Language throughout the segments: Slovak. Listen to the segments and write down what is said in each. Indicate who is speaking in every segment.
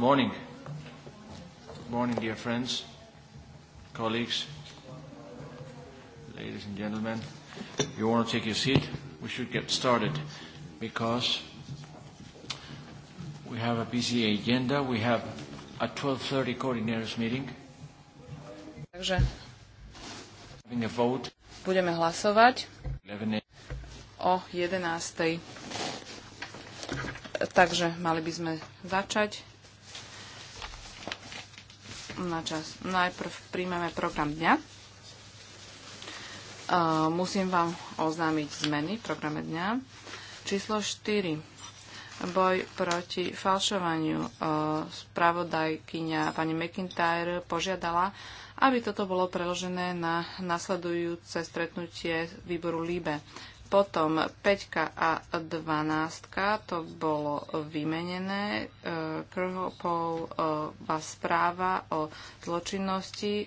Speaker 1: Good morning. Good morning, dear friends,
Speaker 2: colleagues, ladies and gentlemen. If you want to take your seat, we should get started because we have a busy agenda. We have a 12.30 coordinators meeting. Takže having a vote.
Speaker 3: Budeme hlasovať o 11. Takže mali by sme začať na čas. Najprv príjmeme program dňa. E, musím vám oznámiť zmeny v programe dňa. Číslo 4 boj proti falšovaniu. E, spravodajkyňa pani McIntyre požiadala, aby toto bolo preložené na nasledujúce stretnutie výboru LIBE. Potom 5 a 12 to bolo vymenené. E, Krhopov e, správa o zločinnosti e,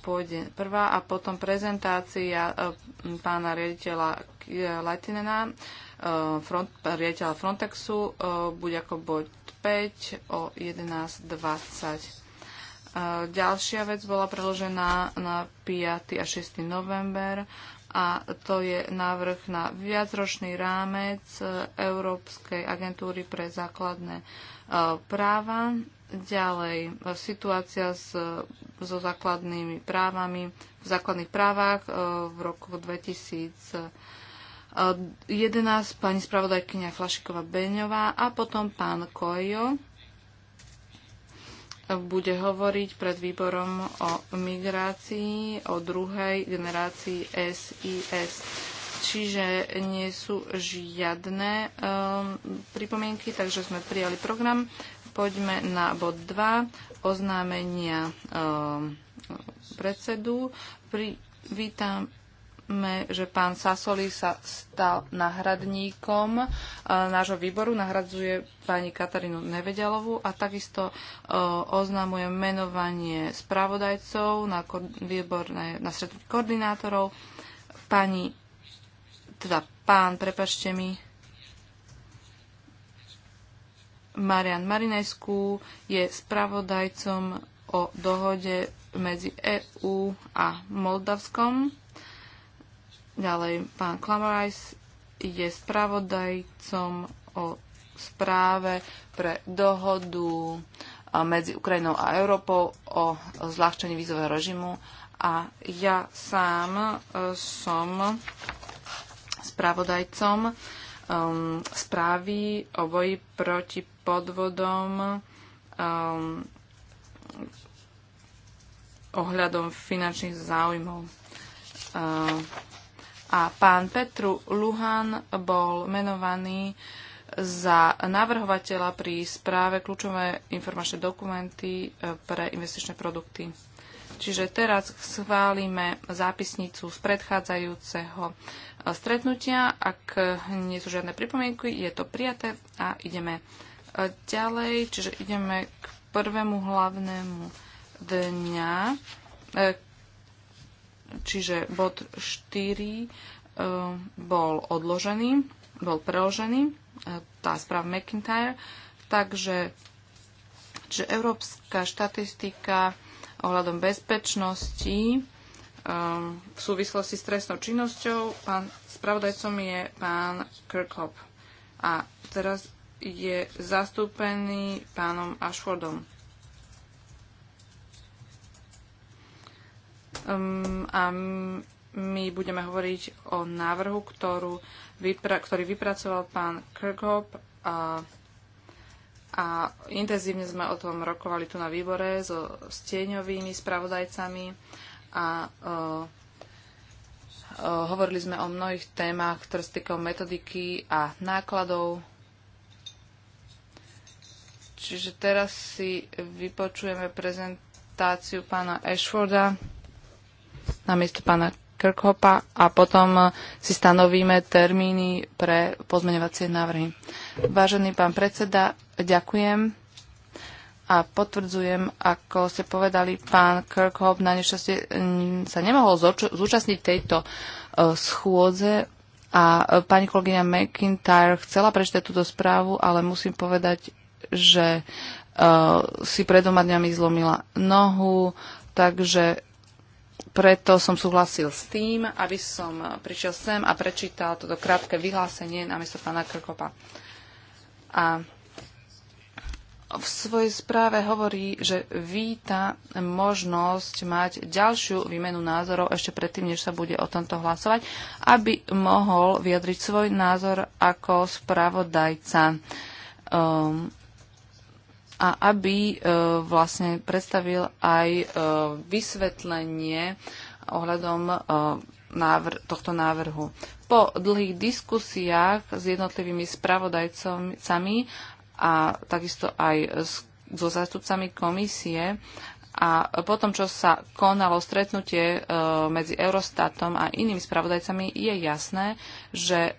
Speaker 3: pôjde prvá a potom prezentácia pána riaditeľa Latinena, front, riaditeľa Frontexu, bude ako bod 5 o 11.20. Ďalšia vec bola preložená na 5. a 6. november a to je návrh na viacročný rámec e, Európskej agentúry pre základné e, práva. Ďalej, e, situácia s, so základnými právami, v základných právach v roku 2011 pani spravodajkynia Flašiková Beňová a potom pán Kojo bude hovoriť pred výborom o migrácii, o druhej generácii SIS. Čiže nie sú žiadne um, pripomienky, takže sme prijali program. Poďme na bod 2, oznámenia um, predsedu. Pri, vítam vieme, že pán Sasoli sa stal nahradníkom e, nášho výboru. Nahradzuje pani Katarínu Nevedelovú a takisto e, oznamuje menovanie spravodajcov na, výborné, na stretnutí koordinátorov. Pani, teda pán, prepačte mi, Marian Marinescu je spravodajcom o dohode medzi EÚ a Moldavskom. Ďalej, pán Klamarajs je spravodajcom o správe pre dohodu medzi Ukrajinou a Európou o zľahčení vízového režimu a ja sám e, som spravodajcom um, správy o boji proti podvodom um, ohľadom finančných záujmov a pán Petru Luhan bol menovaný za navrhovateľa pri správe kľúčové informačné dokumenty e, pre investičné produkty. Čiže teraz schválime zápisnicu z predchádzajúceho e, stretnutia. Ak nie sú žiadne pripomienky, je to prijaté a ideme e, ďalej. Čiže ideme k prvému hlavnému dňa, Čiže bod 4 e, bol odložený, bol preložený, e, tá správa McIntyre, takže čiže európska štatistika ohľadom bezpečnosti e, v súvislosti s trestnou činnosťou. Pán spravodajcom je pán Kirkhope. A teraz je zastúpený pánom Ashfordom. Um, a my budeme hovoriť o návrhu, ktorú vypra- ktorý vypracoval pán Kirkhope a, a intenzívne sme o tom rokovali tu na výbore so stieňovými spravodajcami a uh, uh, hovorili sme o mnohých témach, ktoré sa týkajú metodiky a nákladov. Čiže teraz si vypočujeme prezentáciu pána Ashforda na miesto pána Kirkhopa a potom eh, si stanovíme termíny pre pozmeňovacie návrhy. Vážený pán predseda, ďakujem a potvrdzujem, ako ste povedali, pán Kirkhope na nešťastie mm, sa nemohol zúčastniť tejto eh, schôdze a eh, pani kolegyňa McIntyre chcela prečítať túto správu, ale musím povedať, že si pred dňami zlomila nohu, takže preto som súhlasil s tým, aby som prišiel sem a prečítal toto krátke vyhlásenie namiesto pána Krkopa. A v svojej správe hovorí, že víta možnosť mať ďalšiu výmenu názorov ešte predtým, než sa bude o tomto hlasovať, aby mohol vyjadriť svoj názor ako spravodajca. Um, a aby e, vlastne predstavil aj e, vysvetlenie ohľadom e, návr- tohto návrhu. Po dlhých diskusiách s jednotlivými spravodajcami a takisto aj so zástupcami komisie a potom, čo sa konalo stretnutie medzi Eurostatom a inými spravodajcami, je jasné, že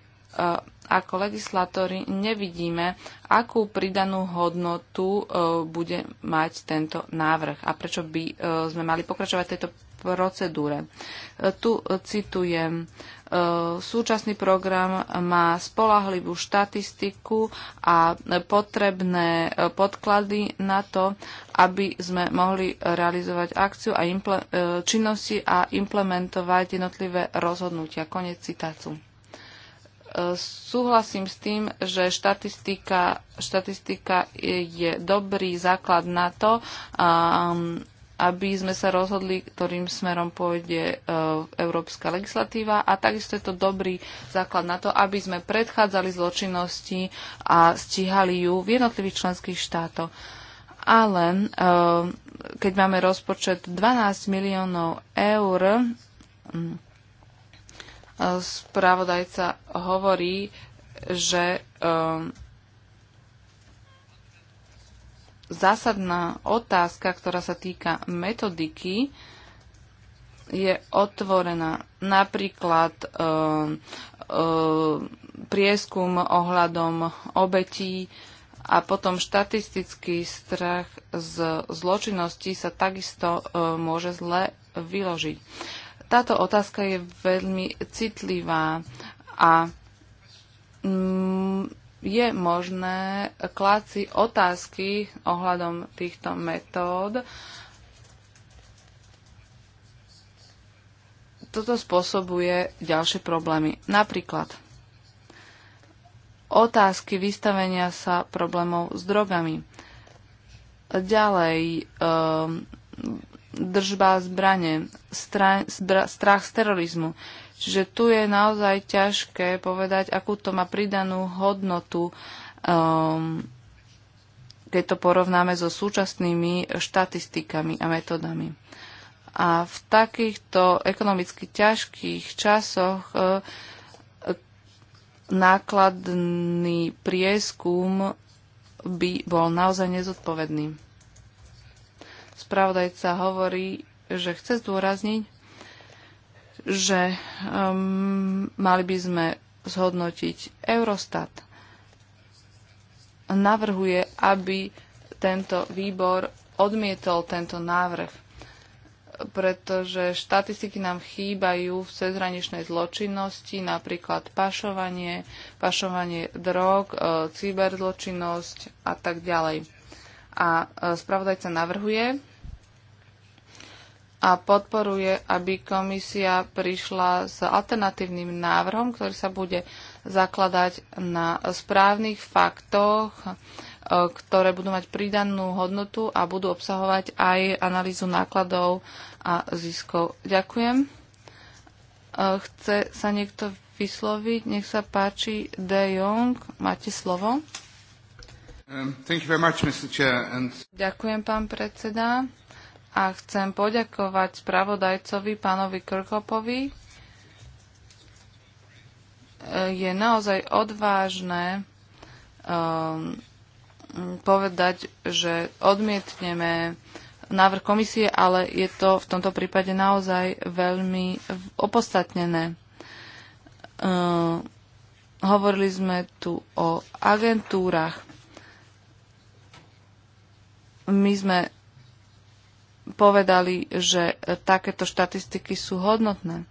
Speaker 3: ako legislatóri nevidíme, akú pridanú hodnotu e, bude mať tento návrh a prečo by e, sme mali pokračovať tejto procedúre. E, tu citujem, súčasný program má spolahlivú štatistiku a potrebné podklady na to, aby sme mohli realizovať akciu a činnosti a implementovať jednotlivé rozhodnutia. Konec citácu súhlasím s tým, že štatistika, štatistika je dobrý základ na to, um, aby sme sa rozhodli, ktorým smerom pôjde uh, európska legislatíva a takisto je to dobrý základ na to, aby sme predchádzali zločinnosti a stíhali ju v jednotlivých členských štátoch. Ale uh, keď máme rozpočet 12 miliónov eur, um, Spravodajca hovorí, že um, zásadná otázka, ktorá sa týka metodiky, je otvorená. Napríklad um, um, prieskum ohľadom obetí a potom štatistický strach z zločinnosti sa takisto um, môže zle vyložiť. Táto otázka je veľmi citlivá a mm, je možné kláť si otázky ohľadom týchto metód. Toto spôsobuje ďalšie problémy. Napríklad otázky vystavenia sa problémov s drogami. Ďalej, ehm, držba zbrane, strach z terorizmu. Čiže tu je naozaj ťažké povedať, akú to má pridanú hodnotu, um, keď to porovnáme so súčasnými štatistikami a metodami. A v takýchto ekonomicky ťažkých časoch e, nákladný prieskum by bol naozaj nezodpovedný. Spravodajca hovorí, že chce zdôrazniť, že um, mali by sme zhodnotiť Eurostat. Navrhuje, aby tento výbor odmietol tento návrh, pretože štatistiky nám chýbajú v cezhraničnej zločinnosti, napríklad pašovanie, pašovanie drog, e, cyberzločinnosť a tak ďalej. A e, spravodajca navrhuje a podporuje, aby komisia prišla s alternatívnym návrhom, ktorý sa bude zakladať na správnych faktoch, e, ktoré budú mať pridanú hodnotu a budú obsahovať aj analýzu nákladov a ziskov. Ďakujem. E, chce sa niekto vysloviť? Nech sa páči. De Jong, máte slovo. Um, Ďakujem, pán predseda. A chcem poďakovať spravodajcovi, pánovi Krkopovi. E, je naozaj odvážne um, povedať, že odmietneme návrh komisie, ale je to v tomto prípade naozaj veľmi opostatnené. E, hovorili sme tu o agentúrach. My sme povedali, že takéto štatistiky sú hodnotné.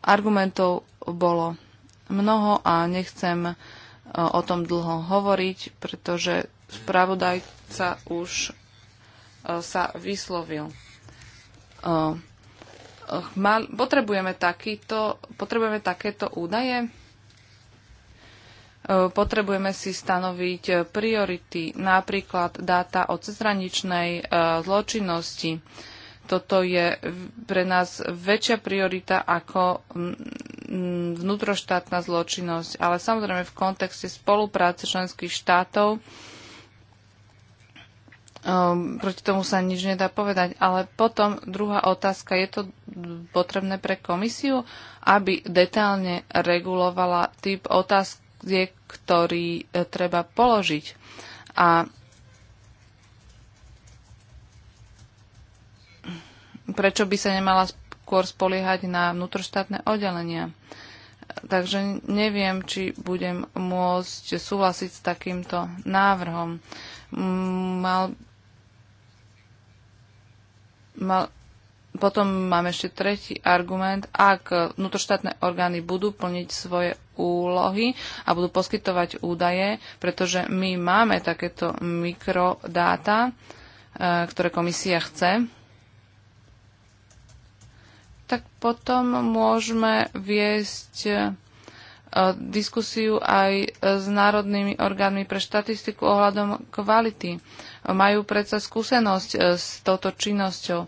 Speaker 3: Argumentov bolo mnoho a nechcem o tom dlho hovoriť, pretože spravodajca už sa vyslovil. Potrebujeme, takýto, potrebujeme takéto údaje? Eh, potrebujeme si stanoviť eh, priority, napríklad dáta o cezhraničnej eh, zločinnosti. Toto je pre nás väčšia priorita ako mm, mm, vnútroštátna zločinnosť, ale samozrejme v kontexte spolupráce členských štátov ehm, proti tomu sa nič nedá povedať. Ale potom druhá otázka, je to potrebné pre komisiu, aby detálne regulovala typ otázk, je, ktorý e, treba položiť. A prečo by sa nemala skôr spoliehať na vnútroštátne oddelenia? Takže neviem, či budem môcť súhlasiť s takýmto návrhom. Mal, mal, potom mám ešte tretí argument. Ak vnútroštátne orgány budú plniť svoje úlohy a budú poskytovať údaje, pretože my máme takéto mikrodáta, e, ktoré komisia chce, tak potom môžeme viesť e, diskusiu aj s národnými orgánmi pre štatistiku ohľadom kvality. Majú predsa skúsenosť e, s touto činnosťou.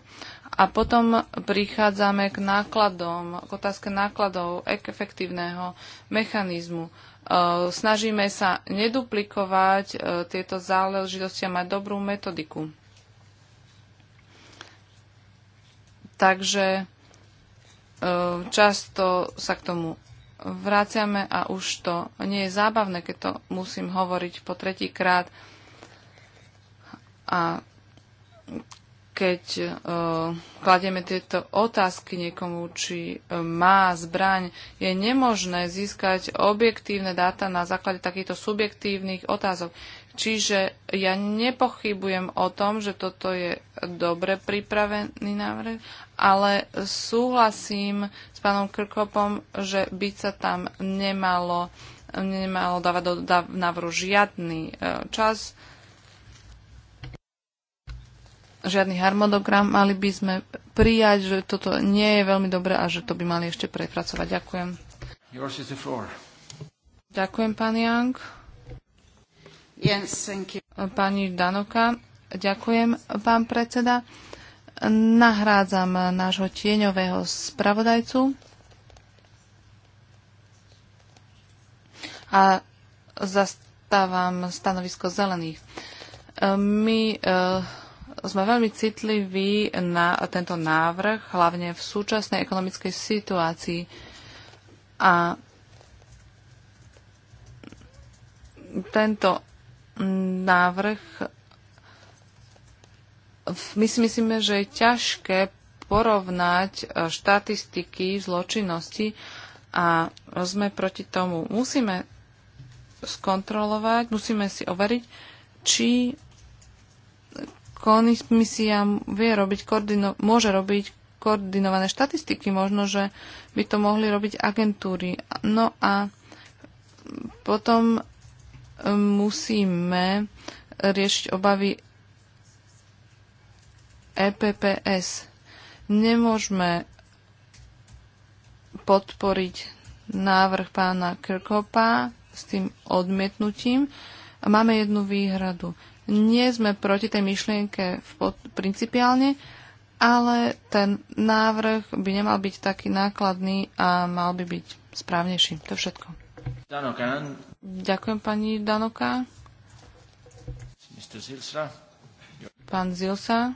Speaker 3: A potom prichádzame k nákladom, k otázke nákladov efektívneho mechanizmu. E, snažíme sa neduplikovať e, tieto záležitosti a mať dobrú metodiku. Takže e, často sa k tomu vráciame a už to nie je zábavné, keď to musím hovoriť po tretíkrát. A keď uh, kladieme tieto otázky niekomu, či uh, má zbraň, je nemožné získať objektívne dáta na základe takýchto subjektívnych otázok. Čiže ja nepochybujem o tom, že toto je dobre pripravený návrh, ale súhlasím s pánom Krkopom, že by sa tam nemalo, nemalo dávať do návrhu žiadny uh, čas, žiadny harmonogram, mali by sme prijať, že toto nie je veľmi dobré a že to by mali ešte prepracovať. Ďakujem. Ďakujem, pán Young. Yes, Pani Danoka, ďakujem, pán predseda. Nahrádzam nášho tieňového spravodajcu. A zastávam stanovisko zelených. My uh, sme veľmi citliví na tento návrh, hlavne v súčasnej ekonomickej situácii. A tento návrh my si myslíme, že je ťažké porovnať e, štatistiky zločinnosti a sme proti tomu. Musíme skontrolovať, musíme si overiť, či komisia vie robiť, koordino- môže robiť koordinované štatistiky, možno, že by to mohli robiť agentúry. No a potom e, musíme riešiť obavy EPPS. Nemôžeme podporiť návrh pána Krkopa s tým odmietnutím. Máme jednu výhradu. Nie sme proti tej myšlienke v pod, principiálne, ale ten návrh by nemal byť taký nákladný a mal by byť správnejší. To všetko.
Speaker 2: Danoka.
Speaker 3: Ďakujem pani Danoka. Zilsa. Pán Zilsa.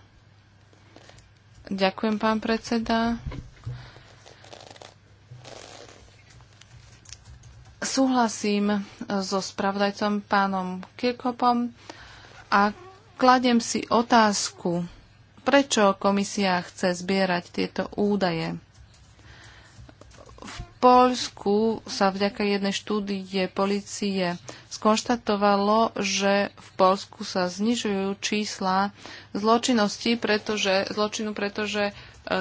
Speaker 3: Ďakujem, pán predseda. Súhlasím so spravdajcom pánom Kirkopom a kladiem si otázku, prečo komisia chce zbierať tieto údaje. V Polsku sa vďaka jednej štúdie policie skonštatovalo, že v Polsku sa znižujú čísla zločinnosti, pretože, zločinu, pretože e,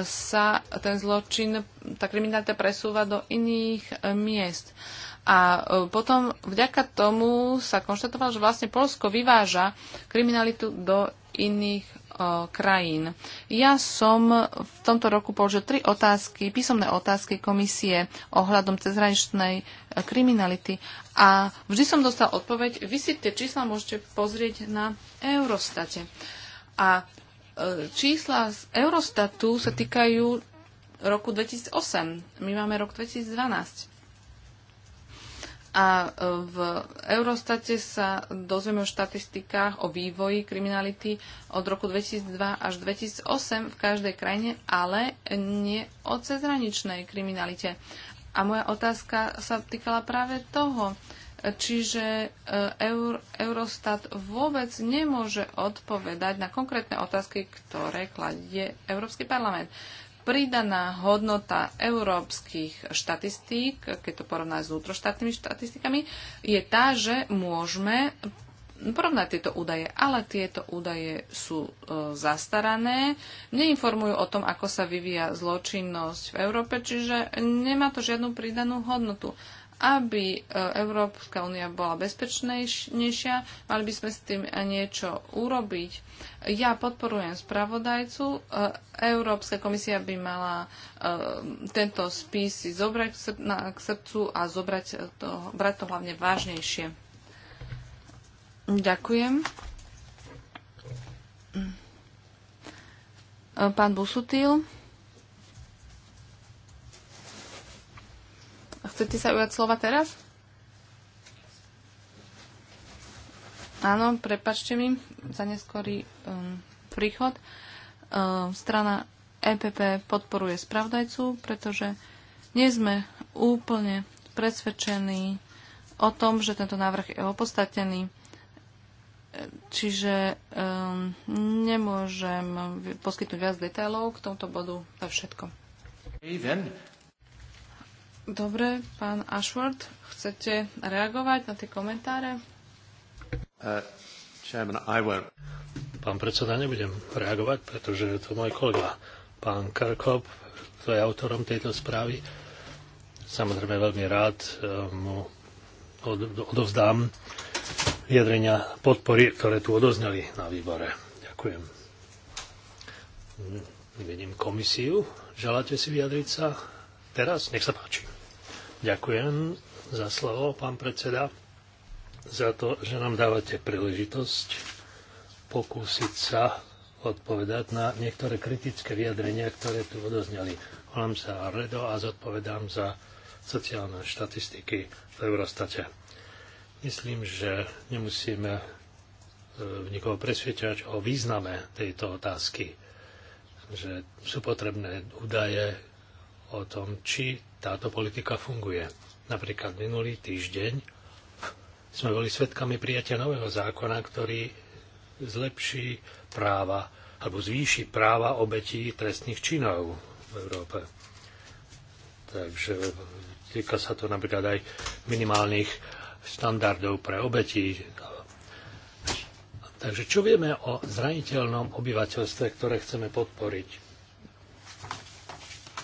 Speaker 3: sa ten zločin, tá kriminalita presúva do iných e, miest. A e, potom vďaka tomu sa konštatovalo, že vlastne Polsko vyváža kriminalitu do iných o, e, krajín. Ja som v tomto roku položil tri otázky, písomné otázky komisie ohľadom cezhraničnej e, kriminality a vždy som dostal odpoveď, vy si tie čísla môžete pozrieť na Eurostate. A e, čísla z Eurostatu sa týkajú roku 2008. My máme rok 2012. A e, v Eurostate sa dozvieme o štatistikách o vývoji kriminality od roku 2002 až 2008 v každej krajine, ale nie o cezhraničnej kriminalite. A moja otázka sa týkala práve toho, Čiže e, Eur, Eurostat vôbec nemôže odpovedať na konkrétne otázky, ktoré kladie Európsky parlament pridaná hodnota európskych štatistík, keď to porovnáme s vnútroštátnymi štatistikami, je tá, že môžeme porovnať tieto údaje, ale tieto údaje sú e, zastarané, neinformujú o tom, ako sa vyvíja zločinnosť v Európe, čiže nemá to žiadnu pridanú hodnotu. Aby e, Európska únia bola bezpečnejšia, mali by sme s tým niečo urobiť. Ja podporujem spravodajcu. E, Európska komisia by mala e, tento spis zobrať k srdcu a zobrať to, brať to hlavne vážnejšie. Ďakujem. Pán Busutil. Chcete sa ujať slova teraz? Áno, prepačte mi za neskorý um, príchod. Um, strana EPP podporuje spravdajcu, pretože nie sme úplne presvedčení o tom, že tento návrh je opodstatnený. Čiže um, nemôžem poskytnúť viac detailov k tomuto bodu. To všetko. Hey, then. Dobre, pán Ashford, chcete reagovať na tie komentáre?
Speaker 2: Uh, chairman, I won't. Pán predseda, nebudem reagovať, pretože je to môj kolega, pán Karkop, to je autorom tejto správy. Samozrejme, veľmi rád uh, mu odovzdám vyjadrenia podpory, ktoré tu odozneli na výbore. Ďakujem. Vidím komisiu. Želáte si vyjadriť sa? Teraz? Nech sa páči. Ďakujem za slovo, pán predseda, za to, že nám dávate príležitosť pokúsiť sa odpovedať na niektoré kritické vyjadrenia, ktoré tu odozneli. Volám sa Redo a zodpovedám za sociálne štatistiky v Eurostate. Myslím, že nemusíme e, nikoho presvedčať o význame tejto otázky, že sú potrebné údaje o tom, či táto politika funguje. Napríklad minulý týždeň sme boli svedkami prijatia nového zákona, ktorý zlepší práva alebo zvýši práva obetí trestných činov v Európe. Takže týka sa to napríklad aj minimálnych štandardov pre obetí. Takže čo vieme o zraniteľnom obyvateľstve, ktoré chceme podporiť?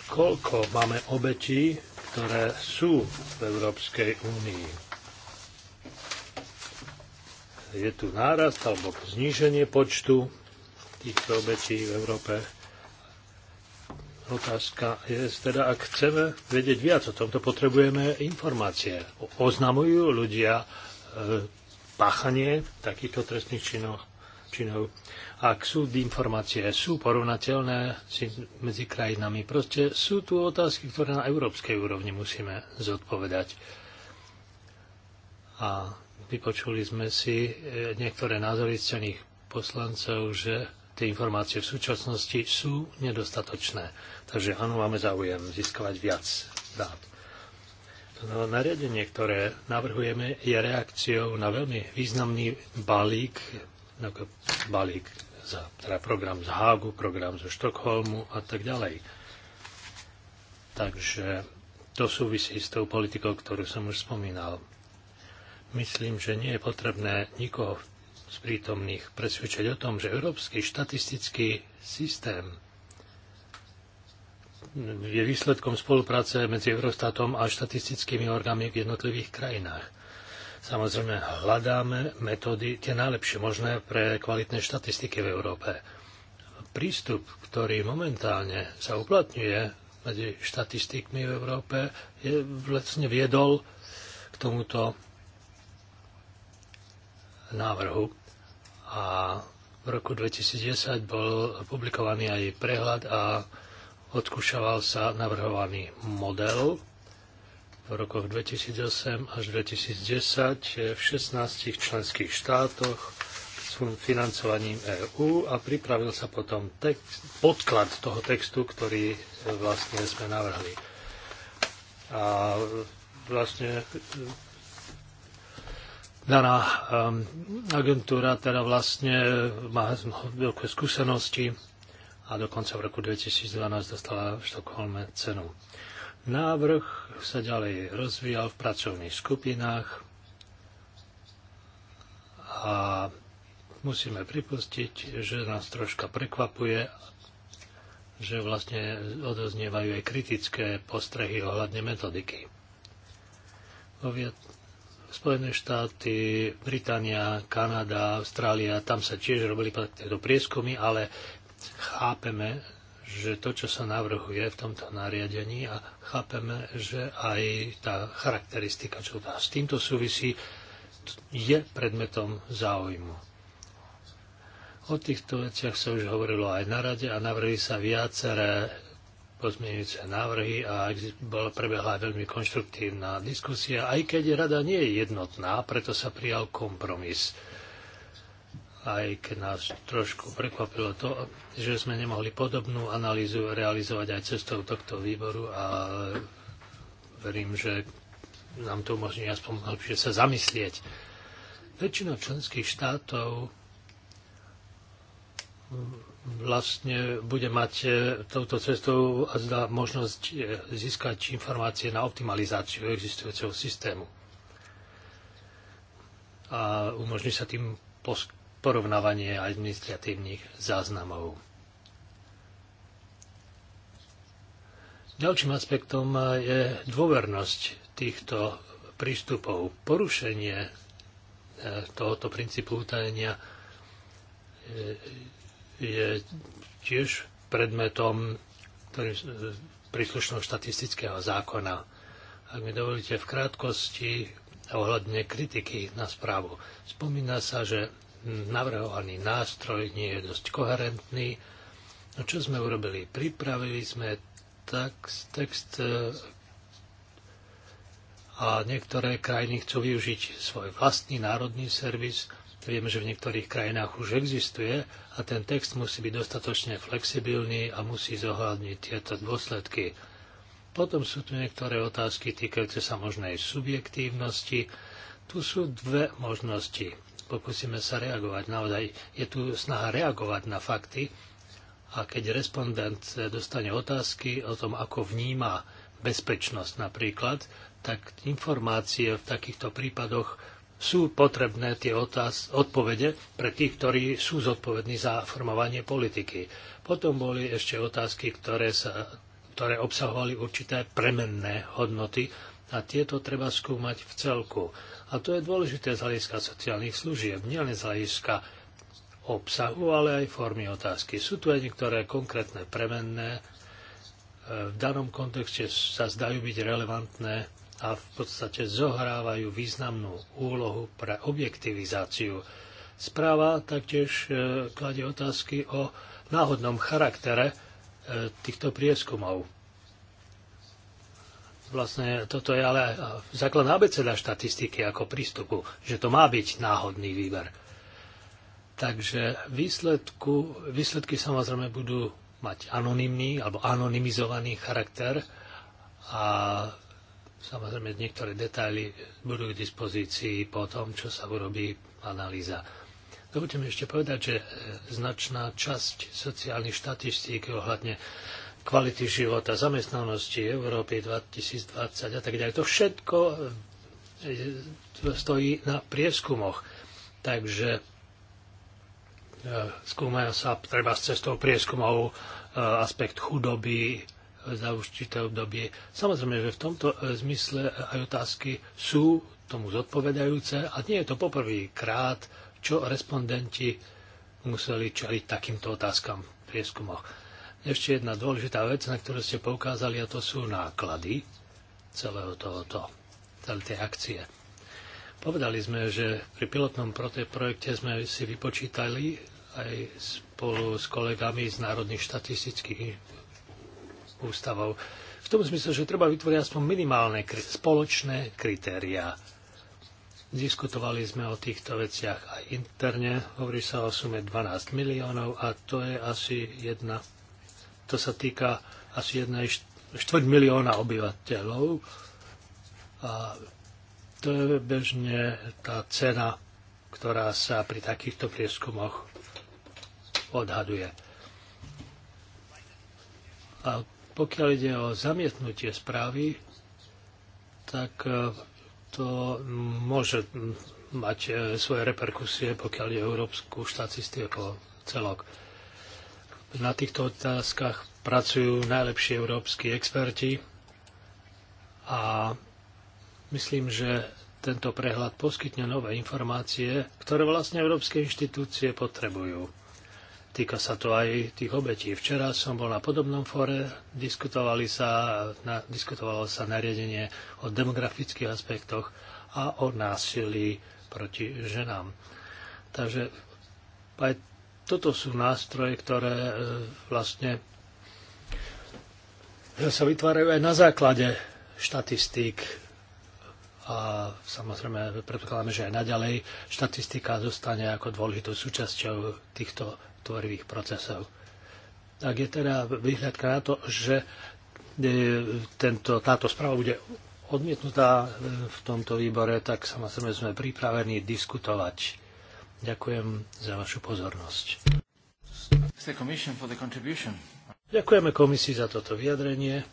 Speaker 2: koľko máme obetí, ktoré sú v Európskej únii. Je tu nárast alebo zníženie počtu týchto obetí v Európe. Otázka je teda, ak chceme vedieť viac o tomto, potrebujeme informácie. Oznamujú ľudia e, páchanie takýchto trestných činoch činov. Ak sú informácie sú porovnateľné medzi krajinami, proste sú tu otázky, ktoré na európskej úrovni musíme zodpovedať. A vypočuli sme si e, niektoré názory cených poslancov, že tie informácie v súčasnosti sú nedostatočné. Takže áno, máme záujem získavať viac dát. No, nariadenie, ktoré navrhujeme, je reakciou na veľmi významný balík ako balík, za, teda program z Hágu, program zo Štokholmu a tak ďalej. Takže to súvisí s tou politikou, ktorú som už spomínal. Myslím, že nie je potrebné nikoho z prítomných presvedčať o tom, že európsky štatistický systém je výsledkom spolupráce medzi Eurostatom a štatistickými orgánmi v jednotlivých krajinách. Samozrejme, hľadáme metódy tie najlepšie možné pre kvalitné štatistiky v Európe. Prístup, ktorý momentálne sa uplatňuje medzi štatistikmi v Európe, je, vlastne viedol k tomuto návrhu. A v roku 2010 bol publikovaný aj prehľad a odskúšaval sa navrhovaný model v rokoch 2008 až 2010 v 16 členských štátoch s financovaním EÚ a pripravil sa potom text, podklad toho textu, ktorý e, vlastne sme navrhli. A vlastne e, daná e, agentúra teda vlastne má veľké skúsenosti a dokonca v roku 2012 dostala v Štokholme cenu. Návrh sa ďalej rozvíjal v pracovných skupinách a musíme pripustiť, že nás troška prekvapuje, že vlastne odoznievajú aj kritické postrehy ohľadne metodiky. Spojené štáty, Británia, Kanada, Austrália, tam sa tiež robili takéto prieskumy, ale chápeme, že to, čo sa navrhuje v tomto nariadení a chápeme, že aj tá charakteristika, čo tá s týmto súvisí, je predmetom záujmu. O týchto veciach sa už hovorilo aj na rade a navrhli sa viaceré pozmeňujúce návrhy a bola prebehla veľmi konštruktívna diskusia, aj keď rada nie je jednotná, preto sa prijal kompromis aj keď nás trošku prekvapilo to, že sme nemohli podobnú analýzu realizovať aj cestou tohto výboru a verím, že nám to umožní aspoň lepšie sa zamyslieť. Väčšina členských štátov vlastne bude mať e, touto cestou a zdá možnosť e, získať informácie na optimalizáciu existujúceho systému. A umožní sa tým post porovnávanie administratívnych záznamov. Ďalším aspektom je dôvernosť týchto prístupov. Porušenie e, tohoto princípu utajenia e, je tiež predmetom e, príslušného štatistického zákona. Ak mi dovolíte v krátkosti ohľadne kritiky na správu. Spomína sa, že navrhovaný nástroj nie je dosť koherentný. No čo sme urobili? Pripravili sme text, text e, a niektoré krajiny chcú využiť svoj vlastný národný servis. Vieme, že v niektorých krajinách už existuje a ten text musí byť dostatočne flexibilný a musí zohľadniť tieto dôsledky. Potom sú tu niektoré otázky týkajúce sa možnej subjektívnosti. Tu sú dve možnosti pokúsime sa reagovať. Naozaj je tu snaha reagovať na fakty a keď respondent dostane otázky o tom, ako vníma bezpečnosť napríklad, tak informácie v takýchto prípadoch sú potrebné tie otáz, odpovede pre tých, ktorí sú zodpovední za formovanie politiky. Potom boli ešte otázky, ktoré, sa, ktoré obsahovali určité premenné hodnoty a tieto treba skúmať v celku. A to je dôležité z hľadiska sociálnych služieb, nielen z hľadiska obsahu, ale aj formy otázky. Sú tu aj niektoré konkrétne premenné, e, v danom kontexte sa zdajú byť relevantné a v podstate zohrávajú významnú úlohu pre objektivizáciu. Správa taktiež e, kladie otázky o náhodnom charaktere e, týchto prieskumov vlastne toto je ale základná abeceda štatistiky ako prístupu, že to má byť náhodný výber. Takže výsledku, výsledky samozrejme budú mať anonimný alebo anonymizovaný charakter a samozrejme niektoré detaily budú k dispozícii po tom, čo sa urobí analýza. Dovolte mi ešte povedať, že značná časť sociálnych štatistík ohľadne kvality života, zamestnanosti Európy 2020 a tak ďalej. To všetko e, stojí na prieskumoch. Takže e, skúmajú sa treba s cestou prieskumov e, aspekt chudoby za určité obdobie. Samozrejme, že v tomto zmysle aj otázky sú tomu zodpovedajúce a nie je to poprvýkrát, čo respondenti museli čeliť takýmto otázkam v prieskumoch ešte jedna dôležitá vec, na ktorú ste poukázali, a to sú náklady celého tohoto, celé tej akcie. Povedali sme, že pri pilotnom projekte sme si vypočítali aj spolu s kolegami z Národných štatistických ústavov. V tom zmysle, že treba vytvoriť aspoň minimálne spoločné kritériá. Diskutovali sme o týchto veciach aj interne. Hovorí sa o sume 12 miliónov a to je asi jedna to sa týka asi jednej štvrť milióna obyvateľov a to je bežne tá cena, ktorá sa pri takýchto prieskumoch odhaduje. A pokiaľ ide o zamietnutie správy, tak e, to môže mať e, svoje reperkusie, pokiaľ je európsku štatistiku celok. Na týchto otázkach pracujú najlepší európsky experti a myslím, že tento prehľad poskytne nové informácie, ktoré vlastne európske inštitúcie potrebujú. Týka sa to aj tých obetí. Včera som bol na podobnom fore, diskutovali sa, na, diskutovalo sa nariadenie o demografických aspektoch a o násilí proti ženám. Takže aj toto sú nástroje, ktoré e, vlastne e, sa vytvárajú aj na základe štatistík a samozrejme predpokladáme, že aj naďalej štatistika zostane ako dôležitou súčasťou týchto tvorivých procesov. Tak je teda výhľadka na to, že e, tento, táto správa bude odmietnutá v tomto výbore, tak samozrejme sme pripravení diskutovať Ďakujem za vašu pozornosť. Ďakujeme komisii za toto vyjadrenie.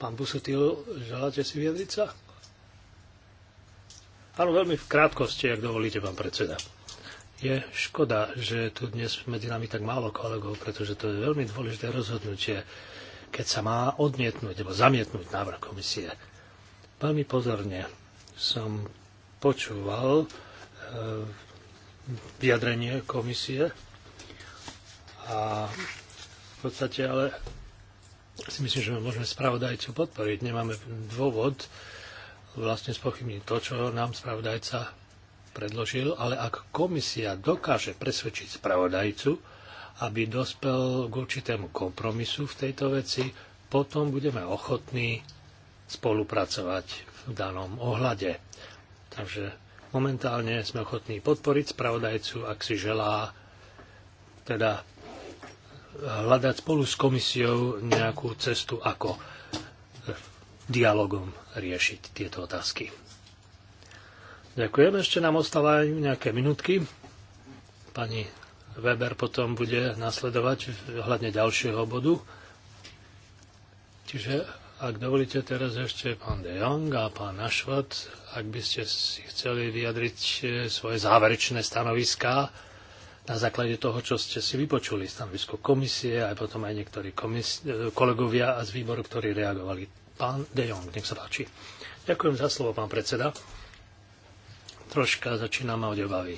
Speaker 2: Pán Busutil, želáte si vyjadriť sa? Áno, veľmi v krátkosti, ak dovolíte, pán predseda. Je škoda, že tu dnes medzi nami tak málo kolegov, pretože to je veľmi dôležité rozhodnutie, keď sa má odmietnúť alebo zamietnúť návrh komisie. Veľmi pozorne som počúval e, vyjadrenie komisie. A v podstate ale si myslím, že môžeme spravodajcu podporiť. Nemáme dôvod vlastne spochybniť to, čo nám spravodajca predložil, ale ak komisia dokáže presvedčiť spravodajcu, aby dospel k určitému kompromisu v tejto veci, potom budeme ochotní spolupracovať v danom ohľade. Takže Momentálne sme ochotní podporiť spravodajcu, ak si želá teda hľadať spolu s komisiou nejakú cestu, ako dialogom riešiť tieto otázky. Ďakujem, ešte nám ostávajú nejaké minútky. Pani Weber potom bude nasledovať hľadne ďalšieho bodu. Čiže ak dovolíte teraz ešte pán De Jong a pán Našvat, ak by ste si chceli vyjadriť eh, svoje záverečné stanoviská na základe toho, čo ste si vypočuli, stanovisko komisie, aj potom aj niektorí komis- eh, kolegovia z výboru, ktorí reagovali. Pán De Jong, nech sa páči. Ďakujem za slovo, pán predseda. Troška začínam ma od obavy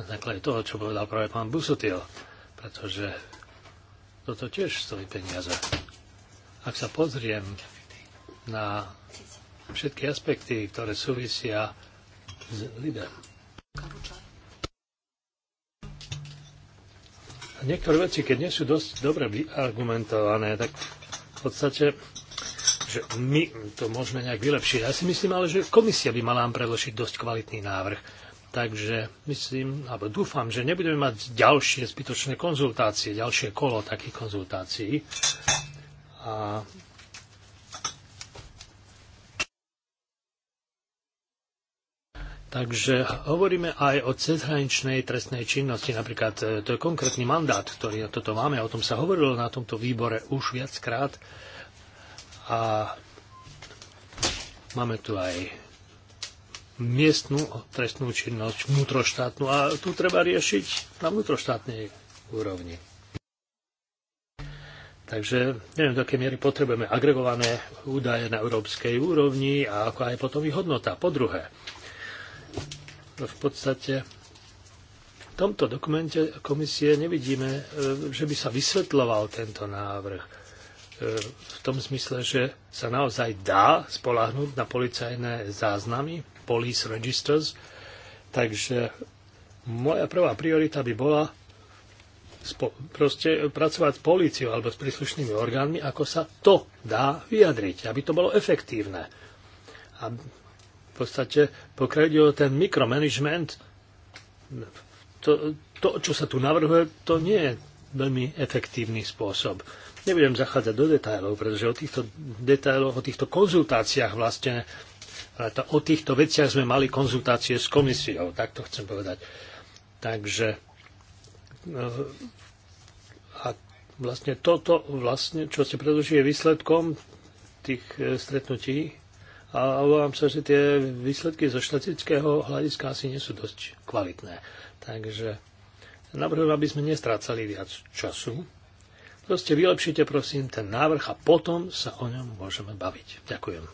Speaker 2: na základe toho, čo povedal práve pán Busutil, pretože toto tiež stojí peniaze. Ak sa pozriem na všetky aspekty, ktoré súvisia s lidem. niektoré veci, keď nie sú dosť dobre vyargumentované, tak v podstate, že my to môžeme nejak vylepšiť. Ja si myslím ale, že komisia by mala nám predložiť dosť kvalitný návrh. Takže myslím, alebo dúfam, že nebudeme mať ďalšie zbytočné konzultácie, ďalšie kolo takých konzultácií a Takže hovoríme aj o cezhraničnej trestnej činnosti, napríklad e, to je konkrétny mandát, ktorý na toto máme, o tom sa hovorilo na tomto výbore už viackrát a máme tu aj miestnú trestnú činnosť, vnútroštátnu a tu treba riešiť na vnútroštátnej úrovni. Takže neviem, do akej miery potrebujeme agregované údaje na európskej úrovni a ako aj potom ich hodnota. Po druhé, no v podstate v tomto dokumente komisie nevidíme, e, že by sa vysvetloval tento návrh e, v tom zmysle, že sa naozaj dá spolahnúť na policajné záznamy, police registers. Takže moja prvá priorita by bola proste pracovať s políciou alebo s príslušnými orgánmi, ako sa to dá vyjadriť, aby to bolo efektívne. A v podstate, pokiaľ ide o ten mikromanagement, to, to, čo sa tu navrhuje, to nie je veľmi efektívny spôsob. Nebudem zachádzať do detajlov, pretože o týchto detajloch, o týchto konzultáciách vlastne, o týchto veciach sme mali konzultácie s komisiou, tak to chcem povedať. Takže a vlastne toto, vlastne, čo ste predložili, je výsledkom tých e, stretnutí a obávam sa, že tie výsledky zo štatického hľadiska asi nie sú dosť kvalitné. Takže navrhujem, aby sme nestrácali viac času. Proste vylepšite prosím ten návrh a potom sa o ňom môžeme baviť. Ďakujem.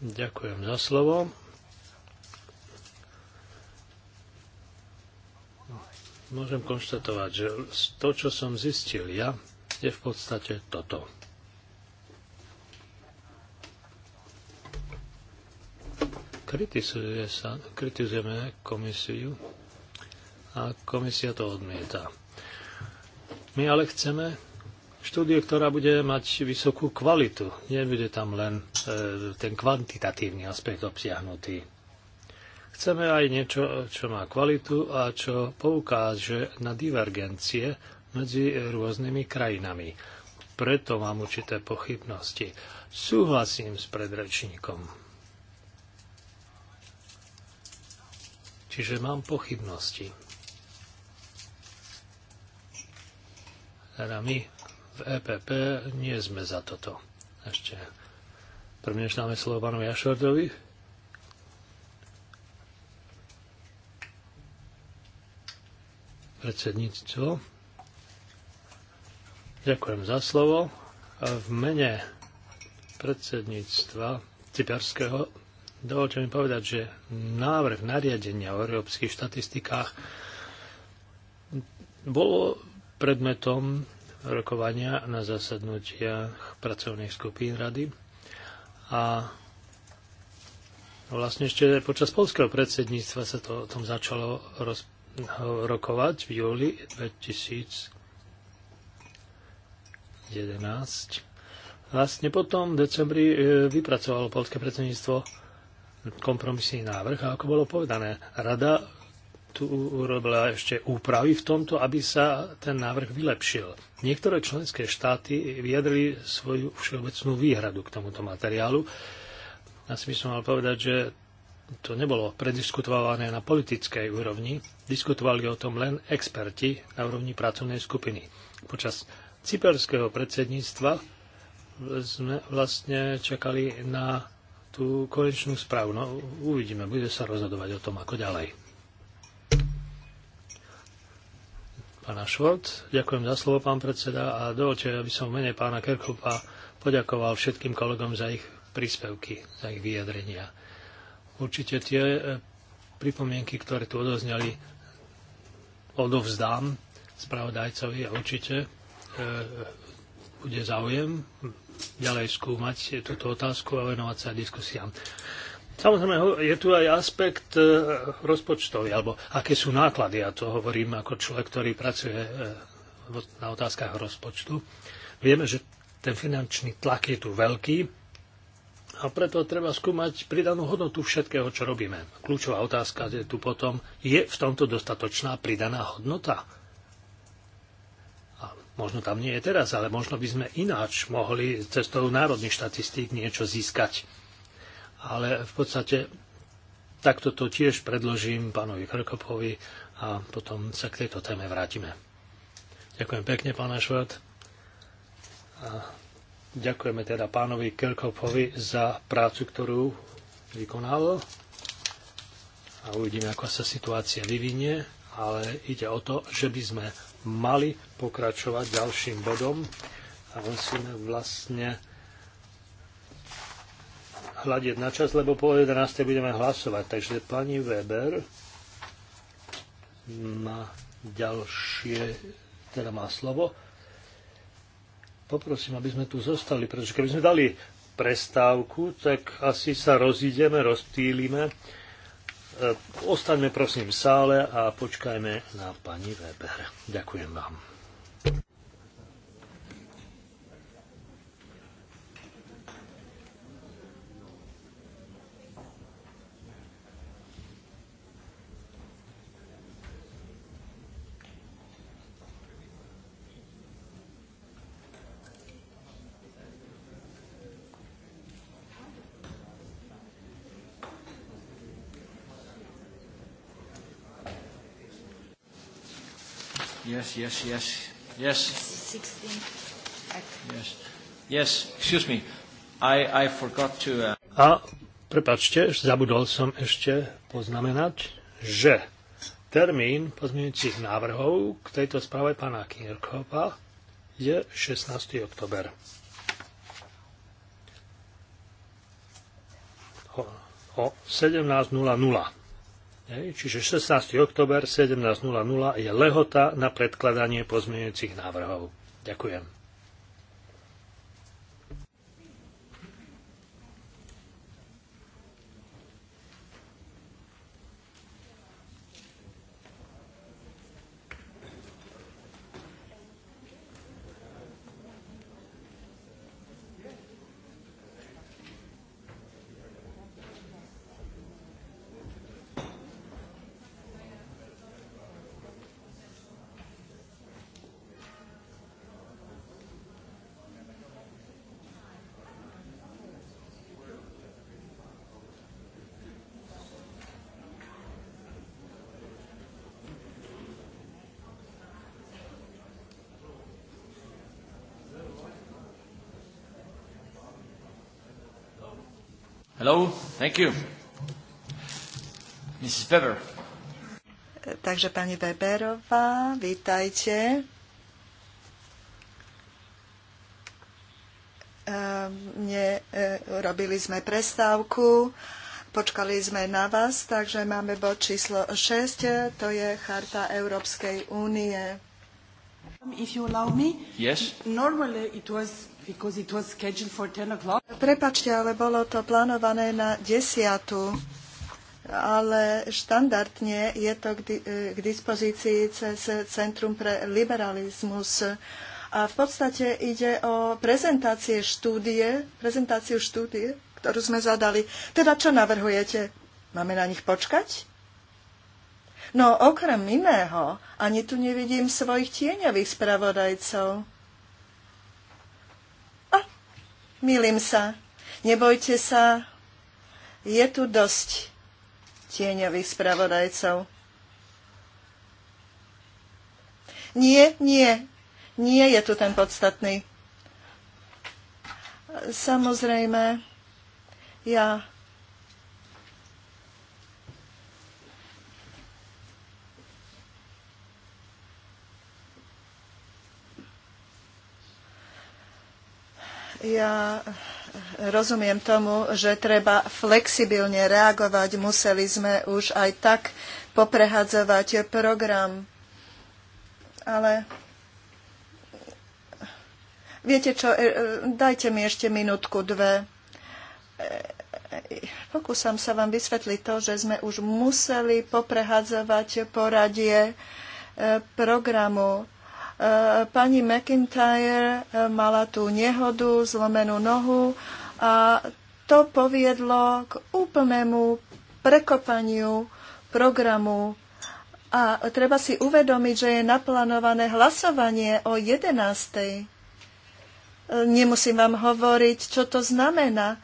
Speaker 2: Ďakujem za slovo. Môžem konštatovať, že to, čo som zistil ja, je v podstate toto. Kritizuje sa, kritizujeme komisiu a komisia to odmieta. My ale chceme štúdiu, ktorá bude mať vysokú kvalitu. Nebude tam len e, ten kvantitatívny aspekt obsiahnutý. Chceme aj niečo, čo má kvalitu a čo poukáže na divergencie medzi rôznymi krajinami. Preto mám určité pochybnosti. Súhlasím s predrečníkom. Čiže mám pochybnosti. Teda my v EPP nie sme za toto. Ešte prvne než dáme slovo pánovi Jašvardovi. Predsedníctvo. Ďakujem za slovo. V mene predsedníctva cyperského dovolte mi povedať, že návrh nariadenia o európskych štatistikách bolo predmetom rokovania na zasadnutiach pracovných skupín rady. A vlastne ešte počas polského predsedníctva sa to o tom začalo roz, rokovať v júli 2011. Vlastne potom v decembri e, vypracovalo polské predsedníctvo kompromisný návrh a ako bolo povedané, rada tu urobila ešte úpravy v tomto, aby sa ten návrh vylepšil. Niektoré členské štáty vyjadrili svoju všeobecnú výhradu k tomuto materiálu. si by som mal povedať, že to nebolo prediskutované na politickej úrovni, diskutovali o tom len experti na úrovni pracovnej skupiny. Počas cyperského predsedníctva sme vlastne čakali na tú konečnú správu. No, uvidíme, bude sa rozhodovať o tom, ako ďalej. pána Švort. Ďakujem za slovo, pán predseda, a dovolte, aby som v mene pána Kerkupa poďakoval všetkým kolegom za ich príspevky, za ich vyjadrenia. Určite tie e, pripomienky, ktoré tu odozneli, odovzdám spravodajcovi a určite e, bude záujem ďalej skúmať túto otázku a venovať sa diskusiám. Samozrejme, je tu aj aspekt e, rozpočtový, alebo aké sú náklady, ja to hovorím ako človek, ktorý pracuje e, na otázkach rozpočtu. Vieme, že ten finančný tlak je tu veľký a preto treba skúmať pridanú hodnotu všetkého, čo robíme. Kľúčová otázka je tu potom, je v tomto dostatočná pridaná hodnota? A možno tam nie je teraz, ale možno by sme ináč mohli cestou národných štatistík niečo získať ale v podstate takto to tiež predložím pánovi Krkopovi a potom sa k tejto téme vrátime. Ďakujem pekne, pán Švart. A ďakujeme teda pánovi Krkopovi za prácu, ktorú vykonal. A uvidíme, ako sa situácia vyvinie, ale ide o to, že by sme mali pokračovať ďalším bodom a musíme vlastne hľadiť na čas, lebo po 11. budeme hlasovať. Takže pani Weber má ďalšie, teda má slovo. Poprosím, aby sme tu zostali, pretože keby sme dali prestávku, tak asi sa rozídeme, rozptýlime. E, ostaňme prosím v sále a počkajme na pani Weber. Ďakujem vám. yes, yes, yes, yes.
Speaker 1: 16.
Speaker 2: Yes. Yes, excuse me. I, I forgot to... Uh... A prepačte, zabudol som ešte poznamenať, že termín pozmeňujúcich návrhov k tejto správe pána Kirchhoffa je 16. oktober. O, o 17.00. Čiže 16. oktober 17.00 je lehota na predkladanie pozmeňujúcich návrhov. Ďakujem. No, thank you. Mrs. Weber.
Speaker 1: Takže pani Weberová, vítajte. Ehm, ne, e, robili sme prestávku, počkali sme na vás, takže máme bod číslo 6, to je Charta Európskej únie. If you allow me, yes. normally it was because it was scheduled for 10 o'clock. Prepačte, ale bolo to plánované na desiatu, ale štandardne je to k, e, k dispozícii cez Centrum pre liberalizmus. A v podstate ide o prezentácie štúdie, prezentáciu štúdie, ktorú sme zadali. Teda čo navrhujete? Máme na nich počkať? No okrem iného, ani tu nevidím svojich tieňových spravodajcov. Milím sa. Nebojte sa. Je tu dosť tieňových spravodajcov. Nie, nie. Nie je tu ten podstatný. Samozrejme, ja Ja rozumiem tomu, že treba flexibilne reagovať. Museli sme už aj tak poprehadzovať program. Ale viete čo, e, e, dajte mi ešte minútku, dve. E, pokúsam sa vám vysvetliť to, že sme už museli poprehadzovať poradie programu Eh, pani McIntyre eh, mala tú nehodu, zlomenú nohu a to poviedlo k úplnému prekopaniu programu a treba si uvedomiť, že je naplánované hlasovanie o 11. Eh, nemusím vám hovoriť, čo to znamená.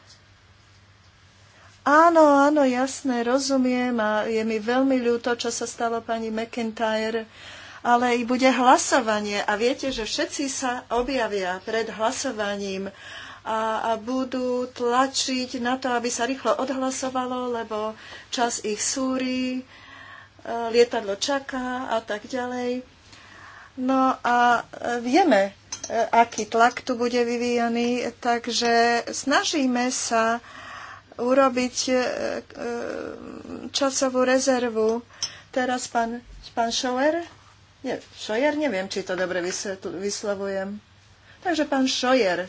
Speaker 1: Áno, áno, jasné, rozumiem a je mi veľmi ľúto, čo sa stalo pani McIntyre ale i bude hlasovanie. A viete, že všetci sa objavia pred hlasovaním a, a budú tlačiť na to, aby sa rýchlo odhlasovalo, lebo čas ich súri, e, lietadlo čaká a tak ďalej. No a e, vieme, e, aký tlak tu bude vyvíjaný, takže snažíme sa urobiť časovú rezervu. Teraz pán, pán Šoer. Nie, Šojer, neviem, či to dobre vyslovujem. Takže pán Šojer,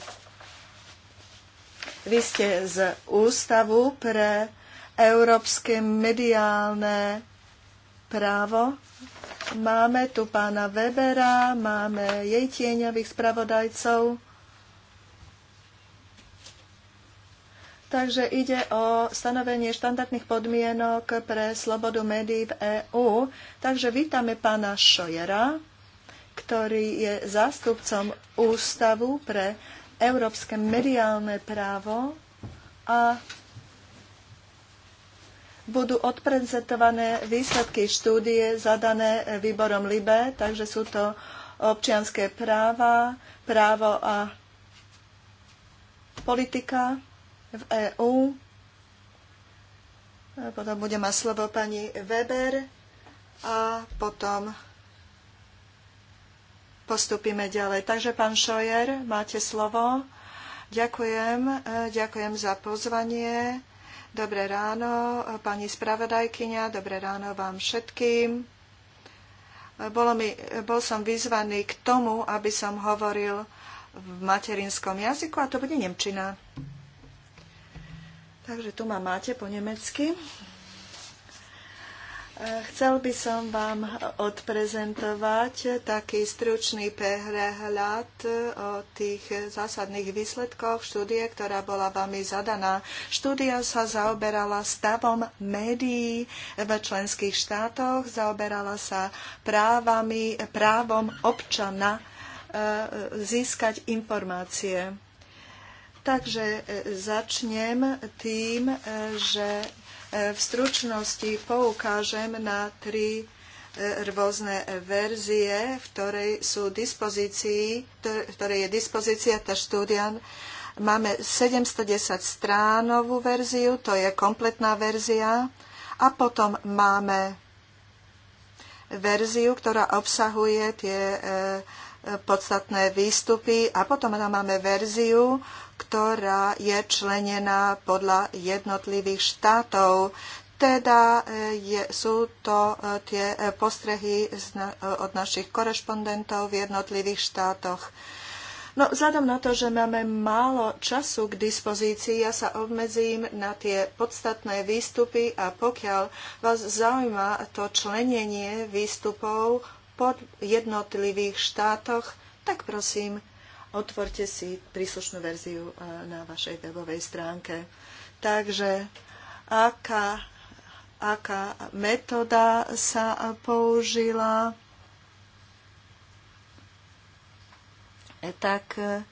Speaker 1: vy ste z Ústavu pre európske mediálne právo. Máme tu pána Webera, máme jej tieňových spravodajcov. Takže ide o stanovenie štandardných podmienok pre slobodu médií v EÚ. Takže vítame pána Šojera, ktorý je zástupcom Ústavu pre európske mediálne právo a budú odprezentované výsledky štúdie zadané výborom LIBE, takže sú to občianské práva, právo a politika v EU. Potom bude mať slovo pani Weber a potom postupíme ďalej. Takže pán Šojer, máte slovo. Ďakujem, eh, ďakujem za pozvanie. Dobré ráno, pani spravodajkyňa, dobré ráno vám všetkým. Bolo mi, bol som vyzvaný k tomu, aby som hovoril v materinskom jazyku a to bude Nemčina. Takže tu ma máte po nemecky. E, chcel by som vám odprezentovať taký stručný prehľad o tých zásadných výsledkoch štúdie, ktorá bola vami zadaná. Štúdia sa zaoberala stavom médií v členských štátoch, zaoberala sa právami, právom občana e, získať informácie Takže e, začnem tým, e, že e, v stručnosti poukážem na tri rôzne verzie, v ktorej, sú dispozícii, v ktorej je dispozícia tá štúdian. Máme 710 stránovú verziu, to je kompletná verzia. A potom máme verziu, ktorá obsahuje tie podstatné výstupy a potom máme verziu, ktorá je členená podľa jednotlivých štátov. Teda e, je, sú to e, tie e, postrehy od našich korešpondentov v jednotlivých štátoch. No, vzhľadom na to, že máme málo času k dispozícii, ja sa obmedzím na tie podstatné výstupy a pokiaľ vás zaujíma to členenie výstupov pod jednotlivých štátoch, tak prosím, otvorte si príslušnú verziu e, na vašej webovej stránke. Takže aká, aká metóda sa použila, e, tak e,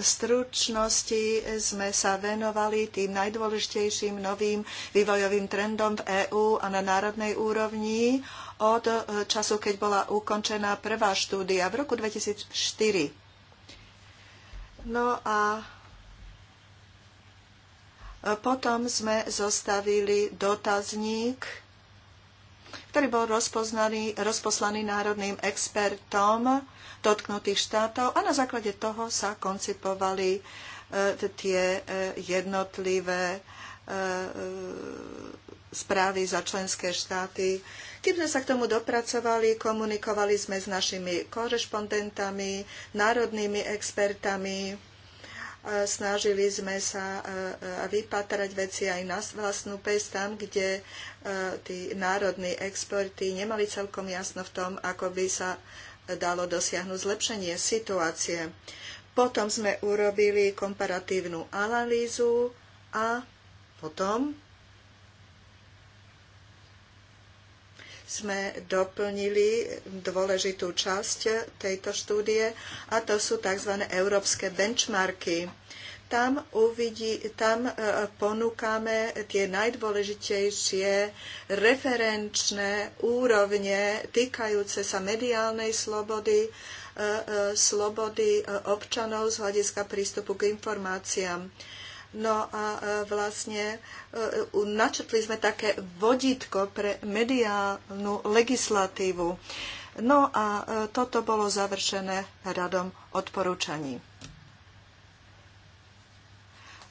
Speaker 1: stručnosti sme sa venovali tým najdôležitejším novým vývojovým trendom v EÚ a na národnej úrovni od času, keď bola ukončená prvá štúdia v roku 2004 No a e, potom sme zostavili dotazník, ktorý bol rozpoznaný, rozposlaný národným expertom dotknutých štátov a na základe toho sa koncipovali e, tie e, jednotlivé správy za členské štáty kým sme sa k tomu dopracovali, komunikovali sme s našimi korešpondentami, národnými expertami, e, snažili sme sa e, e, vypatrať veci aj na vlastnú pes tam, kde tí národní experti nemali celkom jasno v tom, ako by sa dalo dosiahnuť zlepšenie situácie. Potom sme urobili komparatívnu analýzu a potom sme doplnili dôležitú časť tejto štúdie a to sú tzv. európske benchmarky. Tam, uvidí, tam e, ponúkame tie najdôležitejšie referenčné úrovne týkajúce sa mediálnej slobody, e, e, slobody občanov z hľadiska prístupu k informáciám. No a e, vlastne e, načetli sme také vodítko pre mediálnu legislatívu. No a e, toto bolo završené radom odporúčaní.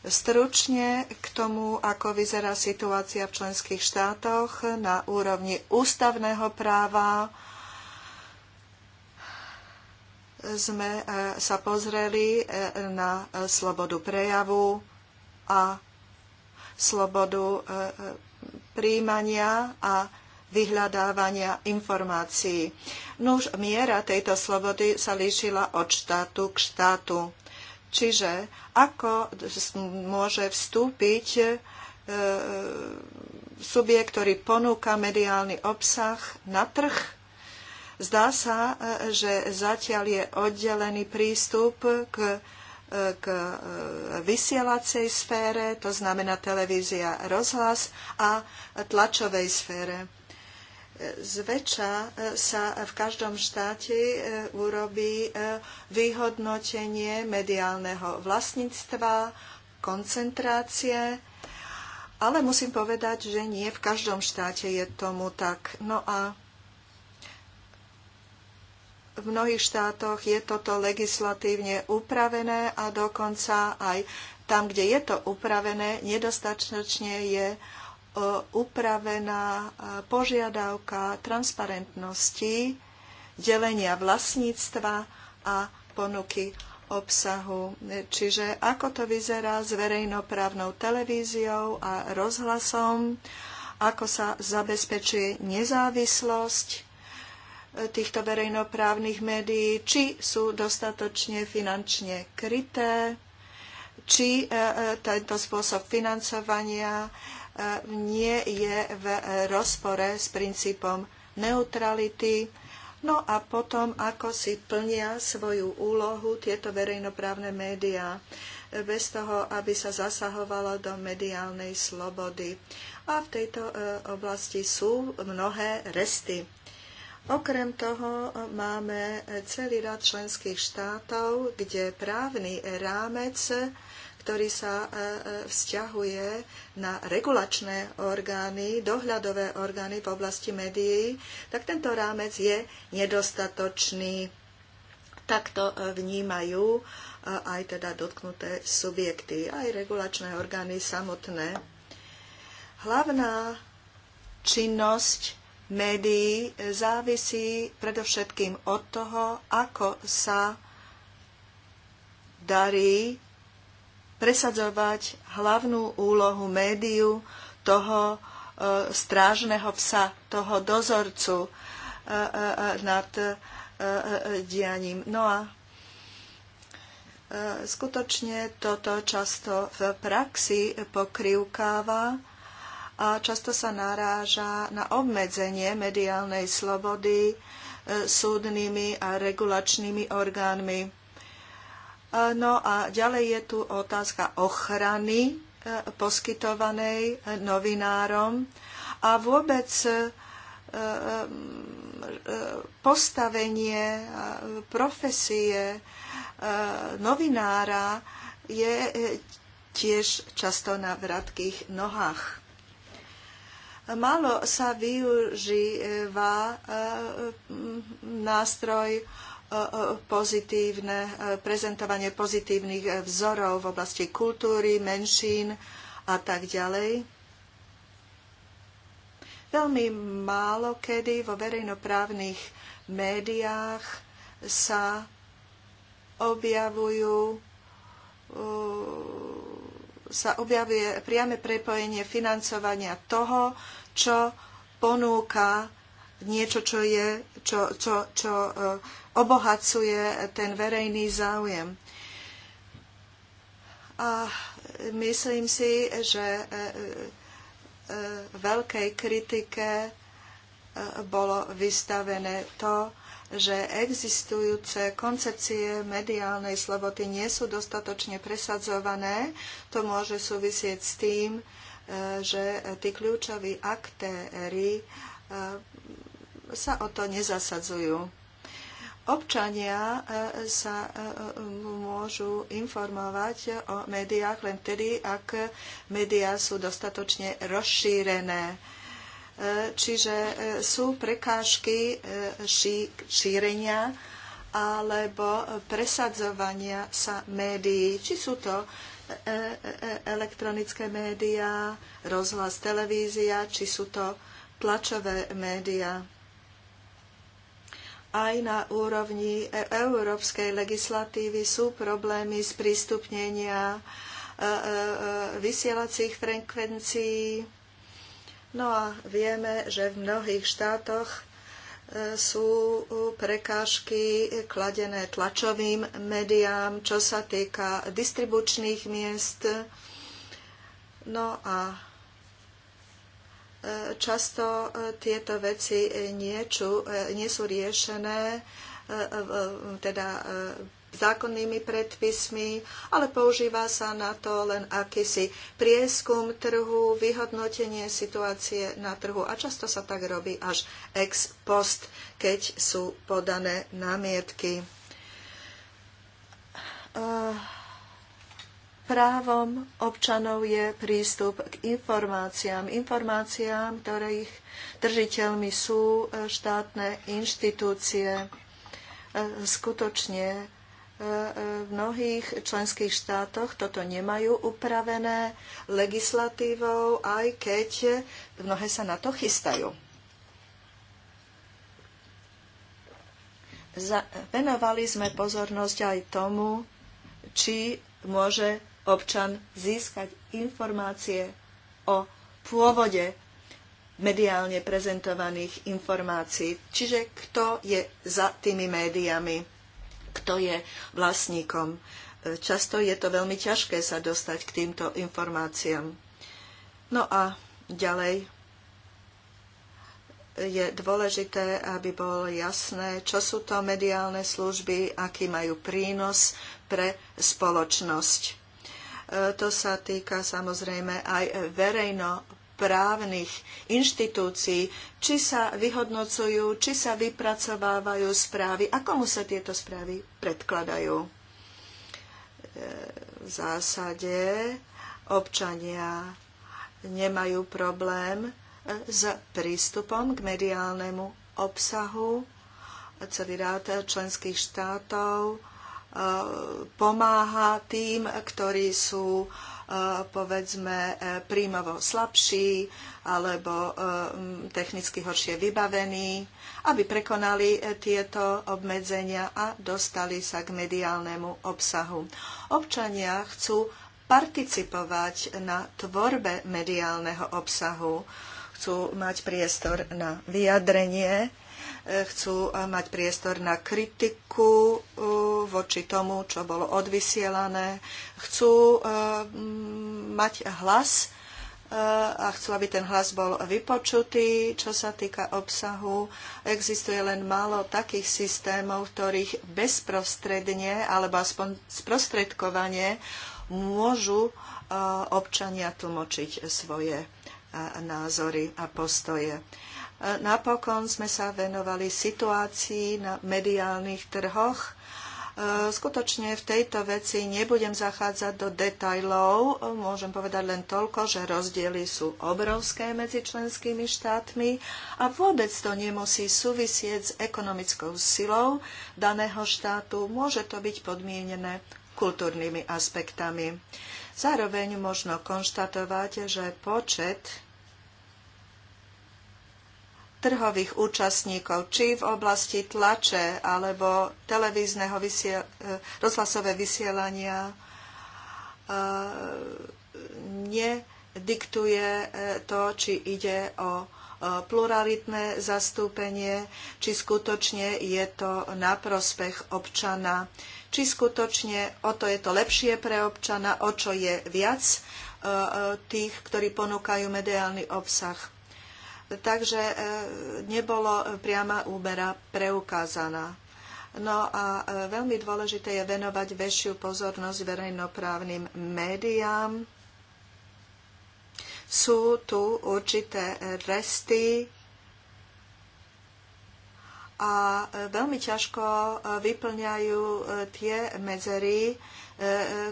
Speaker 1: Stručne k tomu, ako vyzerá situácia v členských štátoch na úrovni ústavného práva, sme sa pozreli na slobodu prejavu, a slobodu e, e, príjmania a vyhľadávania informácií. Nuž miera tejto slobody sa líšila od štátu k štátu. Čiže ako môže vstúpiť e, subjekt, ktorý ponúka mediálny obsah na trh. Zdá sa, že zatiaľ je oddelený prístup k k e, vysielacej sfére, to znamená televízia, rozhlas a tlačovej sfére. Zväčša e, sa v každom štáte e, urobí vyhodnotenie mediálneho vlastníctva, koncentrácie, ale musím povedať, že nie v každom štáte je tomu tak. No a v mnohých štátoch je toto legislatívne upravené a dokonca aj tam, kde je to upravené, nedostatočne je e, upravená e, požiadavka transparentnosti, delenia vlastníctva a ponuky obsahu. Čiže ako to vyzerá s verejnoprávnou televíziou a rozhlasom, ako sa zabezpečuje nezávislosť týchto verejnoprávnych médií, či sú dostatočne finančne kryté, či e, e, tento spôsob financovania e, nie je v rozpore s princípom neutrality. No a potom, ako si plnia svoju úlohu tieto verejnoprávne médiá, bez toho, aby sa zasahovalo do mediálnej slobody. A v tejto oblasti sú mnohé resty Okrem toho e, máme celý rad členských štátov, kde právny rámec, ktorý sa e, e, vzťahuje na regulačné orgány, dohľadové orgány v oblasti médií, tak tento rámec je nedostatočný. Takto vnímajú aj teda dotknuté subjekty, aj regulačné orgány samotné. Hlavná činnosť médií závisí predovšetkým od toho, ako sa darí presadzovať hlavnú úlohu médiu toho e, strážneho psa, toho dozorcu e, e, nad dianím. No a skutočne toto často v praxi pokrivkáva a často sa naráža na obmedzenie mediálnej slobody e, súdnymi a regulačnými orgánmi. E, no a ďalej je tu otázka ochrany e, poskytovanej novinárom a vôbec postavenie profesie novinára je tiež často na vratkých nohách. Malo sa využíva eh, nástroj eh, eh, pozitívne, prezentovanie pozitívnych vzorov v oblasti kultúry, menšín a tak ďalej. Veľmi málo kedy vo verejnoprávnych médiách sa objavujú sa objavuje priame prepojenie financovania toho, čo ponúka niečo, čo, je, čo, čo, čo eh, obohacuje ten verejný záujem. A myslím si, že eh, eh, veľkej kritike bolo vystavené to, že existujúce koncepcie mediálnej slobody nie sú dostatočne presadzované. To môže súvisieť s tým, že tí kľúčoví aktéry e, sa o to nezasadzujú. Občania e, sa e, môžu informovať o médiách len vtedy, ak médiá sú dostatočne rozšírené. Čiže sú prekážky šírenia alebo presadzovania sa médií, či sú to E, e, e, elektronické médiá, rozhlas, televízia, či sú to tlačové médiá. Aj na úrovni e európskej legislatívy sú problémy s prístupnenia vysielacích frekvencií. No a vieme, že v mnohých štátoch sú e, prekážky kladené tlačovým médiám, čo sa týka distribučných miest. No a e, často e, tieto veci nie, nie sú riešené teda zákonnými predpismi, ale používa sa na to len akýsi prieskum trhu, vyhodnotenie situácie na trhu a často sa tak robí až ex post, keď sú podané námietky. Eh, právom občanov je prístup k informáciám, informáciám, ktorých držiteľmi sú eh, štátne inštitúcie. Eh, skutočne v mnohých členských štátoch toto nemajú upravené legislatívou, aj keď mnohé sa na to chystajú. Venovali sme pozornosť aj tomu, či môže občan získať informácie o pôvode mediálne prezentovaných informácií, čiže kto je za tými médiami kto je vlastníkom. E, často je to veľmi ťažké sa dostať k týmto informáciám. No a ďalej je dôležité, aby bolo jasné, čo sú to mediálne služby, aký majú prínos pre spoločnosť. E, to sa týka samozrejme aj verejno právnych inštitúcií, či sa vyhodnocujú, či sa vypracovávajú správy a komu sa tieto správy predkladajú. E, v zásade občania nemajú problém e, s prístupom k mediálnemu obsahu. Celý rád členských štátov e, pomáha tým, ktorí sú uh, E, povedzme e, príjmovo slabší alebo e, technicky horšie vybavení, aby prekonali tieto obmedzenia a dostali sa k mediálnemu obsahu. Občania chcú participovať na tvorbe mediálneho obsahu, chcú mať priestor na vyjadrenie chcú mať priestor na kritiku uh, voči tomu, čo bolo odvysielané. Chcú uh, mať hlas uh, a chcú, aby ten hlas bol vypočutý. Čo sa týka obsahu, existuje len málo takých systémov, v ktorých bezprostredne alebo aspoň sprostredkovanie môžu občania tlmočiť svoje názory a postoje. E, napokon sme sa venovali situácii na mediálnych trhoch. E, skutočne v tejto veci nebudem zachádzať do detajlov. E, môžem povedať len toľko, že rozdiely sú obrovské medzi členskými štátmi a vôbec to nemusí súvisieť s ekonomickou silou daného štátu. Môže to byť podmienené kultúrnymi aspektami. Zároveň možno konštatovať, že počet trhových účastníkov, či v oblasti tlače alebo televízneho vysiel- e, rozhlasové vysielania e, nediktuje e, to, či ide o pluralitné zastúpenie, či skutočne je to na prospech občana, či skutočne o to je to lepšie pre občana, o čo je viac tých, ktorí ponúkajú mediálny obsah takže e, nebolo priama úbera preukázaná. No a e, veľmi dôležité je venovať väčšiu pozornosť verejnoprávnym médiám. Sú tu určité resty a e, veľmi ťažko vyplňajú tie medzery,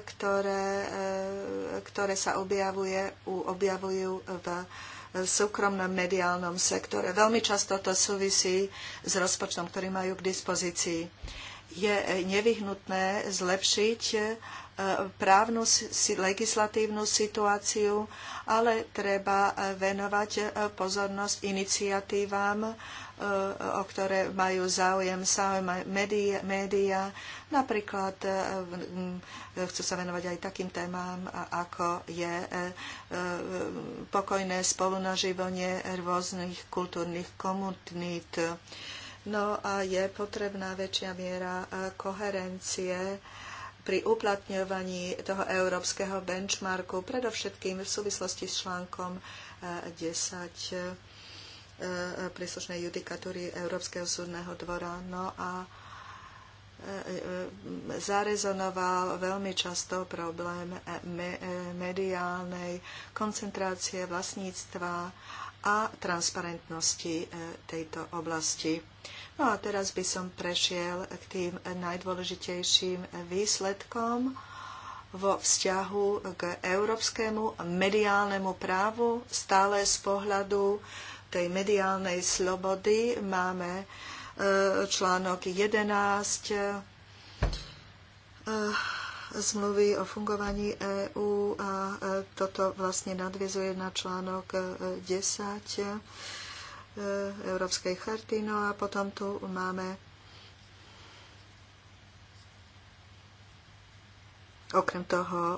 Speaker 1: ktoré, ktoré sa objavuje, objavujú v súkromnom mediálnom sektore. Veľmi často to súvisí s rozpočtom, ktorý majú k dispozícii. Je nevyhnutné zlepšiť e, právnu legislatívnu situáciu, ale treba e, venovať e, pozornosť iniciatívam o ktoré majú záujem záujem médiá, médiá. Napríklad e, chcú sa venovať aj takým témam, ako je e, e, pokojné spolunaživanie rôznych kultúrnych komunít. No a je potrebná väčšia miera koherencie pri uplatňovaní toho európskeho benchmarku, predovšetkým v súvislosti s článkom 10 E, e, príslušnej judikatúry Európskeho súdneho dvora. No a e, zarezonoval veľmi často problém mediálnej koncentrácie vlastníctva a transparentnosti tejto oblasti. No a teraz by som prešiel k tým najdôležitejším výsledkom vo vzťahu k európskemu mediálnemu právu, stále z pohľadu tej mediálnej slobody máme e, článok 11 e, zmluvy o fungovaní EÚ a e, toto vlastne nadviezuje na článok 10 Európskej charty. No a potom tu máme okrem toho e,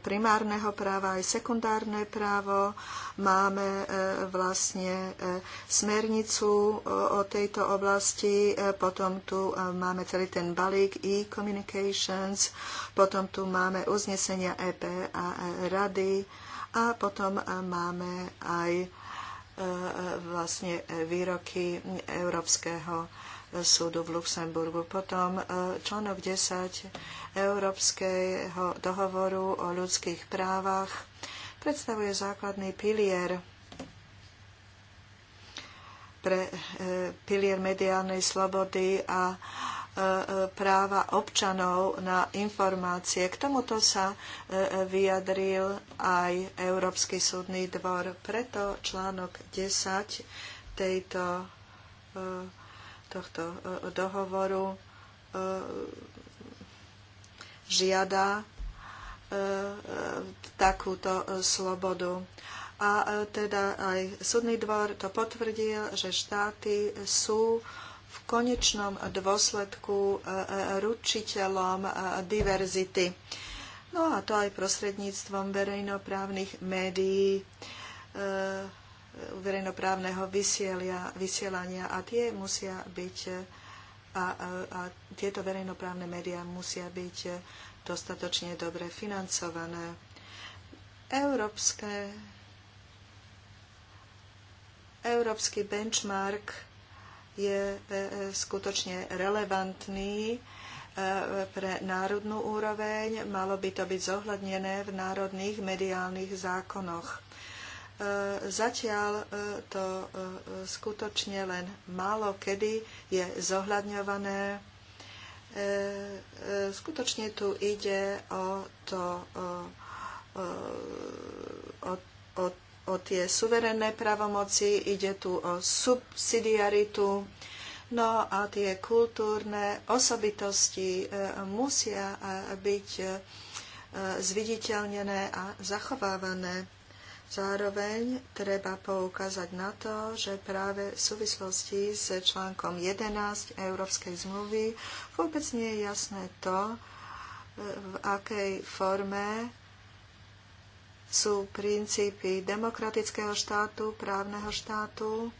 Speaker 1: primárneho práva aj sekundárne právo. Máme e, vlastne e, smernicu o tejto oblasti, potom tu máme celý ten balík e-communications, potom tu máme uznesenia EP a rady a potom máme aj vlastne výroky Európskeho súdu v Luxemburgu. Potom e, článok 10 Európskeho dohovoru o ľudských právach predstavuje základný pilier pre e, pilier mediálnej slobody a e, práva občanov na informácie. K tomuto sa vyjadril aj Európsky súdny dvor. Preto článok 10 tejto tohto e, dohovoru e, žiada e, takúto slobodu. A teda aj súdny dvor to potvrdil, že štáty sú v konečnom dôsledku ručiteľom diverzity. No a to aj prostredníctvom verejnoprávnych médií verejnoprávneho vysielania a tie musia byť a, a, a tieto verejnoprávne médiá musia byť dostatočne dobre financované. Európske, európsky benchmark je e, e, skutočne relevantný e, pre národnú úroveň. Malo by to byť zohľadnené v národných mediálnych zákonoch. E, zatiaľ e, to e, skutočne len málo kedy je zohľadňované. Skutočne tu ide o to, o, o, o tie suverénne pravomoci, ide tu o subsidiaritu, no a tie kultúrne osobitosti musia byť zviditeľnené a zachovávané Zároveň treba poukázať na to, že práve v súvislosti s článkom 11 Európskej zmluvy vôbec nie je jasné to, v akej forme sú princípy demokratického štátu, právneho štátu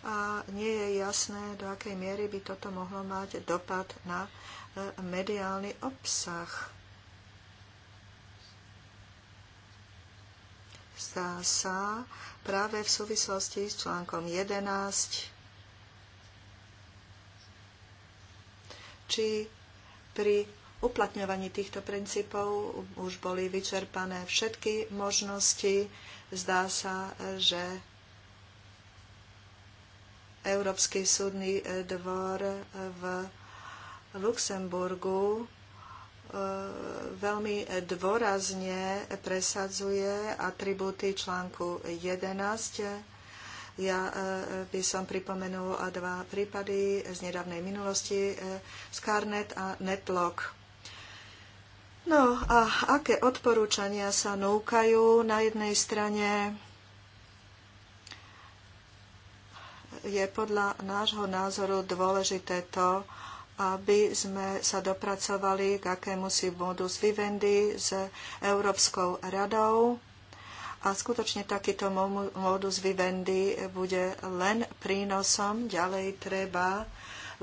Speaker 1: a nie je jasné, do akej miery by toto mohlo mať dopad na e, mediálny obsah zdá sa, práve v súvislosti s článkom 11, či pri uplatňovaní týchto princípov už boli vyčerpané všetky možnosti. Zdá sa, že Európsky súdny dvor v Luxemburgu veľmi dôrazne presadzuje atribúty článku 11 ja e, by som pripomenul dva prípady z nedávnej minulosti, e, Scarnet a Netlock. No a aké odporúčania sa núkajú? Na jednej strane je podľa nášho názoru dôležité to, aby sme sa dopracovali k akémusi modus vivendi s Európskou radou. A skutočne takýto modus vivendi bude len prínosom. Ďalej treba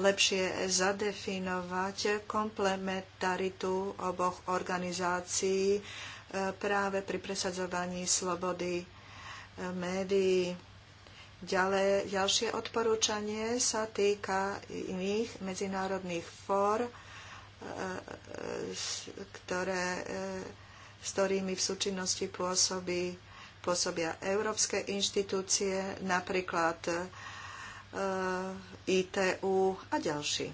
Speaker 1: lepšie zadefinovať komplementaritu oboch organizácií e, práve pri presadzovaní slobody e, médií. Ďalej, ďalšie odporúčanie sa týka iných medzinárodných fór, e, e, ktoré, e, s ktorými v súčinnosti pôsobí, pôsobia európske inštitúcie, napríklad ITU a ďalší.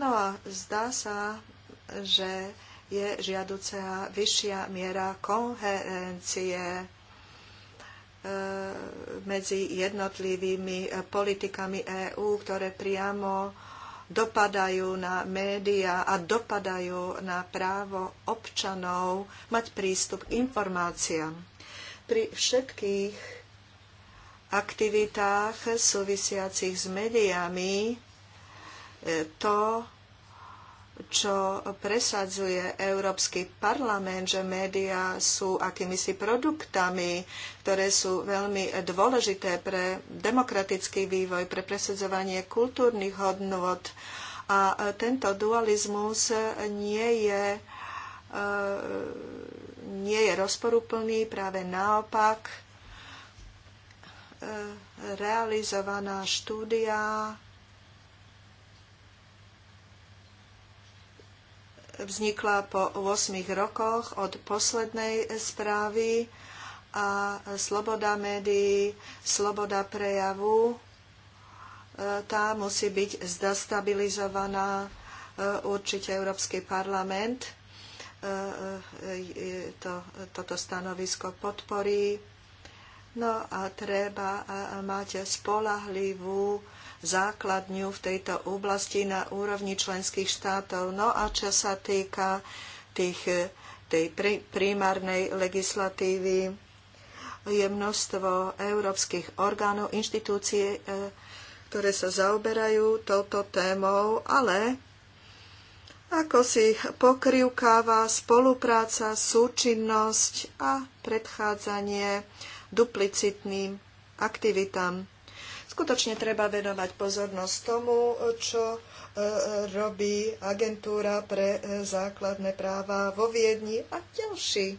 Speaker 1: No a zdá sa, že je žiaduca vyššia miera koherencie E, medzi jednotlivými e, politikami EÚ, ktoré priamo dopadajú na médiá a dopadajú na právo občanov mať prístup k informáciám. Pri všetkých aktivitách súvisiacich s médiami e, to čo presadzuje Európsky parlament, že médiá sú akýmisi produktami, ktoré sú veľmi dôležité pre demokratický vývoj, pre presadzovanie kultúrnych hodnot. A e, tento dualizmus nie je, e, nie je rozporúplný, práve naopak e, realizovaná štúdia vznikla po 8 rokoch od poslednej správy a sloboda médií, sloboda prejavu, e, tá musí byť zdestabilizovaná. E, určite Európsky parlament e, to, toto stanovisko podporí. No a treba mať spolahlivú základňu v tejto oblasti na úrovni členských štátov. No a čo sa týka tých, tej primárnej legislatívy, je množstvo európskych orgánov, inštitúcií, e, ktoré sa zaoberajú touto témou, ale ako si pokrivkáva spolupráca, súčinnosť a predchádzanie duplicitným aktivitám. Skutočne treba venovať pozornosť tomu, čo e, robí agentúra pre e, základné práva vo Viedni a ďalší.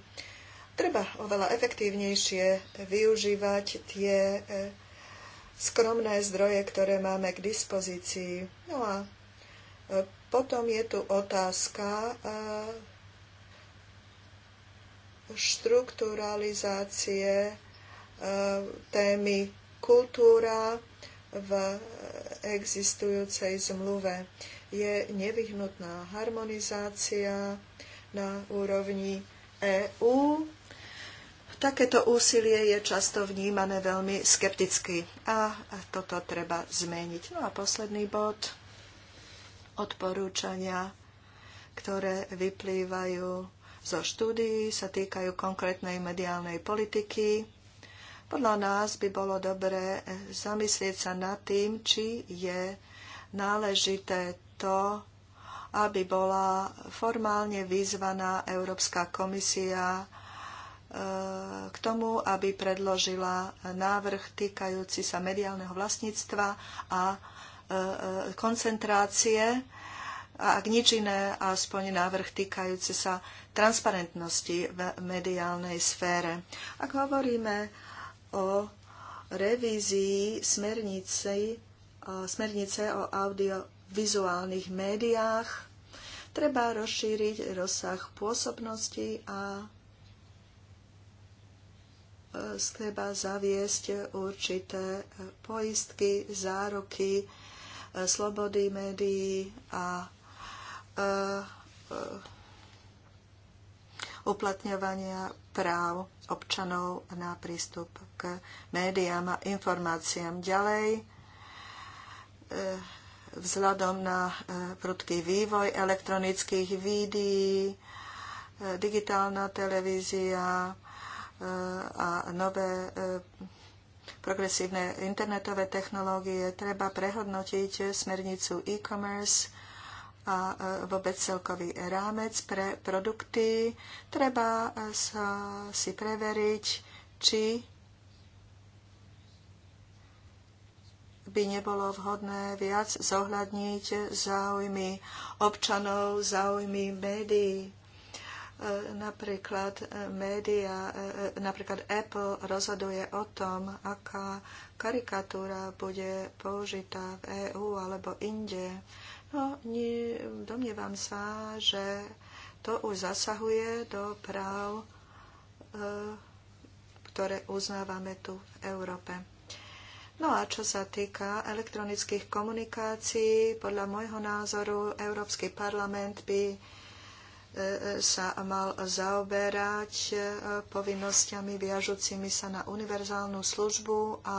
Speaker 1: Treba oveľa efektívnejšie využívať tie e, skromné zdroje, ktoré máme k dispozícii. No a potom je tu otázka štrukturalizácie témy kultúra v existujúcej zmluve. Je nevyhnutná harmonizácia na úrovni EÚ. Takéto úsilie je často vnímané veľmi skepticky a toto treba zmeniť. No a posledný bod odporúčania, ktoré vyplývajú zo štúdií, sa týkajú konkrétnej mediálnej politiky podľa nás by bolo dobré eh, zamyslieť sa nad tým, či je náležité to, aby bola formálne vyzvaná Európska komisia eh, k tomu, aby predložila návrh týkajúci sa mediálneho vlastníctva a eh, koncentrácie a ak nič iné, aspoň návrh týkajúci sa transparentnosti v mediálnej sfére. Ak hovoríme o revízii smernice, smernice o audiovizuálnych médiách. Treba rozšíriť rozsah pôsobnosti a e, treba zaviesť určité poistky, zároky, e, slobody médií a, a e, uplatňovania práv občanov na prístup k médiám a informáciám. Ďalej, e, vzhľadom na e, prudký vývoj elektronických vídií, e, digitálna televízia a nové progresívne internetové technológie, treba prehodnotiť smernicu e-commerce a e, vôbec celkový rámec pre produkty. Treba e, sa si preveriť, či by nebolo vhodné viac zohľadniť záujmy občanov, záujmy médií e, napríklad média, napríklad Apple rozhoduje o tom, aká karikatúra bude použitá v EÚ alebo inde. No, nie, domnievam sa, že to už zasahuje do práv, e, ktoré uznávame tu v Európe. No a čo sa týka elektronických komunikácií, podľa môjho názoru Európsky parlament by e, sa mal zaoberať e, povinnosťami viažúcimi sa na univerzálnu službu a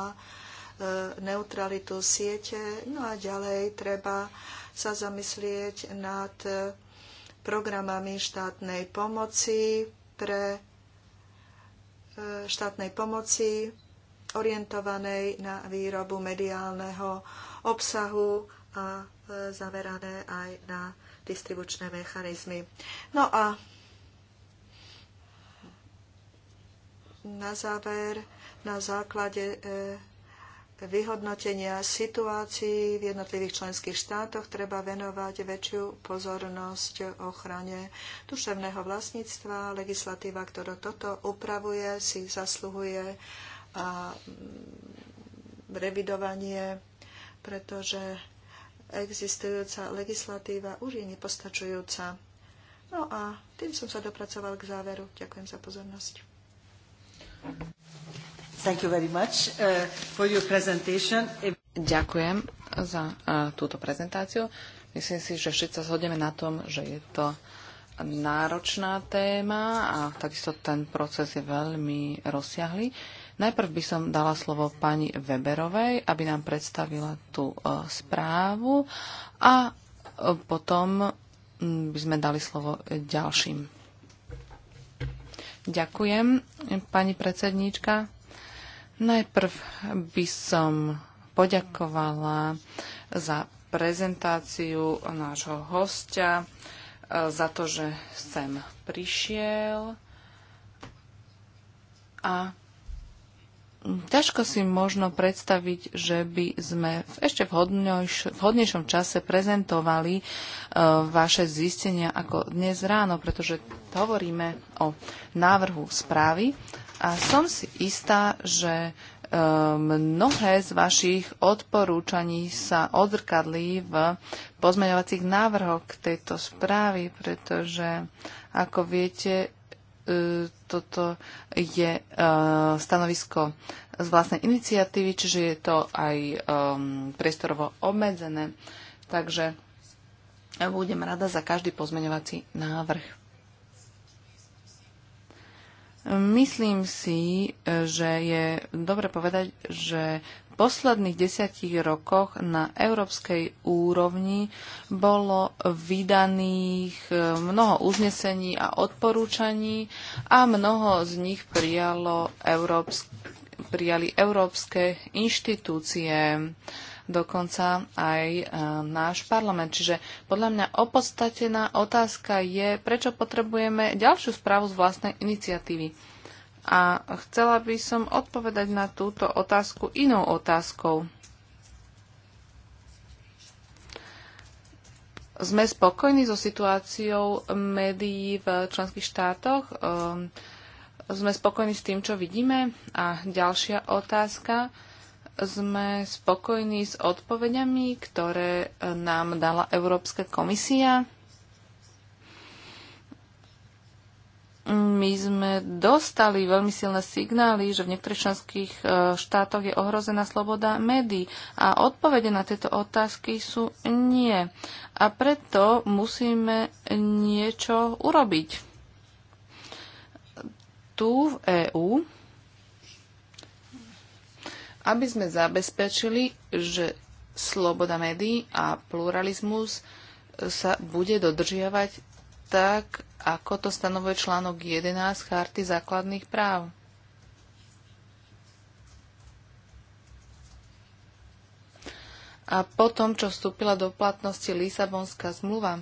Speaker 1: neutralitu siete. No a ďalej treba sa zamyslieť nad e, programami štátnej pomoci pre e, štátnej pomoci orientovanej na výrobu mediálneho obsahu a e, zaverané aj na distribučné mechanizmy. No a na záver, na základe vyhodnotenia situácií v jednotlivých členských štátoch treba venovať väčšiu pozornosť ochrane duševného vlastníctva. Legislatíva, ktorá toto upravuje, si zasluhuje a mm, revidovanie, pretože existujúca legislatíva už je nepostačujúca. No a tým som sa dopracoval k záveru. Ďakujem za pozornosť.
Speaker 3: Thank you very much uh, for your presentation. Ďakujem za uh, túto prezentáciu. Myslím si, že všetci sa zhodneme na tom, že je to náročná téma a takisto ten proces je veľmi rozsiahly. Najprv by som dala slovo pani Weberovej, aby nám predstavila tú uh, správu a uh, potom mm, by sme dali slovo ďalším. Ďakujem, pani predsedníčka. Najprv by som poďakovala za prezentáciu nášho hostia, e, za to, že sem prišiel a ťažko si možno predstaviť, že by sme v ešte vhodnejšom čase prezentovali e, vaše zistenia ako dnes ráno, pretože hovoríme o návrhu správy, a som si istá, že e, mnohé z vašich odporúčaní sa odrkadlí v pozmeňovacích návrhoch k tejto správy, pretože, ako viete, e, toto je e, stanovisko z vlastnej iniciatívy, čiže je to aj priestorovo obmedzené. Takže budem rada za každý pozmeňovací návrh. Myslím si, e, že je dobre povedať, že v posledných desiatich rokoch na európskej úrovni bolo vydaných e, mnoho uznesení a odporúčaní a mnoho z nich prijalo európsk, prijali európske inštitúcie dokonca aj e, náš parlament. Čiže podľa mňa opodstatená otázka je, prečo potrebujeme ďalšiu správu z vlastnej iniciatívy. A chcela by som odpovedať na túto otázku inou otázkou. Sme spokojní so situáciou médií v členských štátoch? Ehm, sme spokojní s tým, čo vidíme? A ďalšia otázka sme spokojní s odpovediami, ktoré e, nám dala Európska komisia. My sme dostali veľmi silné signály, že v niektorých členských e, štátoch je ohrozená sloboda médií a odpovede na tieto otázky sú nie. A preto musíme niečo urobiť. Tu v EÚ aby sme zabezpečili, že sloboda médií a pluralizmus sa bude dodržiavať tak, ako to stanovuje článok 11 Charty základných práv. A potom, čo vstúpila do platnosti Lisabonská zmluva,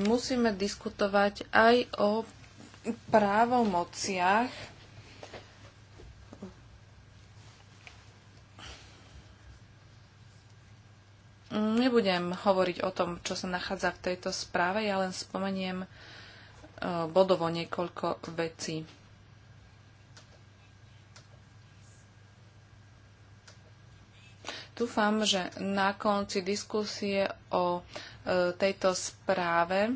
Speaker 3: musíme diskutovať aj o právomociach Nebudem hovoriť o tom, čo sa nachádza v tejto správe, ja len spomeniem e, bodovo niekoľko vecí. Dúfam, že na konci diskusie o e, tejto správe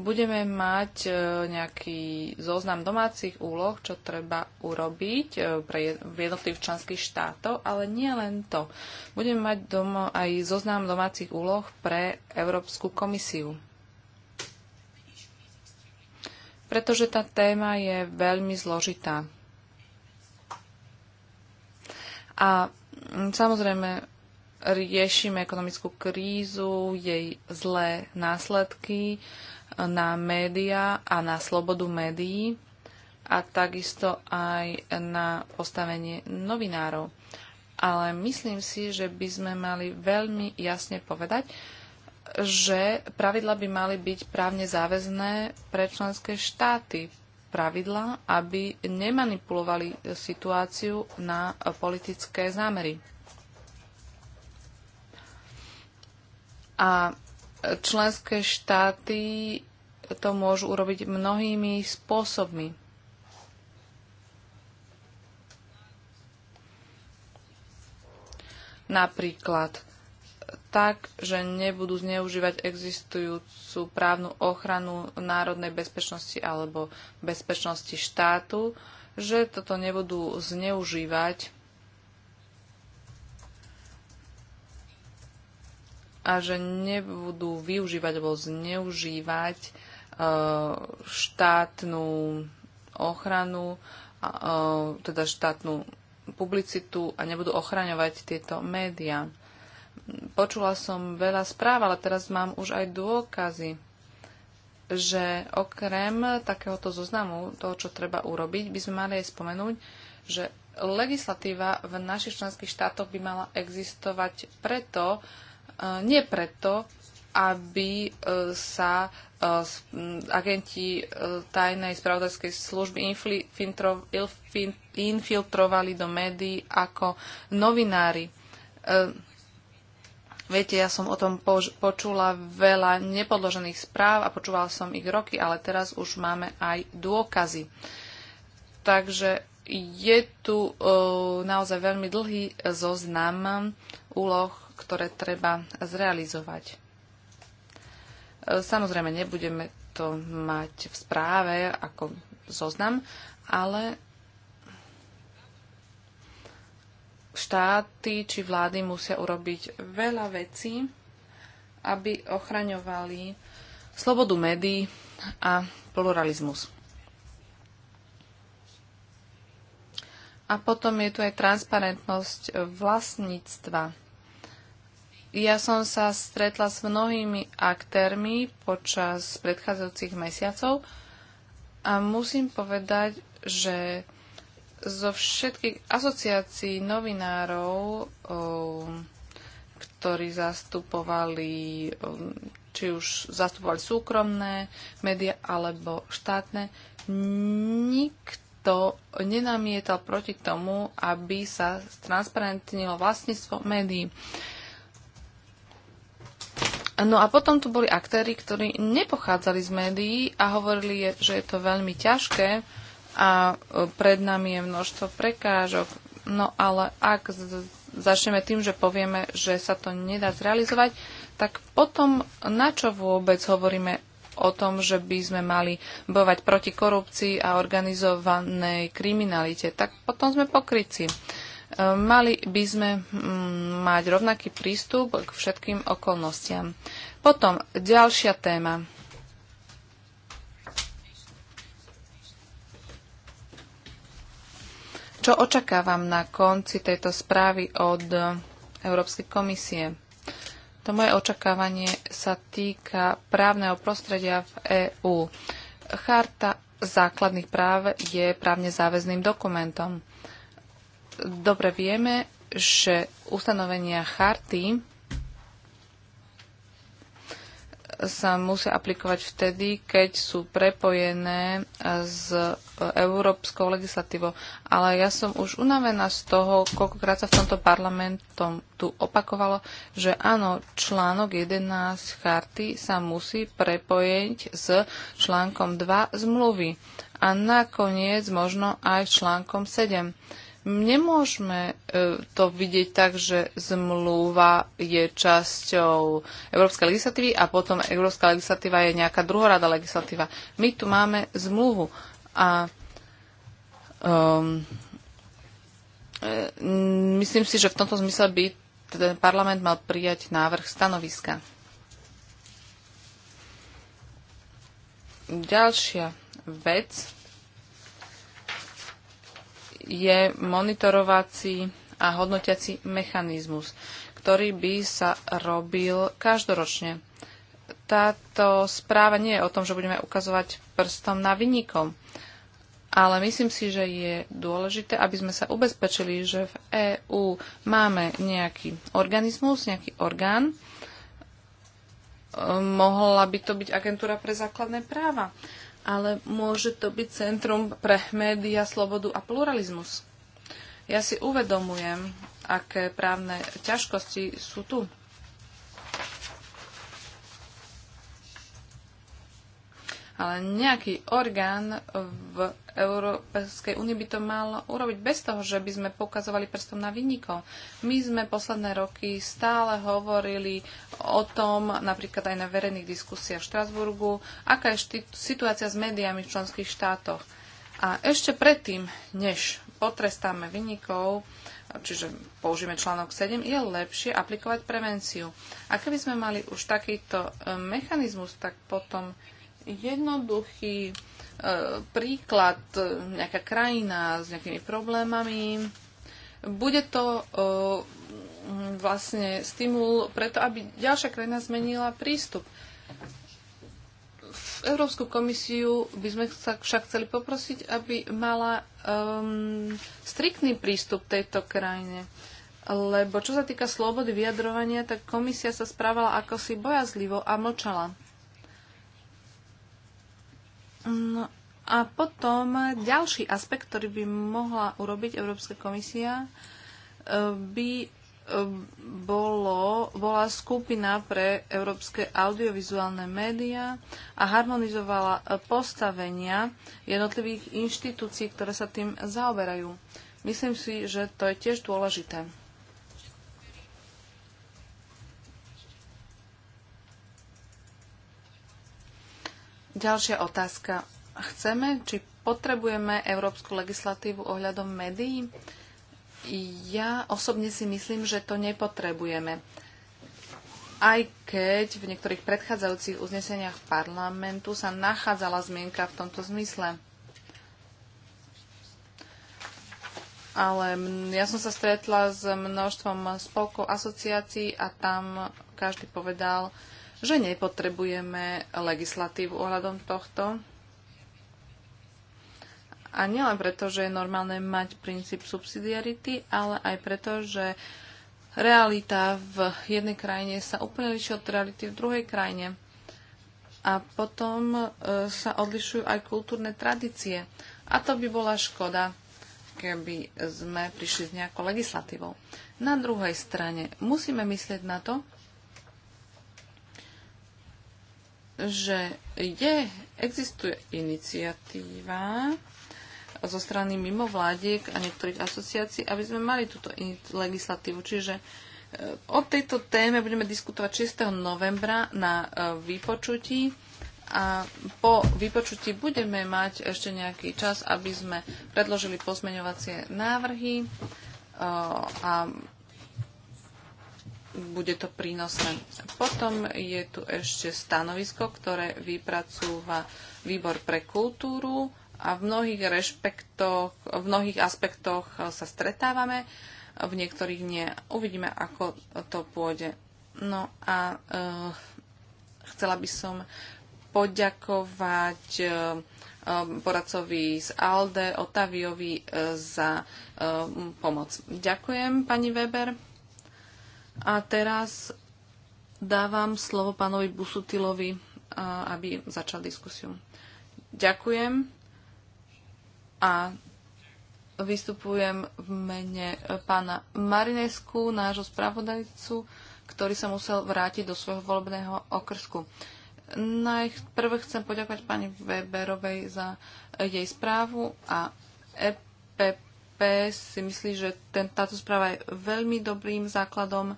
Speaker 3: budeme mať e, nejaký zoznam domácich úloh, čo treba urobiť e, pre jednotlivých členských štátov, ale nie len to. Budeme mať doma aj zoznam domácich úloh pre Európsku komisiu. Pretože tá téma je veľmi zložitá. A samozrejme, riešime ekonomickú krízu, jej zlé následky na médiá a na slobodu médií a takisto aj na postavenie novinárov. Ale myslím si, že by sme mali veľmi jasne povedať, že pravidla by mali byť právne záväzné pre členské štáty, pravidla, aby nemanipulovali situáciu na politické zámery. A členské štáty to môžu urobiť mnohými spôsobmi. Napríklad tak, že nebudú zneužívať existujúcu právnu ochranu národnej bezpečnosti alebo bezpečnosti štátu, že toto nebudú zneužívať a že nebudú využívať alebo zneužívať e, štátnu ochranu, e, teda štátnu publicitu a nebudú ochraňovať tieto médiá. Počula som veľa správ, ale teraz mám už aj dôkazy, že okrem takéhoto zoznamu toho, čo treba urobiť, by sme mali aj spomenúť, že legislatíva v našich členských štátoch by mala existovať preto, nie preto, aby e, sa e, agenti e, tajnej spravodajskej služby infiltrovali do médií ako novinári. Viete, ja som o tom počula veľa nepodložených správ a počúvala som ich roky, ale teraz už máme aj dôkazy. Takže je tu naozaj veľmi dlhý zoznam úloh ktoré treba zrealizovať. E, samozrejme, nebudeme to mať v správe ako zoznam, ale štáty či vlády musia urobiť veľa vecí, aby ochraňovali slobodu médií a pluralizmus. A potom je tu aj transparentnosť vlastníctva ja som sa stretla s mnohými aktérmi počas predchádzajúcich mesiacov a musím povedať, že zo všetkých asociácií novinárov, ktorí zastupovali, či už zastupovali súkromné médiá alebo štátne, nikto nenamietal proti tomu, aby sa transparentnilo vlastníctvo médií. Uh, No a potom tu boli aktéry, ktorí nepochádzali z médií a hovorili, že je to veľmi ťažké a e, pred nami je množstvo prekážok. No ale ak začneme tým, že povieme, že sa to nedá zrealizovať, tak potom na čo vôbec hovoríme o tom, že by sme mali bovať proti korupcii a organizovanej kriminalite, tak potom sme pokryci. Mali by sme mm, mať rovnaký prístup k všetkým okolnostiam. Potom ďalšia téma. Čo očakávam na konci tejto správy od Európskej komisie? To moje očakávanie sa týka právneho prostredia v EÚ. Charta základných práv je právne záväzným dokumentom dobre vieme, že ustanovenia charty sa musia aplikovať vtedy, keď sú prepojené s európskou legislatívou. Ale ja som už unavená z toho, koľkokrát sa v tomto parlamentom tu opakovalo, že áno, článok 11 charty sa musí prepojiť s článkom 2 zmluvy a nakoniec možno aj s článkom 7. Nemôžeme e, to vidieť tak, že zmluva je časťou európskej legislatívy a potom európska legislatíva je nejaká druhorada legislatíva. My tu máme zmluvu a um, myslím si, že v tomto zmysle by ten parlament mal prijať návrh stanoviska. Ďalšia vec, je monitorovací a hodnotiaci mechanizmus, ktorý by sa robil každoročne. Táto správa nie je o tom, že budeme ukazovať prstom na vynikom, ale myslím si, že je dôležité, aby sme sa ubezpečili, že v EÚ máme nejaký organizmus, nejaký orgán. Ehm, mohla by to byť agentúra pre základné práva ale môže to byť centrum pre média, slobodu a pluralizmus. Ja si uvedomujem, aké právne ťažkosti sú tu. ale nejaký orgán v Európskej únii by to mal urobiť bez toho, že by sme poukazovali prstom na vinníkov. My sme posledné roky stále hovorili o tom, napríklad aj na verejných diskusiách v Štrasburgu, aká je situácia s médiami v členských štátoch. A ešte predtým, než potrestáme vynikov, čiže použijeme článok 7, je lepšie aplikovať prevenciu. A keby sme mali už takýto e, mechanizmus, tak potom jednoduchý e, príklad, e, nejaká krajina s nejakými problémami. Bude to e, vlastne stimul preto, aby ďalšia krajina zmenila prístup. V Európsku komisiu by sme sa však chceli poprosiť, aby mala um, striktný prístup tejto krajine lebo čo sa týka slobody vyjadrovania, tak komisia sa správala ako si bojazlivo a mlčala. No a potom ďalší aspekt, ktorý by mohla urobiť Európska komisia, e, by e, bolo, bola skupina pre európske audiovizuálne médiá a harmonizovala e, postavenia jednotlivých inštitúcií, ktoré sa tým zaoberajú. Myslím si, že to je tiež dôležité. Ďalšia otázka. Chceme, či potrebujeme európsku legislatívu ohľadom médií? Ja osobne si myslím, že to nepotrebujeme. Aj keď v niektorých predchádzajúcich uzneseniach parlamentu sa nachádzala zmienka v tomto zmysle. Ale ja som sa stretla s množstvom spolkov asociácií a tam každý povedal, že nepotrebujeme legislatívu ohľadom tohto. A nielen preto, že je normálne mať princíp subsidiarity, ale aj preto, že realita v jednej krajine sa úplne líši od reality v druhej krajine. A potom e, sa odlišujú aj kultúrne tradície. A to by bola škoda, keby sme prišli s nejakou legislatívou. Na druhej strane musíme myslieť na to, že je, existuje iniciatíva zo strany mimovládiek a niektorých asociácií, aby sme mali túto legislatívu. Čiže e, o tejto téme budeme diskutovať 6. novembra na e, vypočutí a po vypočutí budeme mať ešte nejaký čas, aby sme predložili pozmeňovacie návrhy e, a bude to prínosné. Potom je tu ešte stanovisko, ktoré vypracúva výbor pre kultúru a v mnohých rešpektoch, v mnohých aspektoch sa stretávame, v niektorých nie. Uvidíme, ako to pôjde. No a e, chcela by som poďakovať e, poradcovi z ALDE, Otaviovi e, za e, pomoc. Ďakujem, pani Weber. A teraz dávam slovo pánovi Busutilovi, aby začal diskusiu. Ďakujem a vystupujem v mene pána Marinesku, nášho spravodajcu, ktorý sa musel vrátiť do svojho volebného okrsku. Najprv chcem poďakovať pani Weberovej za jej správu a EPP EPP si myslí, že ten, táto správa je veľmi dobrým základom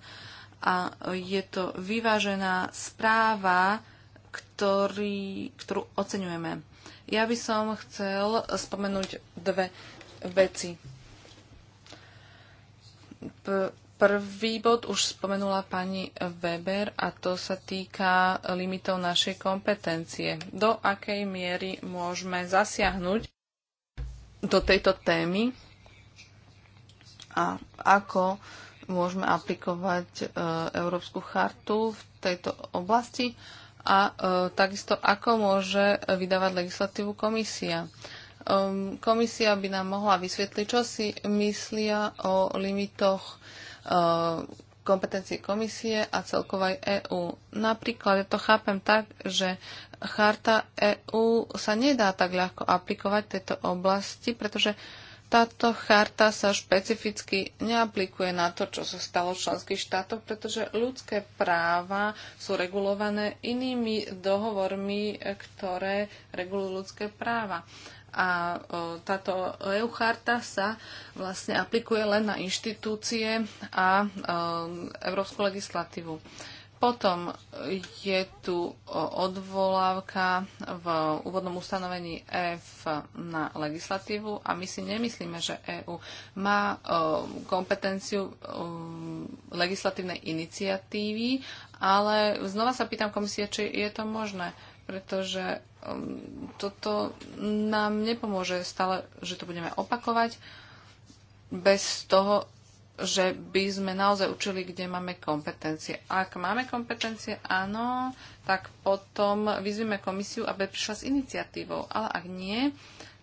Speaker 3: a je to vyvážená správa, ktorý, ktorú oceňujeme. Ja by som chcel spomenúť dve veci. P- prvý bod už spomenula pani Weber a to sa týka limitov našej kompetencie. Do akej miery môžeme zasiahnuť do tejto témy a ako môžeme aplikovať e, Európsku chartu v tejto oblasti a e, takisto ako môže vydávať legislatívu komisia. Ehm, komisia by nám mohla vysvetliť, čo si myslia o limitoch e, kompetencie komisie a celkovej EÚ. Napríklad ja to chápem tak, že charta EÚ sa nedá tak ľahko aplikovať v tejto oblasti, pretože uh, táto charta sa špecificky neaplikuje na to, čo sa stalo v členských štátoch, pretože ľudské práva sú regulované inými dohovormi, ktoré regulujú ľudské práva. A táto EU charta sa vlastne aplikuje len na inštitúcie a európsku legislatívu. Potom je tu odvolávka v úvodnom ustanovení EF na legislatívu a my si nemyslíme, že EÚ má kompetenciu legislatívnej iniciatívy, ale znova sa pýtam komisie, či je to možné, pretože toto nám nepomôže stále, že to budeme opakovať bez toho, že by sme naozaj učili, kde máme kompetencie. Ak máme kompetencie, áno, tak potom vyzvime komisiu, aby prišla s iniciatívou. Ale ak nie,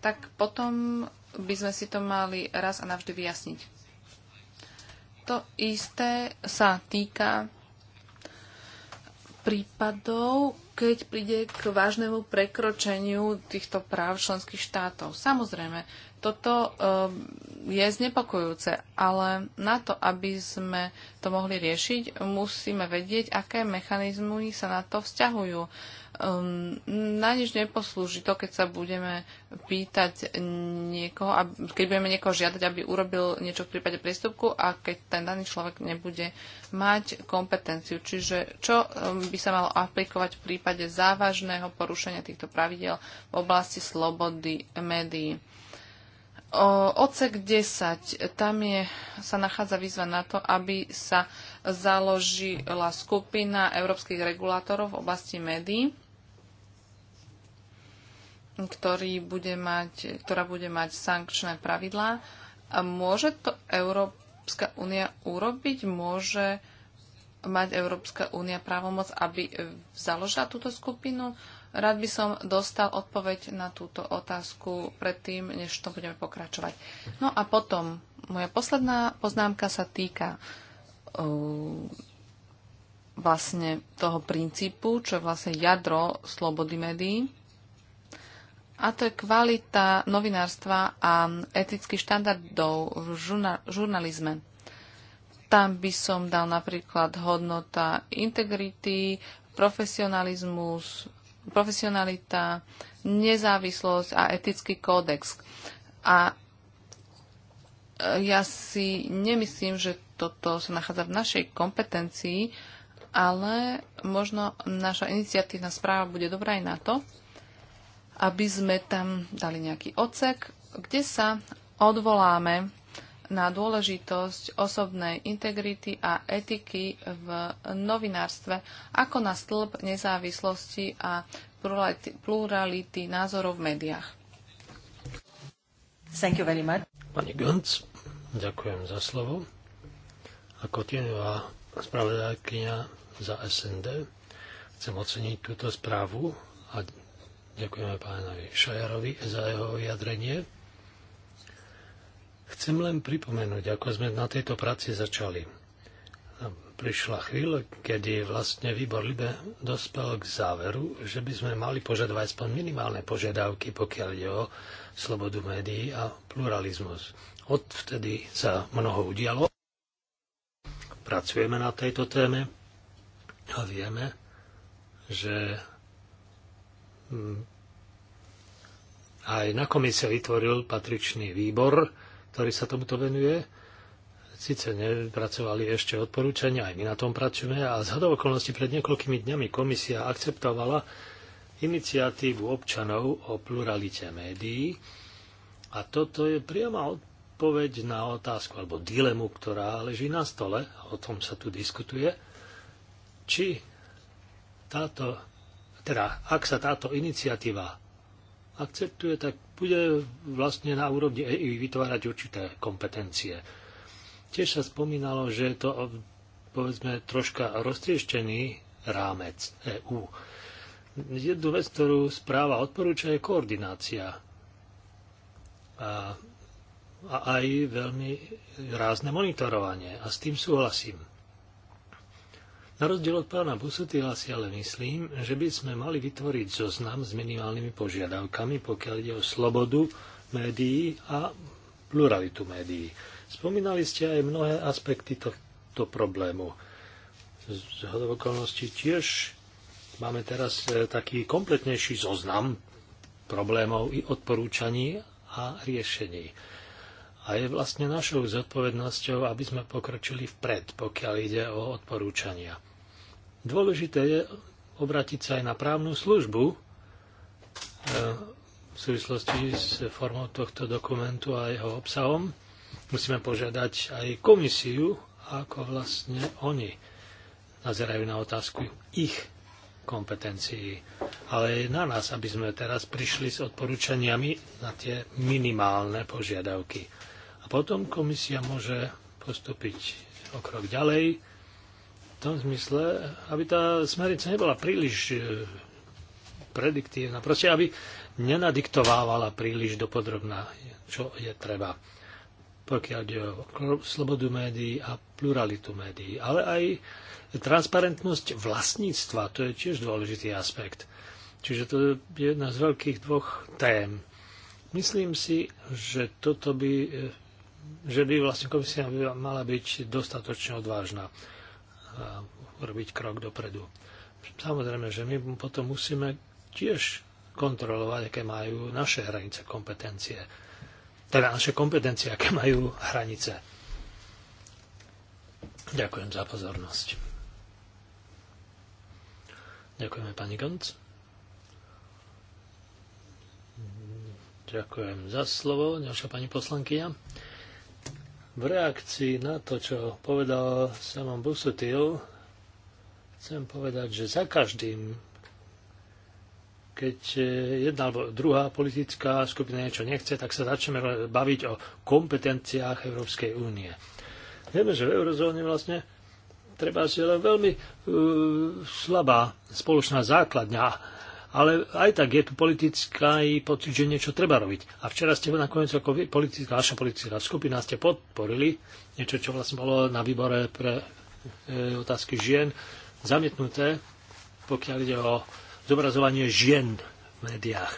Speaker 3: tak potom by sme si to mali raz a navždy vyjasniť. To isté sa týka prípadov, keď príde k vážnemu prekročeniu týchto práv členských štátov. Samozrejme, toto ehm, je znepokojúce, ale na to, aby sme to mohli riešiť, musíme vedieť, aké mechanizmy sa na to vzťahujú. Ehm, na nič neposlúži to, keď sa budeme pýtať niekoho, keď budeme niekoho žiadať, aby urobil niečo v prípade prístupku a keď ten daný človek nebude mať kompetenciu. Čiže čo ehm, by sa malo aplikovať v prípade závažného porušenia týchto pravidel v oblasti slobody médií Ocek 10, tam je, sa nachádza výzva na to, aby sa založila skupina európskych regulátorov v oblasti médií, ktorý bude mať, ktorá bude mať sankčné pravidlá. A môže to Európska únia urobiť? Môže mať Európska únia právomoc, aby založila túto skupinu? Rád by som dostal odpoveď na túto otázku predtým, než to budeme pokračovať. No a potom, moja posledná poznámka sa týka uh, vlastne toho princípu, čo je vlastne jadro slobody médií. A to je kvalita novinárstva a etických štandardov v žurna- žurnalizme. Tam by som dal napríklad hodnota integrity, profesionalizmus, profesionalita, nezávislosť a etický kódex. A e, ja si nemyslím, že toto sa nachádza v našej kompetencii, ale možno naša iniciatívna správa bude dobrá aj na to, aby sme tam dali nejaký odsek, kde sa odvoláme na dôležitosť osobnej integrity a etiky v novinárstve ako na stĺp nezávislosti a plurality, plurality názorov v médiách. Thank you very much.
Speaker 2: Pani Gönc, ďakujem za slovo. Ako tieňová spravodajkynia za SND chcem oceniť túto správu a ďakujeme pánovi Šajarovi za jeho vyjadrenie. Chcem len pripomenúť, ako sme na tejto práci začali. Prišla chvíľa, kedy vlastne výbor Libe dospel k záveru, že by sme mali požadovať aspoň minimálne požiadavky, pokiaľ ide o slobodu médií a pluralizmus. Odvtedy sa mnoho udialo. Pracujeme na tejto téme a vieme, že mm, aj na komisie vytvoril patričný výbor, ktorý sa tomuto venuje. Sice nepracovali ešte odporúčania, aj my na tom pracujeme a z okolností pred niekoľkými dňami komisia akceptovala iniciatívu občanov o pluralite médií a toto je priama odpoveď na otázku alebo dilemu, ktorá leží na stole, o tom sa tu diskutuje, či táto, teda ak sa táto iniciatíva akceptuje, tak bude vlastne na úrovni EI vytvárať určité kompetencie. Tiež sa spomínalo, že je to povedzme troška roztrieštený rámec EÚ. Jednu vec, ktorú správa odporúča, je koordinácia. A, a aj veľmi rázne monitorovanie. A s tým súhlasím. Na rozdiel od pána Busutila si ale myslím, že by sme mali vytvoriť zoznam s minimálnymi požiadavkami, pokiaľ ide o slobodu médií a pluralitu médií. Spomínali ste aj mnohé aspekty tohto problému. Z okolností tiež máme teraz e, taký kompletnejší zoznam problémov i odporúčaní a riešení. A je vlastne našou zodpovednosťou, aby sme pokročili vpred, pokiaľ ide o odporúčania. Dôležité je obrátiť sa aj na právnu službu e, v súvislosti s formou tohto dokumentu a jeho obsahom. Musíme požiadať aj komisiu, ako vlastne oni nazerajú na otázku ich kompetencií. Ale je na nás, aby sme teraz prišli s odporúčaniami na tie minimálne požiadavky. A potom komisia môže postúpiť o krok ďalej tom zmysle, aby tá smernica nebola príliš e, prediktívna. Proste, aby nenadiktovávala príliš dopodrobná, čo je treba pokiaľ ide o slobodu médií a pluralitu médií, ale aj transparentnosť vlastníctva, to je tiež dôležitý aspekt. Čiže to je jedna z veľkých dvoch tém. Myslím si, že toto by, e, že by vlastne komisia mala byť dostatočne odvážna robiť krok dopredu. Samozrejme, že my potom musíme tiež kontrolovať, aké majú naše hranice kompetencie. Teda naše kompetencie, aké majú hranice. Ďakujem za pozornosť. Ďakujeme pani Gonc. Ďakujem za slovo. Ďalšia pani poslankyňa. V reakcii na to, čo povedal Samon Busutil, chcem povedať, že za každým, keď e, jedna alebo druhá politická skupina niečo nechce, tak sa začneme baviť o kompetenciách Európskej únie. Vieme, že v eurozóne vlastne treba si len veľmi uh, slabá spoločná základňa ale aj tak je tu politická i pocit, že niečo treba robiť. A včera ste nakoniec ako vy, politická, vaša politická skupina ste podporili niečo, čo vlastne bolo na výbore pre e, otázky žien zamietnuté, pokiaľ ide o zobrazovanie žien v médiách.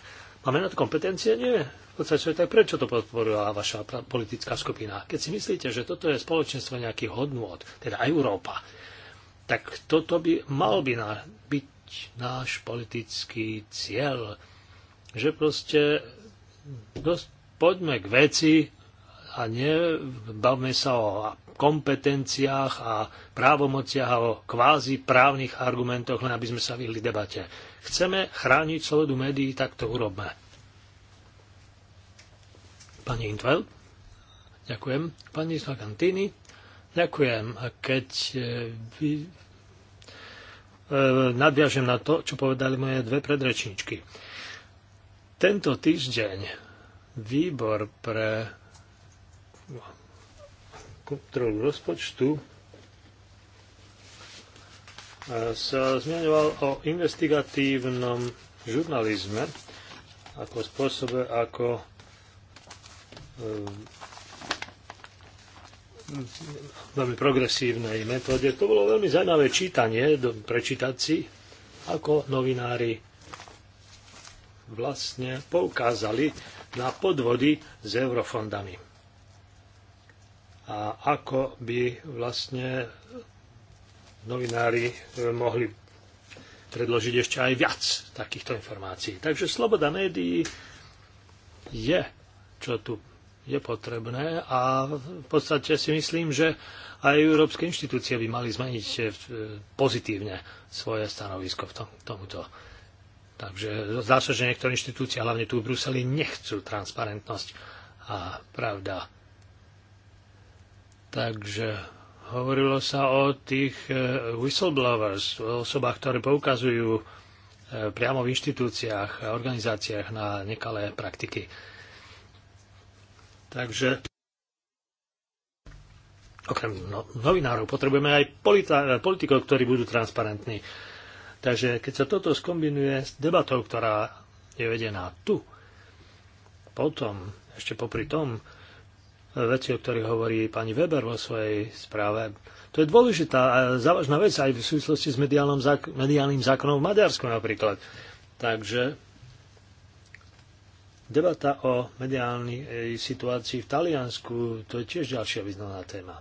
Speaker 2: Máme na to kompetencie? Nie. V podstate tak prečo to podporila vaša politická skupina? Keď si myslíte, že toto je spoločenstvo nejakých hodnôt, teda Európa, tak toto by mal by na, byť náš politický cieľ. Že proste dosť, poďme k veci a nebavme sa o kompetenciách a právomociach a o kvázi právnych argumentoch, len aby sme sa vyhli debate. Chceme chrániť slobodu médií, tak to urobme. Pani Intvel? Ďakujem. Pani Svagantini? Ďakujem. A keď eh, E, nadviažem na to, čo povedali moje dve predrečníčky. Tento týždeň výbor pre kontrolu rozpočtu e, sa zmiňoval o investigatívnom žurnalizme ako spôsobe, ako e, veľmi progresívnej metóde. To bolo veľmi zaujímavé čítanie, prečítať si, ako novinári vlastne poukázali na podvody s eurofondami. A ako by vlastne novinári mohli predložiť ešte aj viac takýchto informácií. Takže sloboda médií je, čo tu je potrebné a v podstate si myslím, že aj európske inštitúcie by mali zmeniť e, pozitívne svoje stanovisko v tom, tomuto. Takže zdá sa, že niektoré inštitúcie, hlavne tu v Bruseli, nechcú transparentnosť a pravda. Takže hovorilo sa o tých e, whistleblowers, o osobách, ktoré poukazujú e, priamo v inštitúciách a organizáciách na nekalé praktiky. Takže okrem no, novinárov potrebujeme aj eh, politikov, ktorí budú transparentní. Takže keď sa toto skombinuje s debatou, ktorá je vedená tu, potom, ešte popri tom, eh, veci, o ktorých hovorí pani Weber vo svojej správe. To je dôležitá a eh, závažná vec aj v súvislosti s mediálnym zákonom v Maďarsku napríklad. Takže Debata o mediálnej eh, situácii v Taliansku, to je tiež ďalšia významná téma.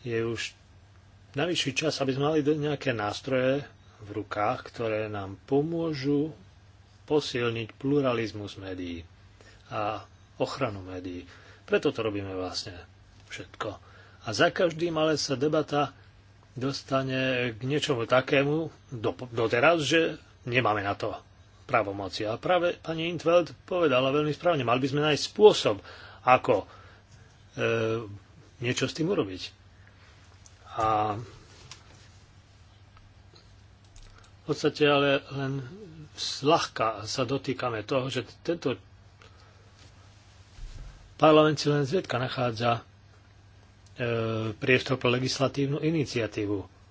Speaker 2: Je už najvyšší čas, aby sme mali nejaké nástroje v rukách, ktoré nám pomôžu posilniť pluralizmus médií a ochranu médií. Preto to robíme vlastne všetko. A za každým ale sa debata dostane k niečomu takému doteraz, že nemáme na to právomoci. A práve pani Intveld povedala veľmi správne, mali by sme nájsť spôsob, ako e, niečo s tým urobiť. A v podstate ale len zľahka sa dotýkame toho, že tento parlament si len zriedka nachádza e, priestor pre legislatívnu iniciatívu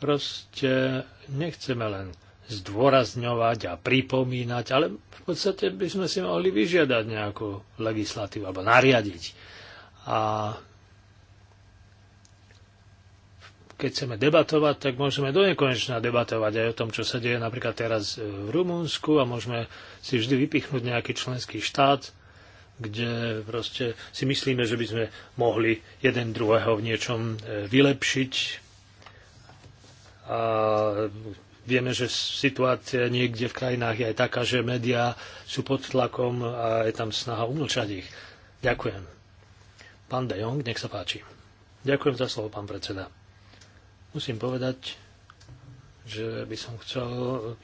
Speaker 2: proste nechceme len zdôrazňovať a pripomínať, ale v podstate by sme si mohli vyžiadať nejakú legislatívu alebo nariadiť. A keď chceme debatovať, tak môžeme do nekonečna debatovať aj o tom, čo sa deje napríklad teraz e, v Rumunsku a môžeme si vždy vypichnúť nejaký členský štát, kde proste si myslíme, že by sme mohli jeden druhého v niečom e, vylepšiť a Vieme, že situácia niekde v krajinách je aj taká, že médiá sú pod tlakom a je tam snaha umlčať ich. Ďakujem. Pán De Jong, nech sa páči. Ďakujem za slovo, pán predseda. Musím povedať, že by som chcel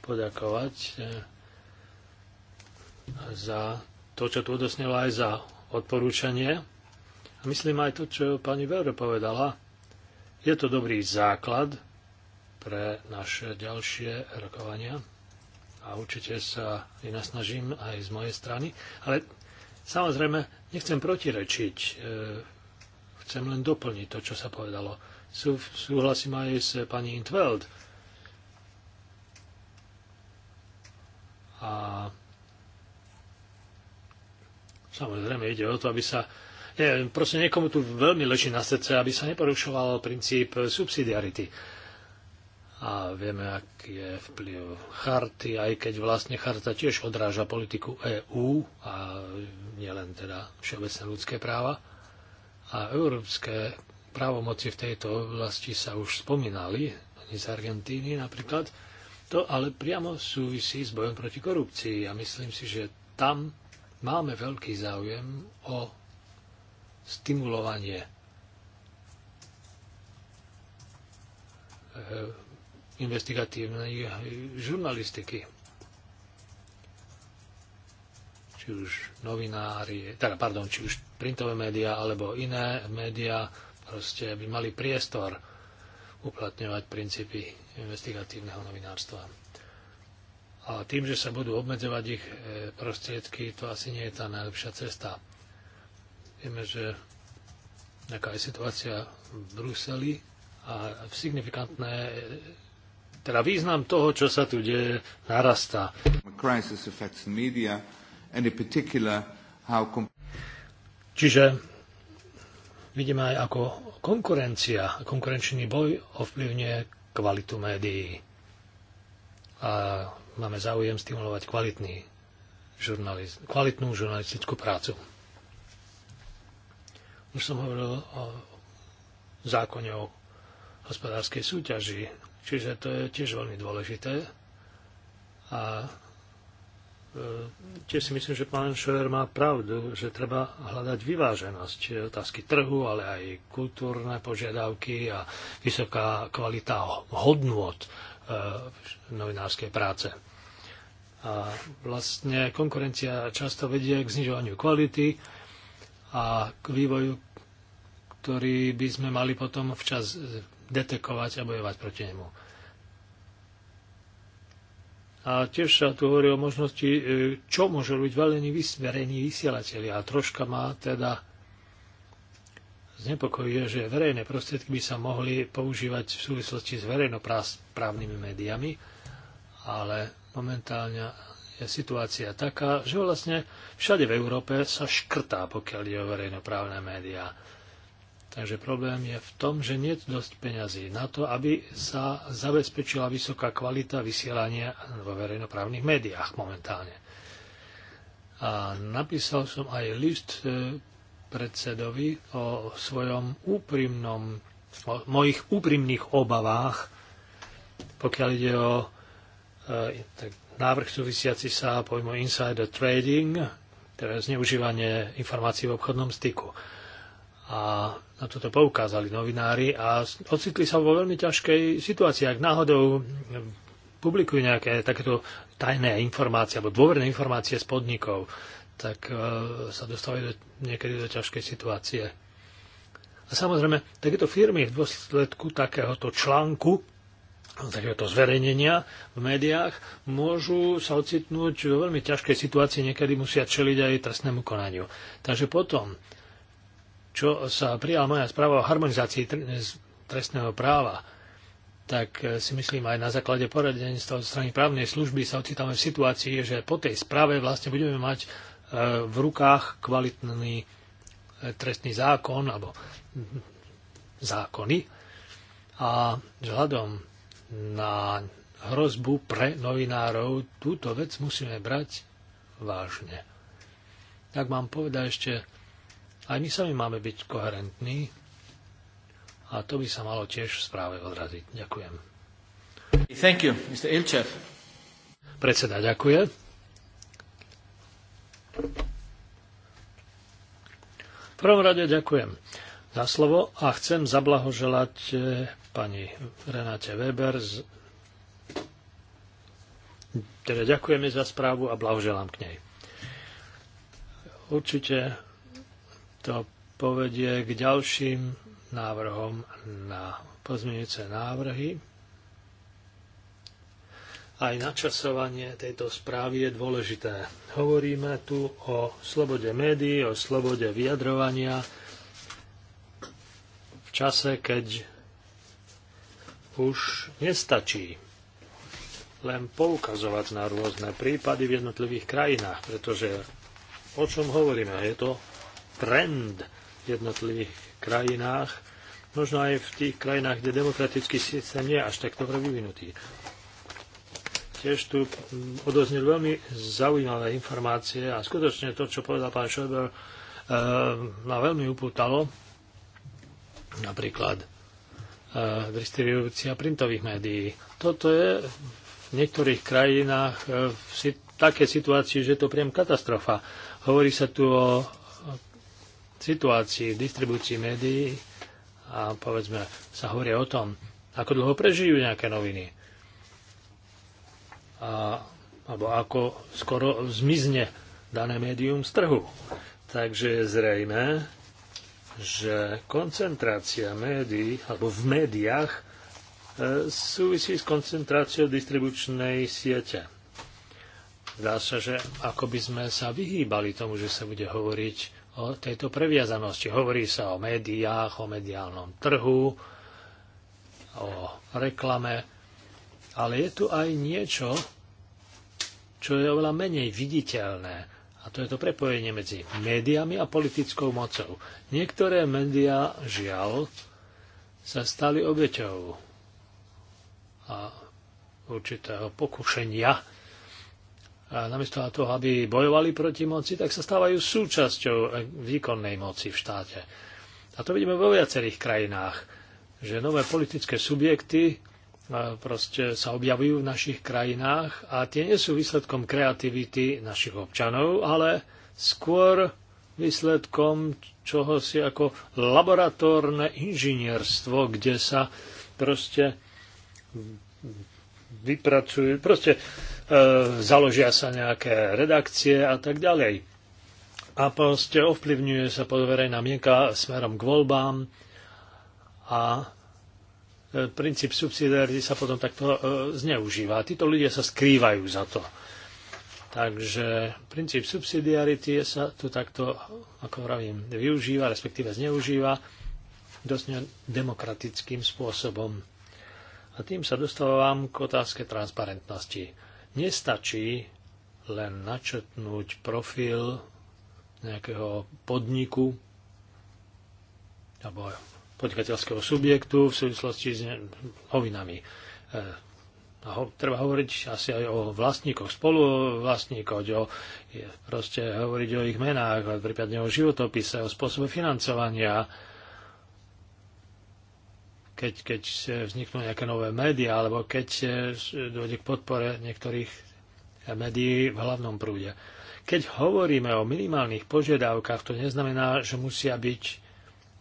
Speaker 2: poďakovať eh, za to, čo tu odosnelo, aj za odporúčanie. A myslím aj to, čo pani Vero povedala. Je to dobrý základ pre naše ďalšie rokovania a určite sa vynasnažím aj z mojej strany. Ale samozrejme, nechcem protirečiť, e, chcem len doplniť to, čo sa povedalo. Sú, súhlasím aj s pani Intveld. A samozrejme ide o to, aby sa nie, proste niekomu tu veľmi leží na srdce, aby sa neporušoval princíp subsidiarity a vieme, aký je vplyv charty, aj keď vlastne charta tiež odráža politiku EÚ a nielen teda všeobecné ľudské práva. A európske právomoci v tejto oblasti sa už spomínali, z Argentíny napríklad. To ale priamo súvisí s bojom proti korupcii a myslím si, že tam máme veľký záujem o stimulovanie e, investigatívnej eh, žurnalistiky. Či už novinári, teda pardon, či už printové médiá alebo iné médiá proste by mali priestor uplatňovať princípy investigatívneho novinárstva. A tým, že sa budú obmedzovať ich eh, prostriedky, to asi nie je tá najlepšia cesta. Vieme, že aká je situácia v Bruseli a signifikantné eh, teda význam toho, čo sa tu deje, narastá. Čiže vidíme aj ako konkurencia, konkurenčný boj ovplyvňuje kvalitu médií. A máme záujem stimulovať kvalitný žurnaliz- kvalitnú žurnalistickú prácu. Už som hovoril o zákone o hospodárskej súťaži, Čiže to je tiež veľmi dôležité. A e, tiež si myslím, že pán Šoer má pravdu, že treba hľadať vyváženosť otázky trhu, ale aj kultúrne požiadavky a vysoká kvalita hodnôt e, novinárskej práce. A vlastne konkurencia často vedie k znižovaniu kvality a k vývoju, ktorý by sme mali potom včas detekovať a bojovať proti nemu. A tiež sa tu hovorí o možnosti, e, čo môžu robiť verejní, verejní vysielateľi. A troška má teda znepokojuje, že verejné prostriedky by sa mohli používať v súvislosti s verejnoprávnymi médiami, ale momentálne je situácia taká, že vlastne všade v Európe sa škrtá, pokiaľ ide o verejnoprávne médiá. Takže problém je v tom, že nie je dosť peňazí na to, aby sa zabezpečila vysoká kvalita vysielania vo verejnoprávnych médiách momentálne. A napísal som aj list e, predsedovi o svojom úprimnom, o mojich úprimných obavách, pokiaľ ide o e, tak, návrh súvisiaci sa pojmu insider trading, teda zneužívanie informácií v obchodnom styku. A na toto poukázali novinári a ocitli sa vo veľmi ťažkej situácii. Ak náhodou eh, publikujú nejaké takéto tajné informácie alebo dôverné informácie z podnikov, tak eh, sa dostávajú do, niekedy do ťažkej situácie. A samozrejme, takéto firmy v dôsledku takéhoto článku, takéhoto zverejnenia v médiách môžu sa ocitnúť do veľmi ťažkej situácii, niekedy musia čeliť aj trestnému konaniu. Takže potom čo sa prijala moja správa o harmonizácii trestného práva, tak e, si myslím aj na základe poradenstva od strany právnej služby sa ocitáme v situácii, že po tej správe vlastne budeme mať e, v rukách kvalitný e, trestný zákon alebo zákony a vzhľadom na hrozbu pre novinárov túto vec musíme brať vážne. Tak mám povedať ešte aj my sami máme byť koherentní a to by sa malo tiež v správe odraziť. Ďakujem. Thank you, Mr. Ilčev. Predseda, ďakujem. V prvom rade ďakujem za slovo a chcem zablahoželať eh, pani Renáte Weber z teda ďakujeme za správu a blahoželám k nej. Určite to povedie k ďalším návrhom na pozmeňujúce návrhy. Aj načasovanie tejto správy je dôležité. Hovoríme tu o slobode médií, o slobode vyjadrovania v čase, keď už nestačí len poukazovať na rôzne prípady v jednotlivých krajinách, pretože o čom hovoríme? Je to trend v jednotlivých krajinách, možno aj v tých krajinách, kde demokratický systém nie je až tak dobre vyvinutý. Tiež tu odozneli veľmi zaujímavé informácie a skutočne to, čo povedal pán Šober, eh, ma veľmi upútalo. Napríklad eh, distribúcia printových médií. Toto je v niektorých krajinách eh, v také situácii, že je to priam katastrofa. Hovorí sa tu o situácii v distribúcii médií a povedzme sa hovorí o tom, ako dlho prežijú nejaké noviny. A, alebo ako skoro zmizne dané médium z trhu. Takže je zrejme, že koncentrácia médií, alebo v médiách, e, súvisí s koncentráciou distribučnej siete. Zdá sa, že ako by sme sa vyhýbali tomu, že sa bude hovoriť o tejto previazanosti. Hovorí sa o médiách, o mediálnom trhu, o reklame, ale je tu aj niečo, čo je oveľa menej viditeľné. A to je to prepojenie medzi médiami a politickou mocou. Niektoré médiá, žiaľ, sa stali obeťou a určitého pokušenia a namiesto toho, aby bojovali proti moci, tak sa stávajú súčasťou výkonnej moci v štáte. A to vidíme vo viacerých krajinách, že nové politické subjekty proste sa objavujú v našich krajinách a tie nie sú výsledkom kreativity našich občanov, ale skôr výsledkom čoho si ako laboratórne inžinierstvo, kde sa proste vypracujú, proste E, založia sa nejaké redakcie a tak ďalej. A proste ovplyvňuje sa podverejná mienka smerom k voľbám a e, princíp subsidiarity sa potom takto e, zneužíva. Títo ľudia sa skrývajú za to. Takže princíp subsidiarity sa tu takto, ako hovorím, využíva, respektíve zneužíva dosť demokratickým spôsobom. A tým sa dostávam k otázke transparentnosti. Nestačí len načetnúť profil nejakého podniku alebo podnikateľského subjektu v súvislosti s novinami. E, a ho, treba hovoriť asi aj o vlastníkoch, spolu vlastníkoch, o, proste hovoriť o ich menách, prípadne o životopise, o spôsobe financovania, keď, keď vzniknú nejaké nové médiá, alebo keď dojde k podpore niektorých médií v hlavnom prúde. Keď hovoríme o minimálnych požiadavkách, to neznamená, že musia byť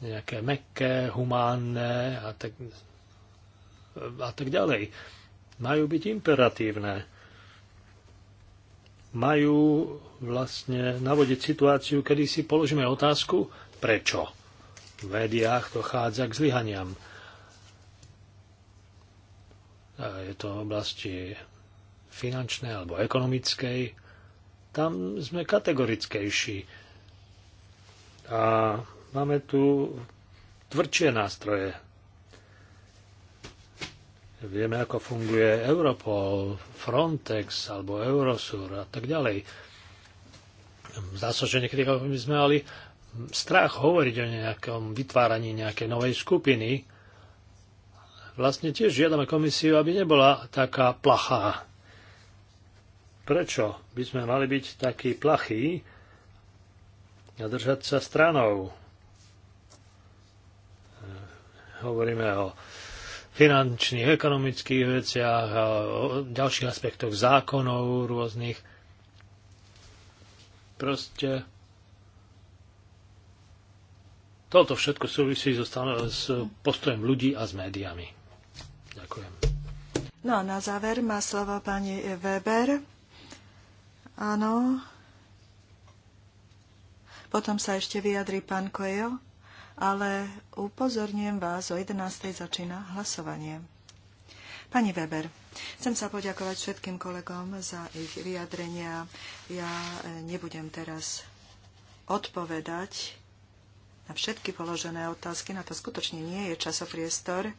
Speaker 2: nejaké mekké, humánne a tak, a tak ďalej. Majú byť imperatívne. Majú vlastne navodiť situáciu, kedy si položíme otázku, prečo v médiách dochádza k zlyhaniam je to v oblasti finančnej alebo ekonomickej, tam sme kategorickejší. A máme tu tvrdšie nástroje. Vieme, ako funguje Europol, Frontex alebo Eurosur a tak ďalej. Zdá sa, že niekedy by sme mali strach hovoriť o nejakom vytváraní nejakej novej skupiny, vlastne tiež žiadame komisiu, aby nebola taká plachá. Prečo by sme mali byť takí plachí a držať sa stranou? Hovoríme o finančných, ekonomických veciach a o ďalších aspektoch zákonov rôznych. Proste toto všetko súvisí so, s postojem ľudí a s médiami. Ďakujem.
Speaker 1: No na záver má slovo pani Weber. Áno. Potom sa ešte vyjadrí pán Kojo, ale upozorňujem vás, o 11. začína hlasovanie. Pani Weber, chcem sa poďakovať všetkým kolegom za ich vyjadrenia. Ja e, nebudem teraz odpovedať na všetky položené otázky, na to skutočne nie je časopriestor.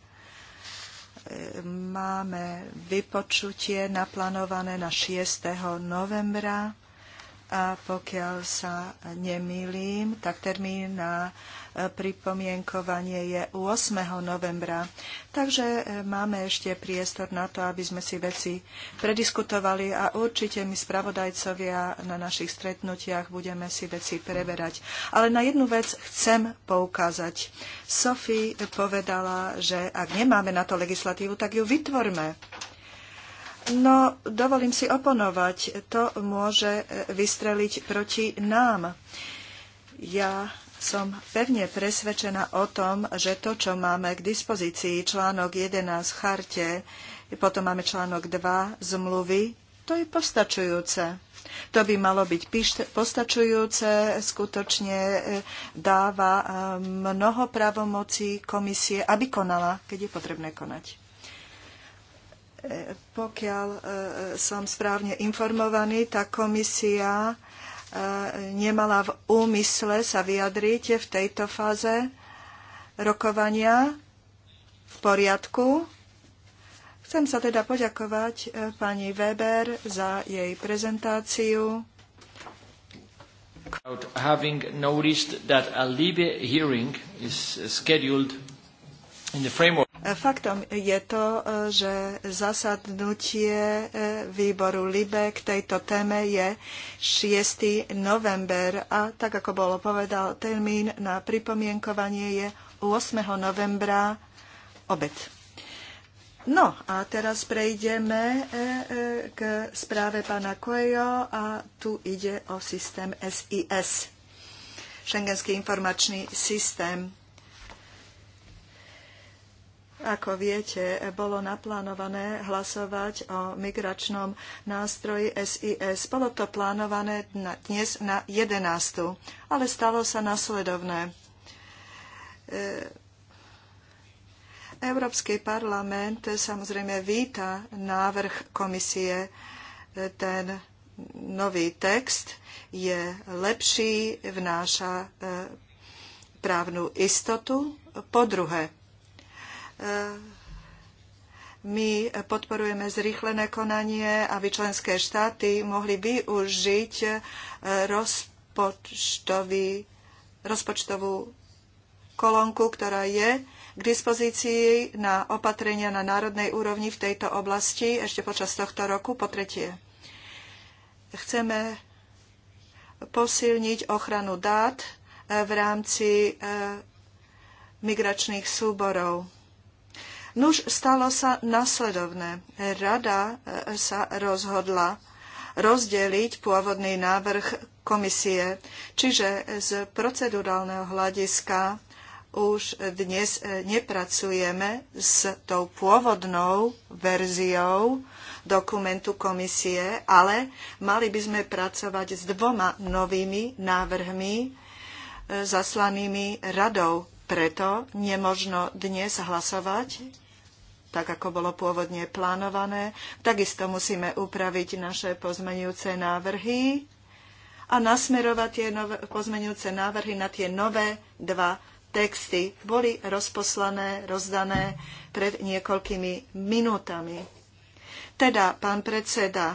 Speaker 1: Máme vypočutie naplánované na 6. novembra a pokiaľ sa nemýlim, tak termín na e, pripomienkovanie je 8. novembra. Takže e, máme ešte priestor na to, aby sme si veci prediskutovali a určite my spravodajcovia na našich stretnutiach budeme si veci preberať. Ale na jednu vec chcem poukázať. Sophie povedala, že ak nemáme na to legislatívu, tak ju vytvorme No, dovolím si oponovať. To môže e, vystreliť proti nám. Ja som pevne presvedčená o tom, že to, čo máme k dispozícii, článok 11 charte, potom máme článok 2 zmluvy, to je postačujúce. To by malo byť postačujúce, skutočne e, dáva e, mnoho právomocí komisie, aby konala, keď je potrebné konať. Pokiaľ e, som správne informovaný, tá komisia e, nemala v úmysle sa vyjadriť v tejto fáze rokovania v poriadku. Chcem sa teda poďakovať e, pani Weber za jej prezentáciu.
Speaker 2: Having noticed that a Libe hearing is uh, scheduled in the framework
Speaker 1: Faktom je to, e, že zasadnutie e, výboru LIBE k tejto téme je 6. november a tak ako bolo povedal, termín na pripomienkovanie je 8. novembra obed. No a teraz prejdeme e, k správe pána Coelho a tu ide o systém SIS, Schengenský informačný systém. Ako viete, bolo naplánované hlasovať o migračnom nástroji SIS. Bolo to plánované dnes na 11. Ale stalo sa nasledovné. E, Európsky parlament samozrejme víta návrh komisie. E, ten nový text je lepší, vnáša e, právnu istotu. Po druhé, Eh, my podporujeme zrýchlené konanie, aby členské štáty mohli využiť eh, rozpočtový, rozpočtovú kolónku, ktorá je k dispozícii na opatrenia na národnej úrovni v tejto oblasti ešte počas tohto roku. Po tretie, chceme posilniť ochranu dát eh, v rámci migračných súborov Nuž stalo sa nasledovné. Rada e, sa rozhodla rozdeliť pôvodný návrh komisie, čiže z procedurálneho hľadiska už dnes e, nepracujeme s tou pôvodnou verziou dokumentu komisie, ale mali by sme pracovať s dvoma novými návrhmi e, zaslanými radou. Preto nemožno dnes hlasovať tak ako bolo pôvodne plánované. Takisto musíme upraviť naše pozmenujúce návrhy a nasmerovať tie nové, pozmenujúce návrhy na tie nové dva texty. Boli rozposlané, rozdané pred niekoľkými minútami. Teda, pán predseda,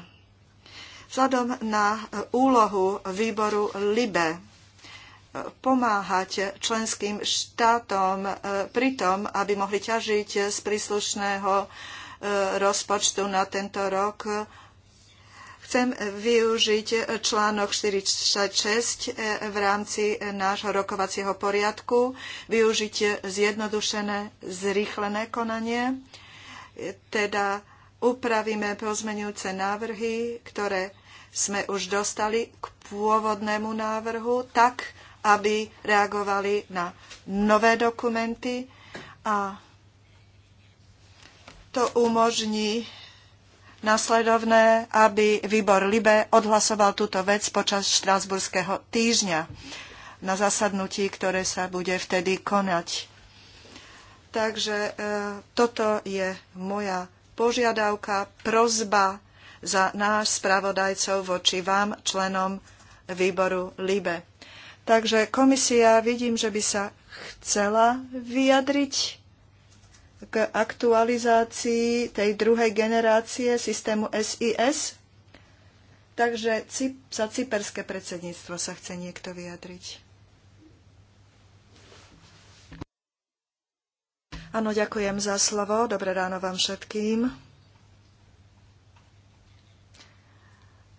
Speaker 1: vzhľadom na úlohu výboru LIBE, pomáhať členským štátom e, pri tom, aby mohli ťažiť z príslušného e, rozpočtu na tento rok. Chcem využiť článok 46 e, v rámci nášho rokovacieho poriadku, využiť zjednodušené, zrýchlené konanie, teda upravíme pozmenujúce návrhy, ktoré sme už dostali k pôvodnému návrhu, tak, aby reagovali na nové dokumenty a to umožní nasledovné, aby výbor Libe odhlasoval túto vec počas štrásburského týždňa na zasadnutí, ktoré sa bude vtedy konať. Takže e, toto je moja požiadavka, prozba za náš spravodajcov voči vám, členom výboru LIBE. Takže komisia vidím, že by sa chcela vyjadriť k aktualizácii tej druhej generácie systému SIS. Takže za cyperské predsedníctvo sa chce niekto vyjadriť. Áno, ďakujem za slovo. Dobré ráno vám všetkým.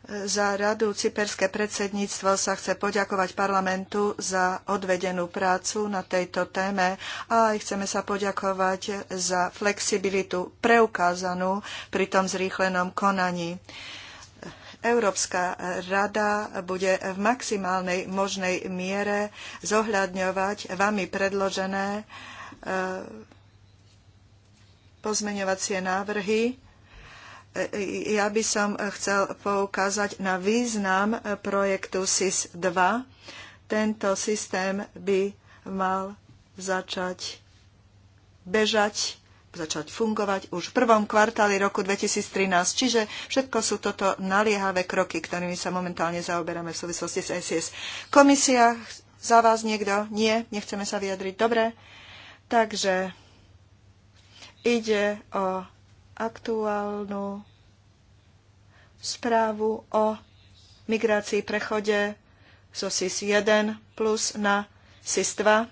Speaker 1: Za radu cyperské predsedníctvo sa chce poďakovať parlamentu za odvedenú prácu na tejto téme a aj chceme sa poďakovať za flexibilitu preukázanú pri tom zrýchlenom konaní. Európska rada bude v maximálnej možnej miere zohľadňovať vami predložené eh, pozmeňovacie návrhy ja by som chcel poukázať na význam projektu SIS-2. Tento systém by mal začať bežať, začať fungovať už v prvom kvartáli roku 2013. Čiže všetko sú toto naliehavé kroky, ktorými sa momentálne zaoberáme v súvislosti s SIS. Komisia za vás niekto? Nie, nechceme sa vyjadriť. Dobre. Takže ide o aktuálnu správu o migrácii prechode zo so SIS 1 plus na SIS 2.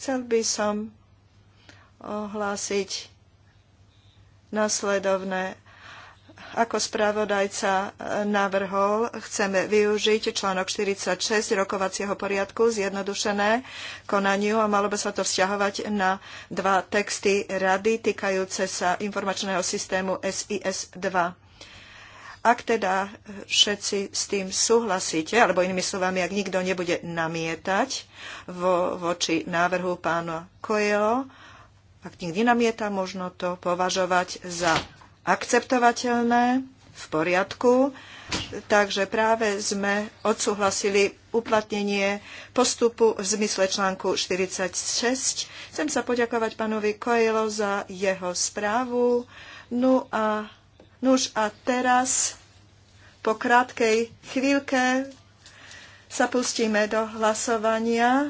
Speaker 1: Chcel by som ohlásiť nasledovné ako spravodajca e, navrhol, chceme využiť článok 46 rokovacieho poriadku zjednodušené konaniu a malo by sa to vzťahovať na dva texty rady týkajúce sa informačného systému SIS-2. Ak teda e, všetci s tým súhlasíte, alebo inými slovami, ak nikto nebude namietať vo, voči návrhu pána Coelho, ak nikdy namieta, možno to považovať za akceptovateľné, v poriadku. Takže práve sme odsúhlasili uplatnenie postupu v zmysle článku 46. Chcem sa poďakovať pánovi Koelo za jeho správu. No a, nuž a teraz po krátkej chvíľke sa pustíme do hlasovania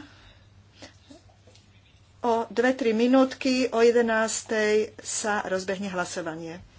Speaker 1: o 2-3 minútky, o 11.00 sa rozbehne hlasovanie.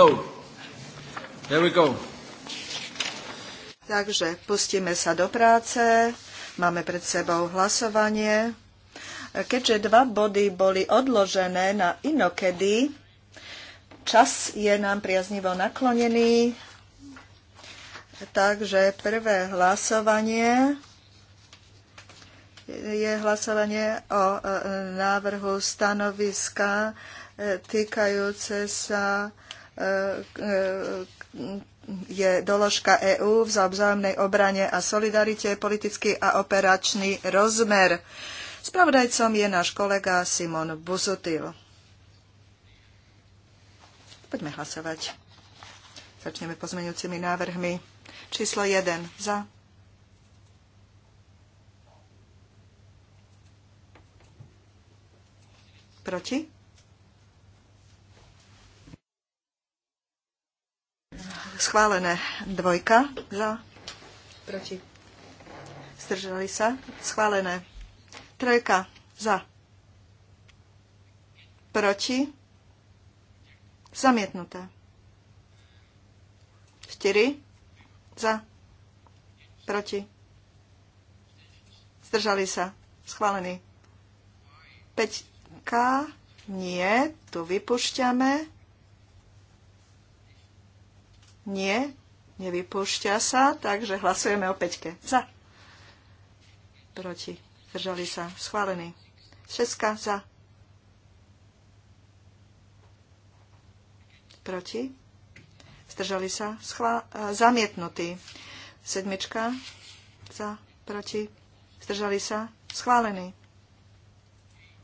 Speaker 2: So, we go.
Speaker 1: Takže pustíme sa do práce. Máme pred sebou hlasovanie. Keďže dva body boli odložené na inokedy, čas je nám priaznivo naklonený. Takže prvé hlasovanie je hlasovanie o e, e, návrhu stanoviska e, týkajúce sa E, e, je doložka EÚ v vzájomnej obrane a solidarite, politický a operačný rozmer. Spravodajcom je náš kolega Simon Buzutil. Poďme hlasovať. Začneme pozmeňujúcimi návrhmi. Číslo 1 za. Proti? Schválené. Dvojka za. Proti. Zdržali sa. Schválené. Trojka za. Proti. Zamietnuté. 4. Za. Proti. Zdržali sa. Schválený. 5K. Nie. Tu vypušťame. Nie, nevypúšťa sa, takže hlasujeme o peťke. Za. Proti. Zdržali sa. Schválený. Šeska za. Proti. Zdržali sa. Schvá- e, zamietnutý. Sedmička za. Proti. Zdržali sa. Schválený.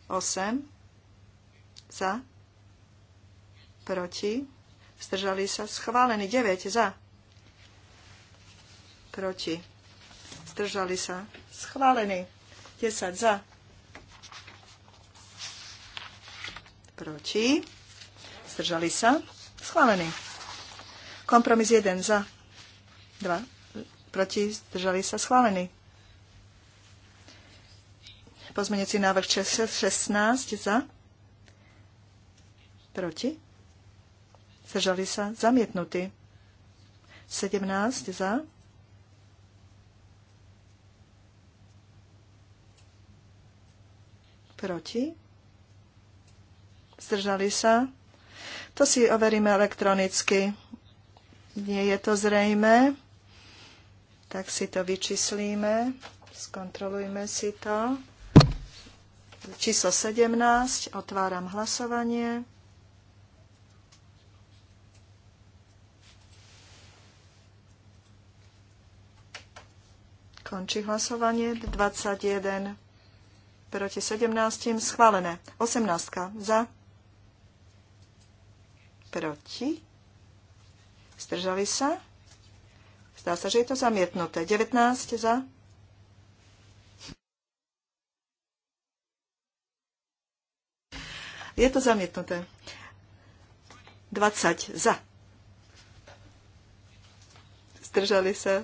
Speaker 1: 8. Za. Proti Zdržali sa schválený. 9 za. Proti. Zdržali sa schválený. 10 za. Proti. Zdržali sa. Schválený. Kompromis 1 za. 2. Proti. Zdržali sa. Schválený. Pozmenujúci návrh 16 za. Proti zdržali sa, zamietnutý. 17 za, proti, zdržali sa. To si overíme elektronicky. Nie je to zrejme, tak si to vyčíslíme, skontrolujme si to. Číslo 17, otváram hlasovanie. Končí hlasovanie. 21 proti 17. Schválené. 18 za. Proti. Zdržali sa. Zdá sa, že je to zamietnuté. 19 za. Je to zamietnuté. 20 za. Zdržali sa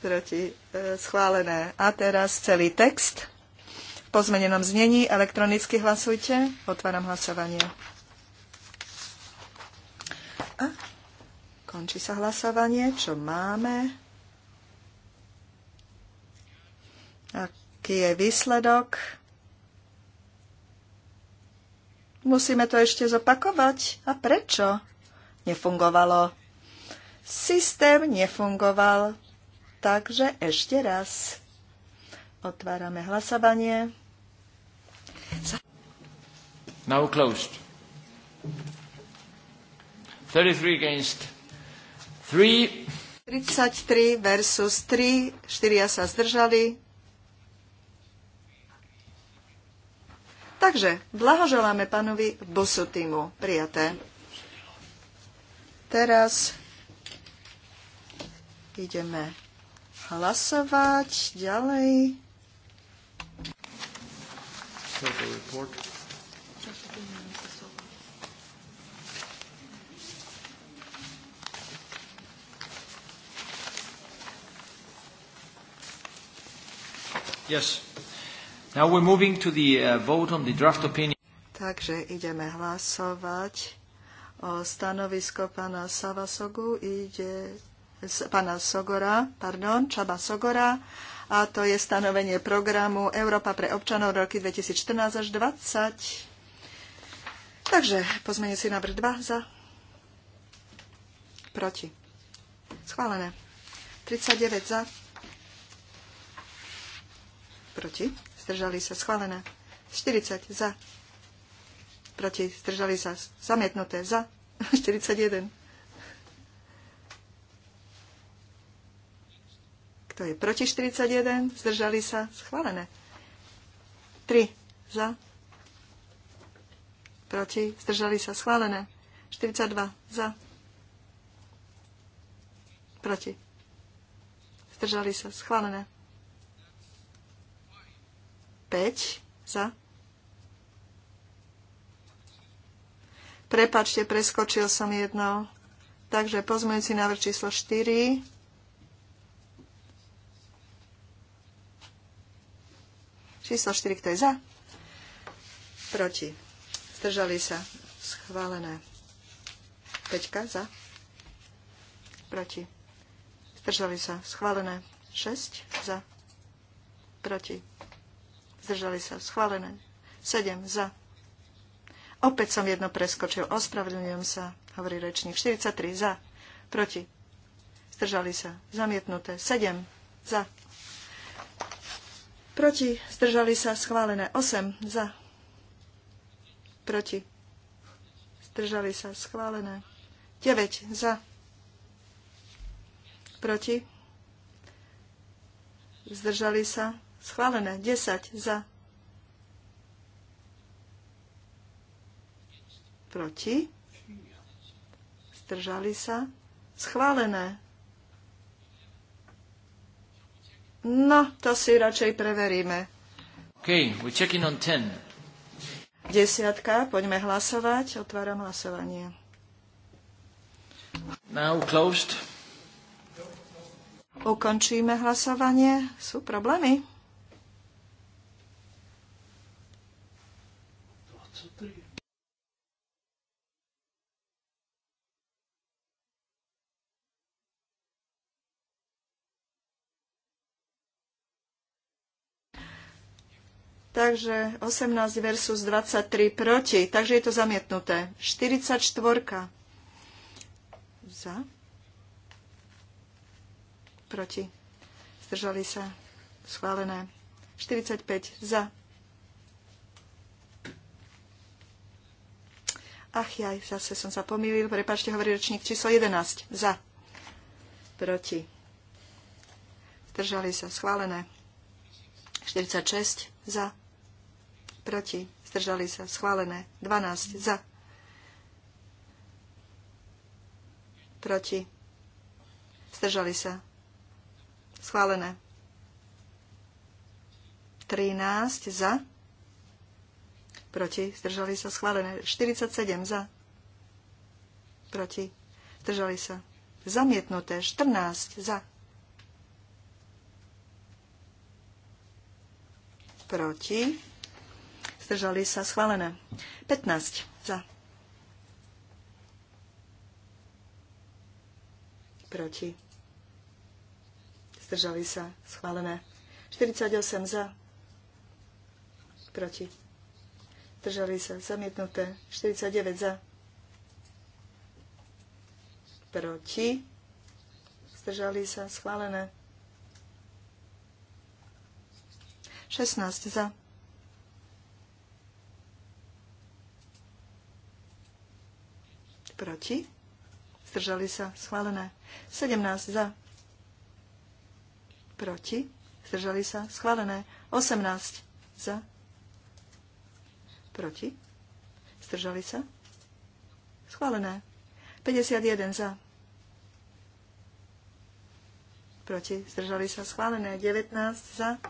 Speaker 1: proti e, schválené. A teraz celý text v pozmenenom znení. Elektronicky hlasujte. Otváram hlasovanie. A končí sa hlasovanie. Čo máme? Aký je výsledok? Musíme to ešte zopakovať. A prečo? Nefungovalo. Systém nefungoval Takže ešte raz otvárame hlasovanie.
Speaker 2: Now closed. 33 against 3.
Speaker 1: 33 versus 3, 4 sa zdržali. Takže blahoželáme pánovi Bosutimu. Prijaté. Teraz ideme hlasovať. Ďalej.
Speaker 2: Yes. Now we're moving to the uh, vote on the draft opinion.
Speaker 1: Takže ideme hlasovať o stanovisko pána Savasogu. Ide pána Sogora, pardon, Čaba Sogora, a to je stanovenie programu Európa pre občanov roky 2014 až 2020. Takže si návrh 2 za. Proti. Schválené. 39 za. Proti. Zdržali sa. Schválené. 40 za. Proti. Zdržali sa. Zamietnuté. Za. 41. Kto je proti 41? Zdržali sa? Schválené. 3 za. Proti? Zdržali sa? Schválené. 42 za. Proti? Zdržali sa? Schválené. 5 za. Prepačte, preskočil som jedno. Takže pozmeňujúci návrh číslo 4 Číslo 4, kto je za? Proti. Zdržali sa. Schválené. Peťka za. Proti. Zdržali sa. Schválené. 6 za. Proti. Zdržali sa. Schválené. 7 za. Opäť som jedno preskočil. Ospravedlňujem sa, hovorí rečník. 43 za. Proti. Zdržali sa. Zamietnuté. 7 za proti, zdržali sa schválené 8 za, proti, zdržali sa schválené 9 za, proti, zdržali sa schválené 10 za, proti, zdržali sa schválené No, to si radšej preveríme.
Speaker 2: Okay, we're checking on ten.
Speaker 1: Desiatka, poďme hlasovať. Otváram hlasovanie.
Speaker 2: Now closed.
Speaker 1: Ukončíme hlasovanie. Sú problémy? Takže 18 versus 23 proti. Takže je to zamietnuté. 44. Za. Proti. Zdržali sa. Schválené. 45. Za. Ach jaj, zase som sa pomýlil. Prepačte, hovorí ročník číslo 11. Za. Proti. Zdržali sa. Schválené. 46. Za proti, zdržali sa, schválené. 12 za, proti, zdržali sa, schválené. 13 za, proti, zdržali sa, schválené. 47 za, proti, zdržali sa, zamietnuté. 14 za, proti, zdržali sa schválené. 15 za. Proti. Zdržali sa schválené. 48 za. Proti. Zdržali sa zamietnuté. 49 za. Proti. Zdržali sa schválené. 16 za proti, zdržali sa, schválené. 17 za, proti, zdržali sa, schválené. 18 za, proti, zdržali sa, schválené. 51 za, proti, zdržali sa, schválené. 19 za,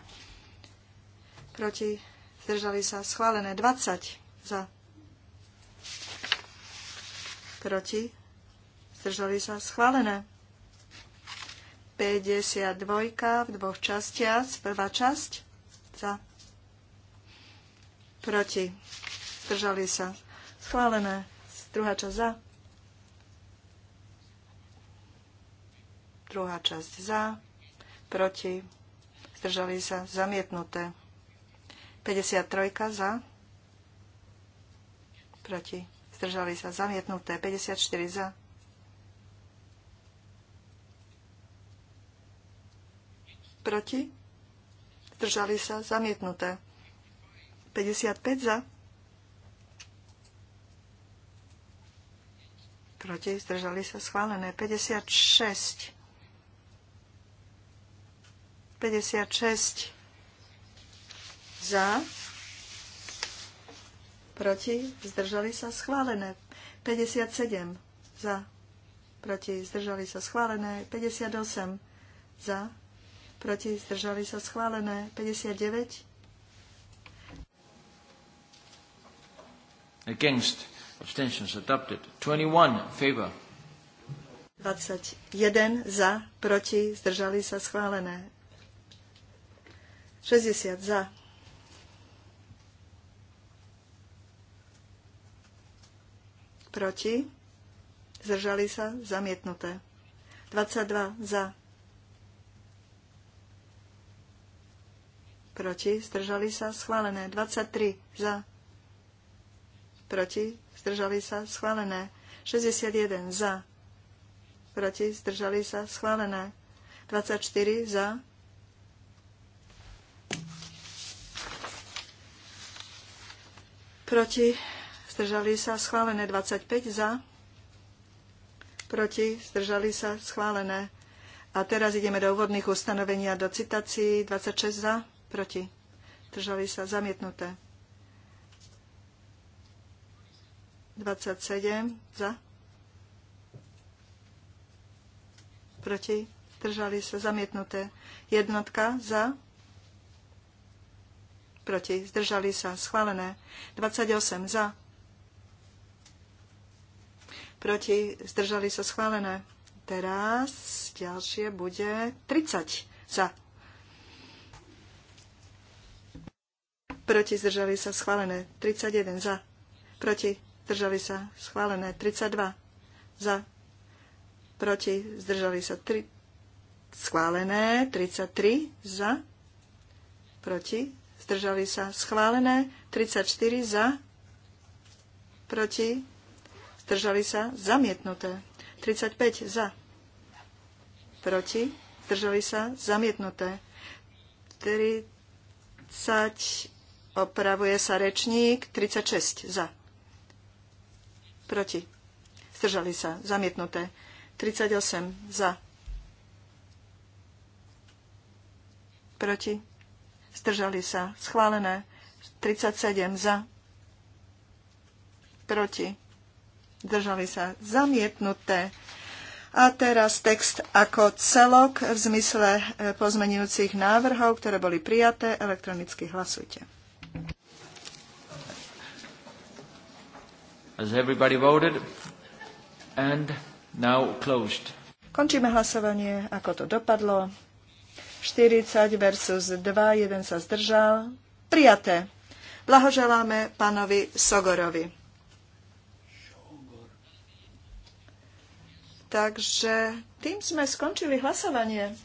Speaker 1: proti, zdržali sa, schválené. 20 za, proti, zdržali sa schválené. 52 v dvoch častiach, prvá časť za, proti, zdržali sa schválené, druhá časť za, druhá časť za, proti, zdržali sa zamietnuté. 53 za, proti zdržali sa zamietnuté 54 za, proti, zdržali sa zamietnuté 55 za, proti, zdržali sa schválené 56 56 za, proti, zdržali sa schválené. 57 za, proti, zdržali sa schválené. 58 za, proti, zdržali sa schválené. 59
Speaker 2: Against. Abstentions adopted. 21 favor.
Speaker 1: 21 za, proti, zdržali sa schválené. 60 za, proti, zdržali sa, zamietnuté. 22 za, proti, zdržali sa, schválené. 23 za, proti, zdržali sa, schválené. 61 za, proti, zdržali sa, schválené. 24 za, proti, zdržali sa, schválené 25 za, proti, zdržali sa, schválené. A teraz ideme do úvodných ustanovení a do citácií 26 za, proti, zdržali sa, zamietnuté. 27 za, proti, zdržali sa, zamietnuté. Jednotka za, proti, zdržali sa, schválené. 28 za, proti, zdržali sa schválené. Teraz ďalšie bude 30 za. Proti, zdržali sa schválené. 31 za. Proti, zdržali sa schválené. 32 za. Proti, zdržali sa 3 schválené. 33 za. Proti, zdržali sa schválené. 34 za. Proti, zdržali sa, zamietnuté. 35 za, proti, zdržali sa, zamietnuté. 30, opravuje sa rečník, 36 za, proti, zdržali sa, zamietnuté. 38 za, proti, zdržali sa, schválené. 37 za, proti, Držali sa zamietnuté. A teraz text ako celok v zmysle e, pozmenujúcich návrhov, ktoré boli prijaté. Elektronicky hlasujte.
Speaker 2: As everybody voted? And now closed.
Speaker 1: Končíme hlasovanie, ako to dopadlo. 40 versus 2, jeden sa zdržal. Prijaté. Blahoželáme pánovi Sogorovi. Takže tým sme skončili hlasovanie.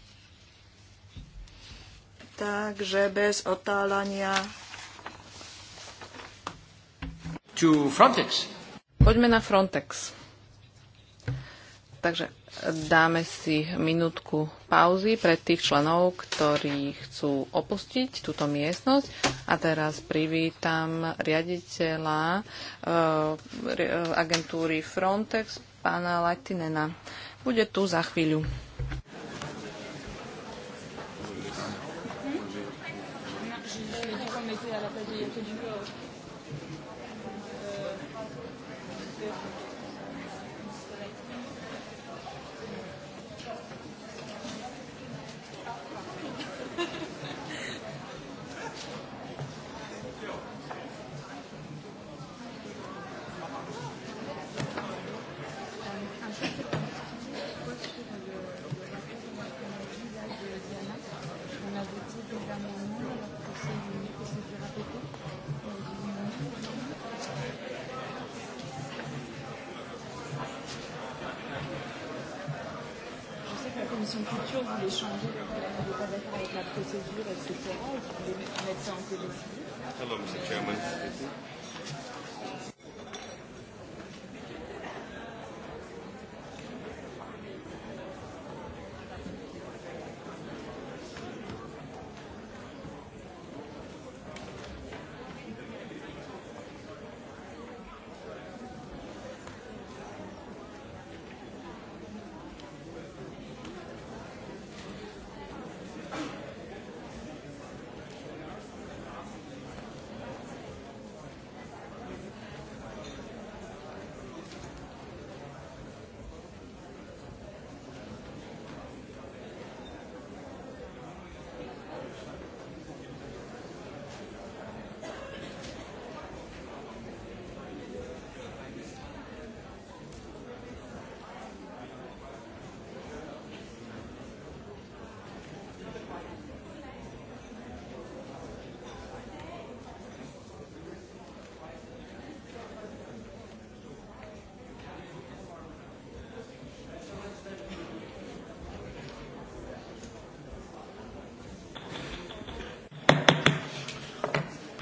Speaker 1: Takže bez otálania.
Speaker 2: To Frontex.
Speaker 3: Poďme na Frontex. Takže dáme si minútku pauzy pre tých členov, ktorí chcú opustiť túto miestnosť. A teraz privítam riaditeľa e, agentúry Frontex, pána Latinena. Bude tu za chvíľu.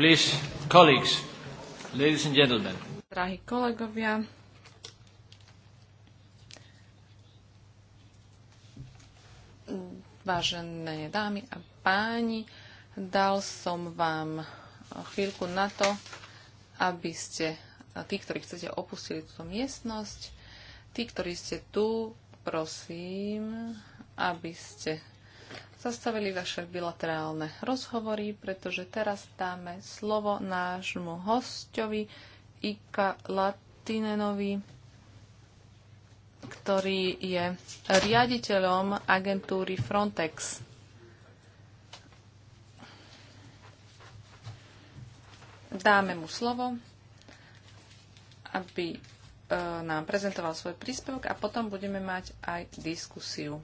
Speaker 2: Please, colleagues, ladies and gentlemen.
Speaker 3: Drahí kolegovia, vážené dámy a páni, dal som vám chvíľku na to, aby ste, tí, ktorí chcete, opustili túto miestnosť. Tí, ktorí ste tu, prosím, aby ste zastavili vaše bilaterálne rozhovory, pretože teraz dáme slovo nášmu hostovi Ika Latinenovi, ktorý je riaditeľom agentúry Frontex. Dáme mu slovo, aby e, nám prezentoval svoj príspevok a potom budeme mať aj diskusiu.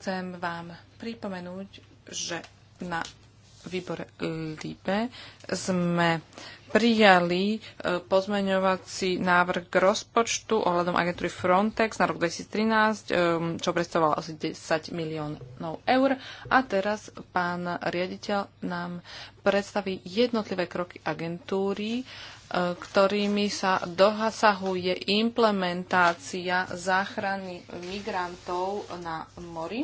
Speaker 3: Chcem vám pripomenúť, že na výbore LIBE sme prijali e, pozmeňovací návrh k rozpočtu ohľadom agentúry Frontex na rok 2013, e, čo predstavovalo asi 10 miliónov eur. A teraz pán riaditeľ nám predstaví jednotlivé kroky agentúry E, ktorými sa dohasahuje implementácia záchrany migrantov na mori.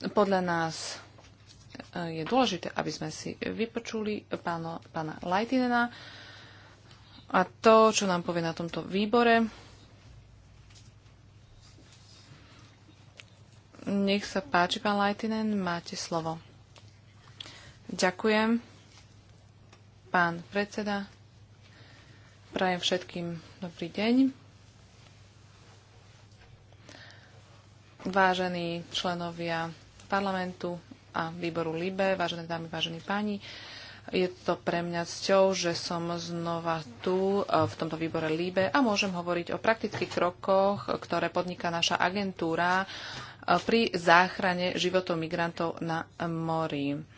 Speaker 3: Podľa nás e, je dôležité, aby sme si vypočuli páno, pána Lajtinena a to, čo nám povie na tomto výbore. Nech sa páči, pán Lajtinen, máte slovo. Ďakujem, pán predseda. Prajem všetkým dobrý deň. Vážení členovia parlamentu a výboru LIBE, vážené dámy, vážení páni, je to pre mňa cťou, že som znova tu e, v tomto výbore LIBE a môžem hovoriť o praktických krokoch, ktoré podniká naša agentúra e, pri záchrane životov migrantov na mori.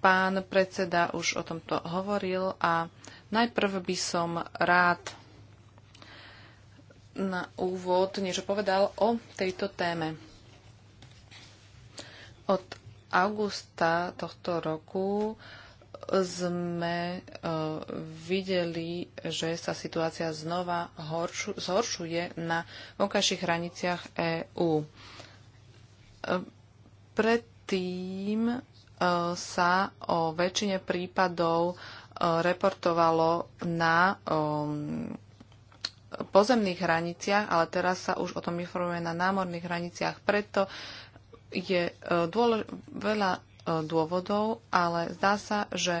Speaker 3: Pán predseda už o tomto hovoril a najprv by som rád na úvod niečo povedal o tejto téme. Od augusta tohto roku sme e, videli, že sa situácia znova zhoršuje na vonkajších hraniciach EÚ. E, predtým sa o väčšine prípadov e, reportovalo na e, pozemných hraniciach, ale teraz sa už o tom informuje na námorných hraniciach. Preto je e, veľa dôvodov, ale zdá sa, že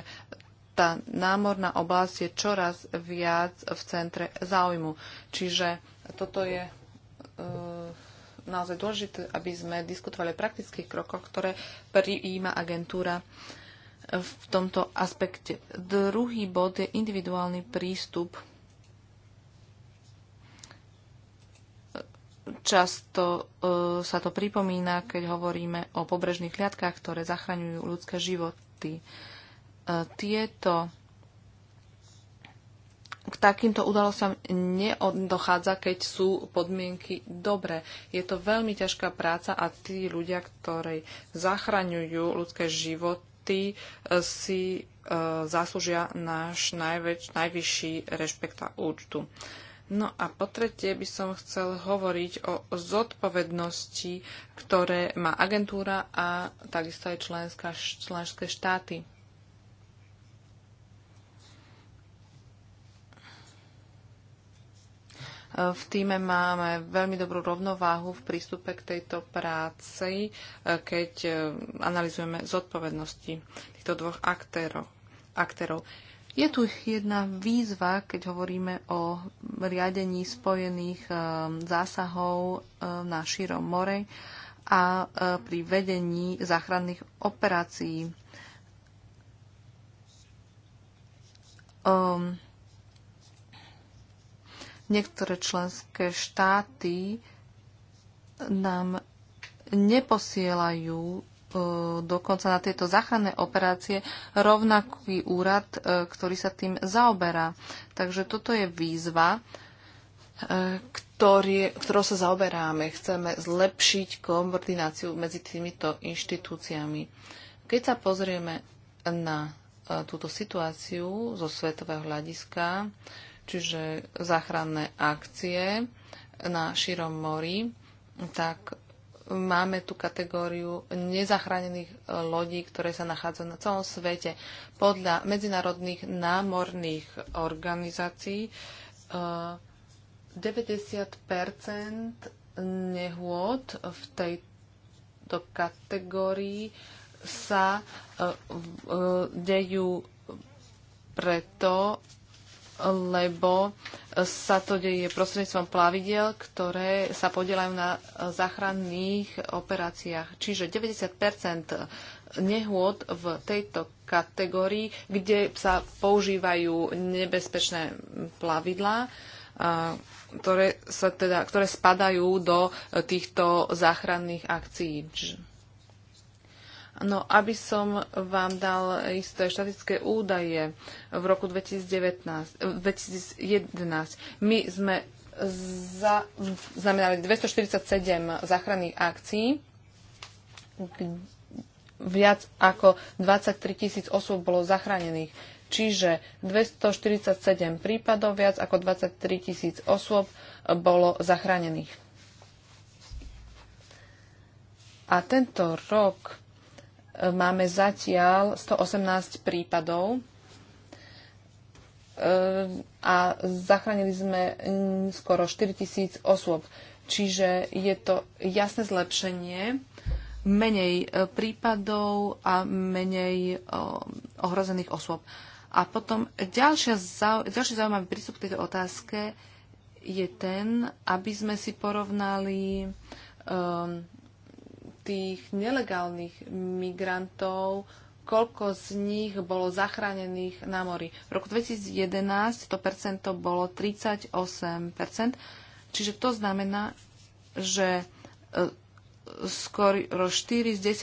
Speaker 3: tá námorná oblasť je čoraz viac v centre záujmu. Čiže toto je naozaj dôležité, aby sme diskutovali o praktických krokoch, ktoré prijíma agentúra v tomto aspekte. Druhý bod je individuálny prístup. Často e, sa to pripomína, keď hovoríme o pobrežných hliadkách, ktoré zachraňujú ľudské životy. E, tieto k takýmto udalostiam nedochádza, keď sú podmienky dobré. Je to veľmi ťažká práca a tí ľudia, ktorí zachraňujú ľudské životy, e, si e, zaslúžia náš najväč, najvyšší rešpekt a účtu. No a po tretie by som chcel hovoriť o zodpovednosti, ktoré má agentúra a takisto aj členská, členské štáty V týme máme veľmi dobrú rovnováhu v prístupe k tejto práci, e, keď e, analizujeme zodpovednosti týchto dvoch aktérov. aktérov. Je tu jedna výzva, keď hovoríme o riadení spojených e, zásahov na širom more a pri vedení záchranných operácií. Ehm, Niektoré členské štáty nám neposielajú e, dokonca na tieto záchranné operácie rovnaký úrad, e, ktorý sa tým zaoberá. Takže toto je výzva, e, ktorý, ktorou sa zaoberáme. Chceme zlepšiť koordináciu medzi týmito inštitúciami. Keď sa pozrieme na túto situáciu zo svetového hľadiska, čiže záchranné akcie na širom mori, tak máme tú kategóriu nezachránených e, lodí, ktoré sa nachádzajú na celom svete. Podľa medzinárodných námorných organizácií 90 e, nehôd v tejto kategórii sa e, dejú preto, lebo sa to deje prostredníctvom plavidel, ktoré sa podielajú na záchranných operáciách. Čiže 90 nehôd v tejto kategórii, kde sa používajú nebezpečné plavidlá, ktoré, sa teda, ktoré spadajú do týchto záchranných akcií. Čiže No, aby som vám dal isté štatické údaje, v roku 2019, 2011 eh, my sme za, znamenali 247 záchranných akcií, viac ako 23 tisíc osôb bolo zachránených. Čiže 247 prípadov, viac ako 23 tisíc osôb bolo zachránených. A tento rok Máme zatiaľ 118 prípadov ehm, a zachránili sme mm, skoro 4000 osôb. Čiže je to jasné zlepšenie, menej e, prípadov a menej e, ohrozených osôb. A potom ďalšia, ďalší zaujímavý prístup k tejto otázke je ten, aby sme si porovnali um, tých nelegálnych migrantov, koľko z nich bolo zachránených na mori. V roku 2011 to percento bolo 38%, čiže to znamená, že e, skoro 4 z 10 e,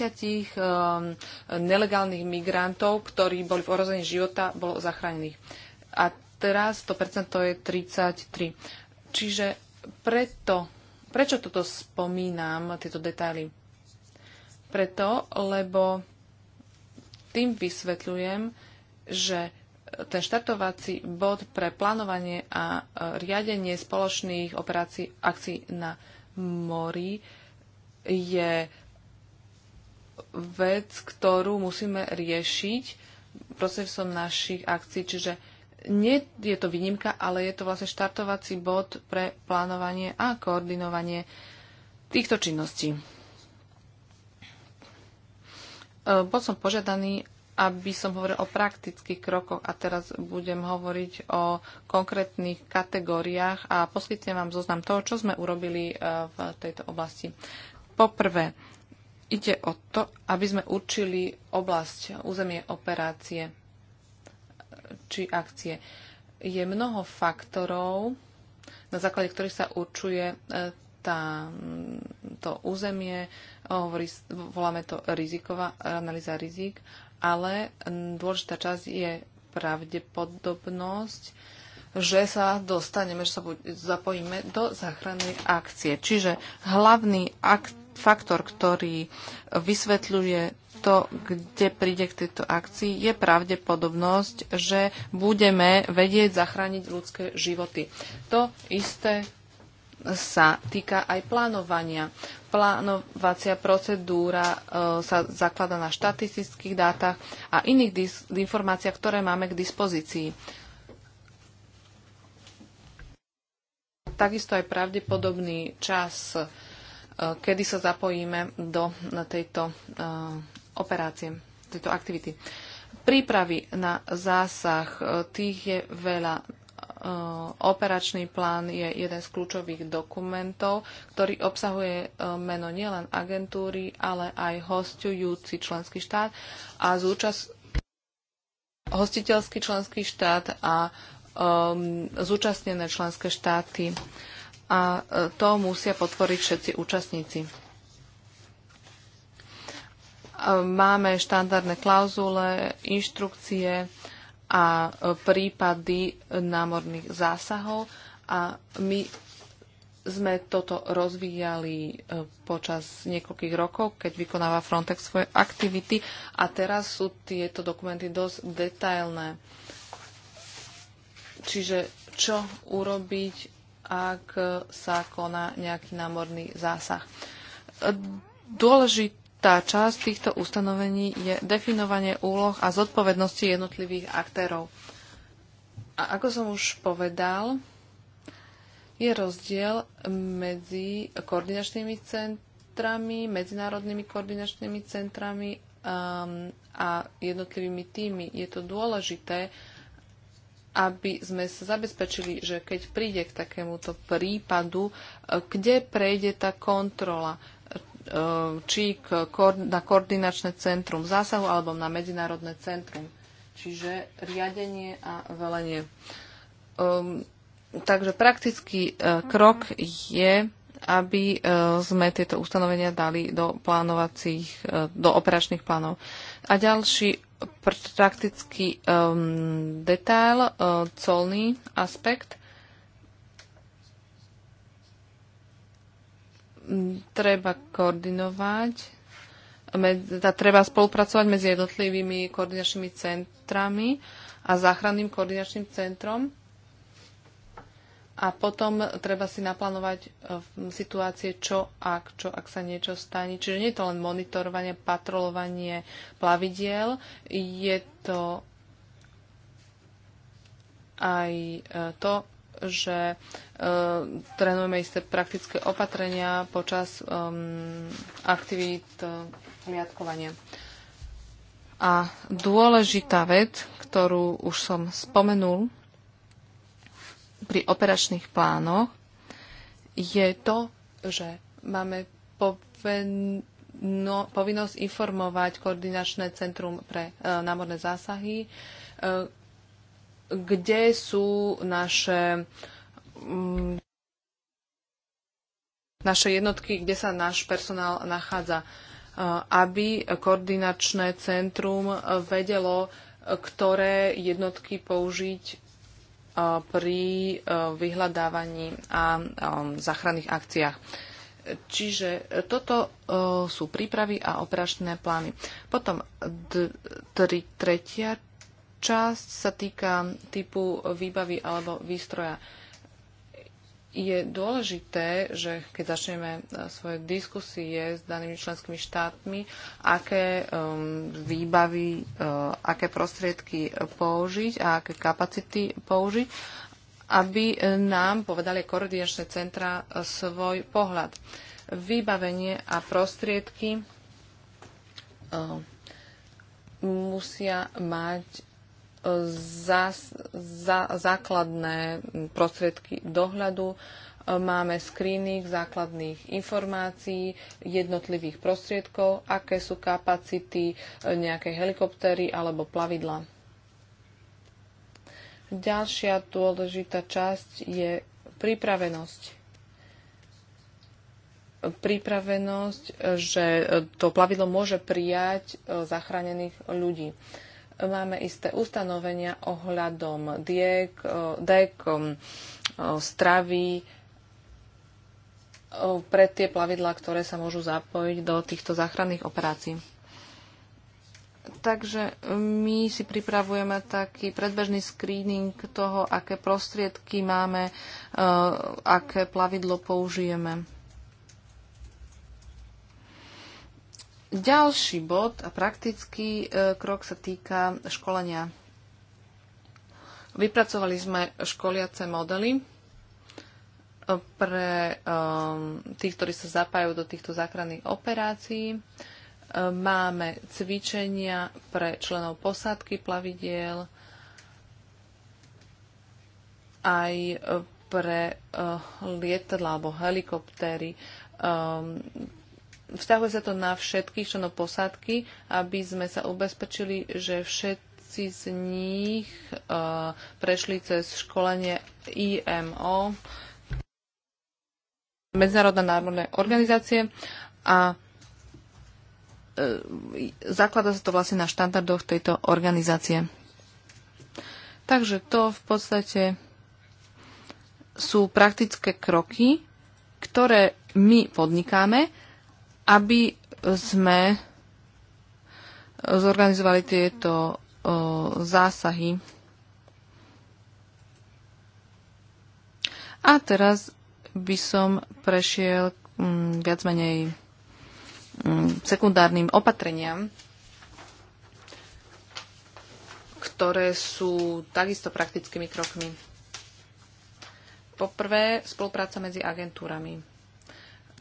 Speaker 3: nelegálnych migrantov, ktorí boli v ohrození života, bolo zachránených. A teraz to percento je 33. Čiže preto, prečo toto spomínam, tieto detaily? Preto, lebo tým vysvetľujem, že ten štartovací bod pre plánovanie a e, riadenie spoločných operácií akcií na mori je vec, ktorú musíme riešiť procesom našich akcií, čiže nie je to výnimka, ale je to vlastne štartovací bod pre plánovanie a koordinovanie týchto činností. Eh, bol som požiadaný, aby som hovoril o praktických krokoch a teraz budem hovoriť o konkrétnych kategóriách a poskytnem vám zoznam toho, čo sme urobili eh, v tejto oblasti. Poprvé, ide o to, aby sme určili oblasť, územie operácie eh, či akcie. Je mnoho faktorov, na základe ktorých sa určuje tá, to územie, hovorí, voláme to riziková analýza rizik, ale dôležitá časť je pravdepodobnosť, že sa dostaneme, že sa zapojíme do záchrannej akcie. Čiže hlavný ak- faktor, ktorý vysvetľuje to, kde príde k tejto akcii, je pravdepodobnosť, že budeme vedieť zachrániť ľudské životy. To isté sa týka aj plánovania. Plánovacia procedúra e, sa zaklada na štatistických dátach a iných informáciách, ktoré máme k dispozícii. Takisto aj pravdepodobný čas, e, kedy sa zapojíme do tejto e, operácie, tejto aktivity. Prípravy na zásah, tých je veľa Eh, operačný plán je jeden z kľúčových dokumentov, ktorý obsahuje eh, meno nielen agentúry, ale aj hostujúci členský štát a zúčast hostiteľský členský štát a um, zúčastnené členské štáty. A eh, to musia potvoriť všetci účastníci. Máme štandardné klauzule, inštrukcie, a e, prípady námorných zásahov a my sme toto rozvíjali e, počas niekoľkých rokov, keď vykonáva Frontex svoje aktivity a teraz sú tieto dokumenty dosť detailné. Čiže čo urobiť, ak sa koná nejaký námorný zásah. E, Dôležité Štvrtá časť týchto ustanovení je definovanie úloh a zodpovednosti jednotlivých aktérov. A ako som už povedal, je rozdiel medzi koordinačnými centrami, medzinárodnými koordinačnými centrami um, a jednotlivými týmy. Je to dôležité, aby sme sa zabezpečili, že keď príde k takémuto prípadu, kde prejde tá kontrola, Eh, či na koordinačné centrum zásahu alebo na medzinárodné centrum. Čiže riadenie a velenie. Ehm, takže praktický eh, krok mhm. je, aby eh, sme tieto ustanovenia dali do plánovacích, do operačných plánov. A ďalší praktický ehm, detail, colný aspekt – treba koordinovať, teda treba spolupracovať medzi jednotlivými koordinačnými centrami a záchranným koordinačným centrom. A potom treba si naplánovať e, situácie, čo ak, čo ak sa niečo stane. Čiže nie je to len monitorovanie, patrolovanie plavidiel, je to aj e, to, že e, trénujeme isté praktické opatrenia počas um, aktivít e, hliadkovania. A dôležitá vec, ktorú už som spomenul pri operačných plánoch, je to, že máme poveno, no, povinnosť informovať koordinačné centrum pre e, námorné zásahy, e, kde sú naše mm, naše jednotky, kde sa náš personál nachádza, aby koordinačné centrum vedelo, ktoré jednotky použiť pri vyhľadávaní a záchranných akciách. Čiže toto e, sú prípravy a operačné plány. Potom tretia časť sa týka typu výbavy alebo výstroja. Je dôležité, že keď začneme e, svoje diskusie s danými členskými štátmi, aké um, výbavy, uh, aké prostriedky použiť a aké kapacity použiť, aby e, nám povedali koordinačné centra svoj pohľad. Vybavenie a prostriedky uh, musia mať za, za, základné prostriedky dohľadu, máme screening základných informácií, jednotlivých prostriedkov, aké sú kapacity e, nejakej helikoptéry alebo plavidla. Ďalšia dôležitá časť je pripravenosť. Pripravenosť, e, že to plavidlo môže prijať e, zachránených ľudí máme isté ustanovenia ohľadom diek, dek, stravy pre tie plavidlá, ktoré sa môžu zapojiť do týchto záchranných operácií. Takže my si pripravujeme taký predbežný screening toho, aké prostriedky máme, e, aké plavidlo použijeme. Ďalší bod a praktický e, krok sa týka školenia. Vypracovali sme školiace modely e, pre ehm, tých, ktorí sa zapájajú do týchto záchranných operácií. E, máme cvičenia pre členov posádky plavidiel, aj pre lietadla alebo helikoptéry ehm, Vzťahuje sa to na všetkých členov posádky, aby sme sa ubezpečili, že všetci z nich uh, prešli cez školenie IMO, Medzinárodné národné organizácie a e, zaklada sa to vlastne na štandardoch tejto organizácie. Takže to v podstate sú praktické kroky, ktoré my podnikáme aby sme zorganizovali tieto zásahy. A teraz by som prešiel mm, viac menej mm, sekundárnym opatreniam, ktoré sú takisto praktickými krokmi. Poprvé, spolupráca medzi agentúrami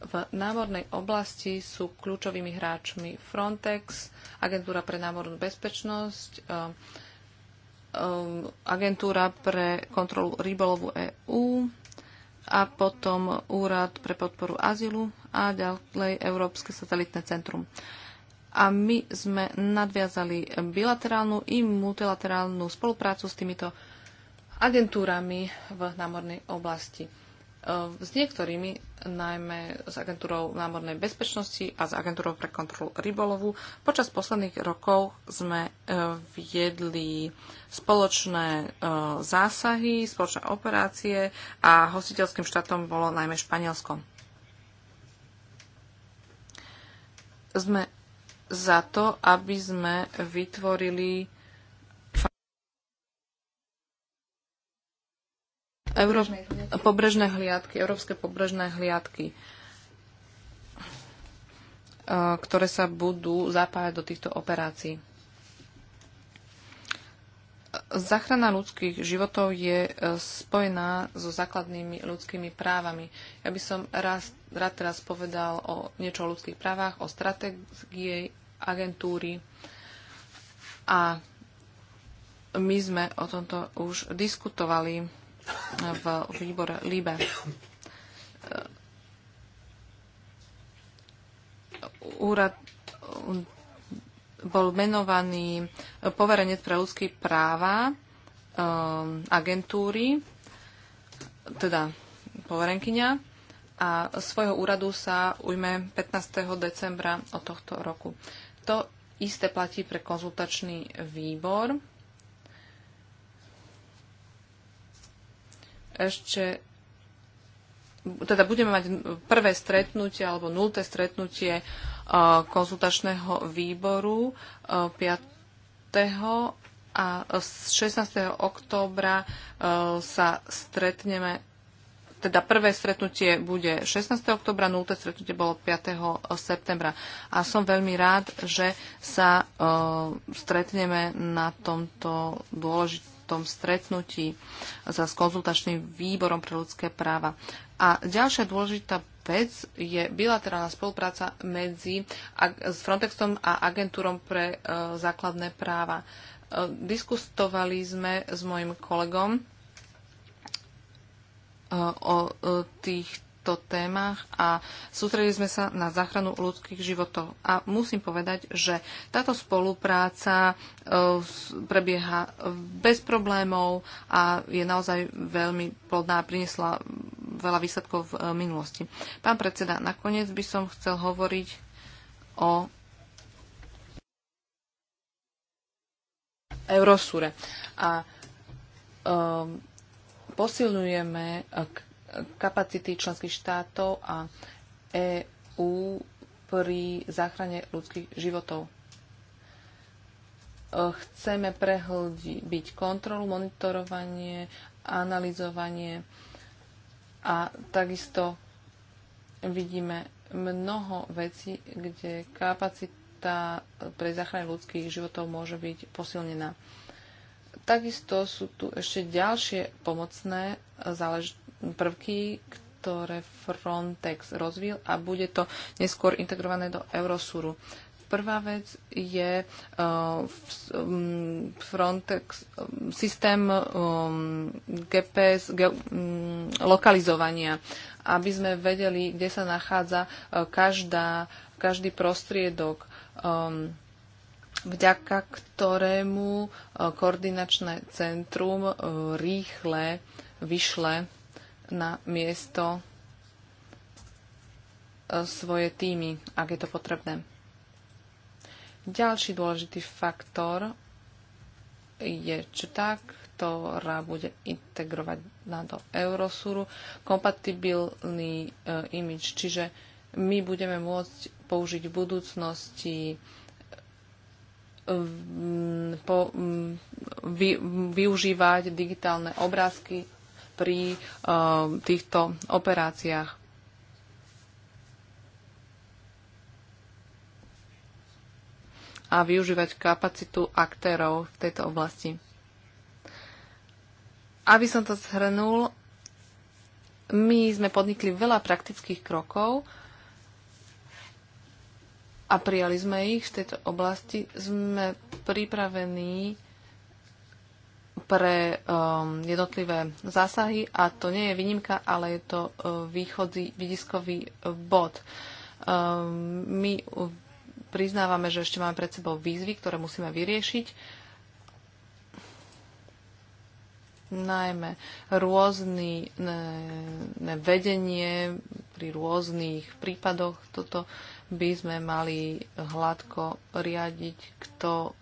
Speaker 3: v námornej oblasti sú kľúčovými hráčmi Frontex, Agentúra pre námornú bezpečnosť, um, um, Agentúra pre kontrolu rybolovu EÚ a potom Úrad pre podporu azylu a ďalej Európske satelitné centrum. A my sme nadviazali bilaterálnu i multilaterálnu spoluprácu s týmito agentúrami v námornej oblasti. Eh, s niektorými, najmä s agentúrou námornej bezpečnosti a s agentúrou pre kontrolu rybolovu. Počas posledných rokov sme eh, viedli spoločné eh, zásahy, spoločné operácie a hostiteľským štátom bolo najmä Španielsko. Sme za to, aby sme vytvorili Euró- pobrežné hliadky, európske pobrežné hliadky, eh, ktoré sa budú zapájať do týchto operácií. Zachrana ľudských životov je eh, spojená so základnými ľudskými právami. Ja by som raz, rád teraz povedal o niečo o ľudských právach, o stratégie agentúry a my sme o tomto už diskutovali v výbore LIBE. Úrad um, bol menovaný poverenec pre ľudské práva um, agentúry, teda poverenkyňa, a svojho úradu sa ujme 15. decembra od tohto roku. To isté platí pre konzultačný výbor, ešte teda budeme mať prvé stretnutie alebo nulté stretnutie e, konzultačného výboru 5. E, a 16. októbra e, sa stretneme teda prvé stretnutie bude 16. oktobra, nulté stretnutie bolo 5. septembra. A som veľmi rád, že sa e, stretneme na tomto dôležitom tom stretnutí sa s konzultačným výborom pre ľudské práva. A ďalšia dôležitá vec je bilaterálna spolupráca medzi s Frontexom a agentúrom pre e, základné práva. E, diskustovali sme s mojim kolegom e, o tých týchto témach a sústredili sme sa na záchranu ľudských životov. A musím povedať, že táto spolupráca e, prebieha bez problémov a je naozaj veľmi plodná a priniesla veľa výsledkov v e, minulosti. Pán predseda, nakoniec by som chcel hovoriť o Eurosure. A um, posilňujeme k kapacity členských štátov a EÚ pri záchrane ľudských životov. E, chceme byť kontrolu, monitorovanie, analyzovanie a takisto vidíme mnoho vecí, kde kapacita pre záchranu ľudských životov môže byť posilnená. Takisto sú tu ešte ďalšie pomocné záležitosti prvky, ktoré Frontex rozvíl a bude to neskôr integrované do Eurosuru. Prvá vec je uh, um, Frontex, um, systém um, GPS lokalizovania, aby sme vedeli, kde sa nachádza uh, každá, každý prostriedok, vďaka ktorému uh, koordinačné centrum rýchle vyšle na miesto e, svoje týmy, ak je to potrebné. Ďalší dôležitý faktor je čtá, ktorá bude integrovať do Eurosuru kompatibilný e, imič, čiže my budeme môcť použiť v budúcnosti po, vy, využívať digitálne obrázky pri eh, týchto operáciách. a využívať kapacitu aktérov v tejto oblasti. Aby som to zhrnul, my sme podnikli veľa praktických krokov a prijali sme ich v tejto oblasti. Sme pripravení pre um, jednotlivé zásahy a to nie je výnimka, ale je to uh, východzí, uh, bod. Um, my priznávame, že ešte máme pred sebou výzvy, ktoré musíme vyriešiť, najmä rôzne vedenie pri rôznych prípadoch. Toto by sme mali hladko riadiť, kto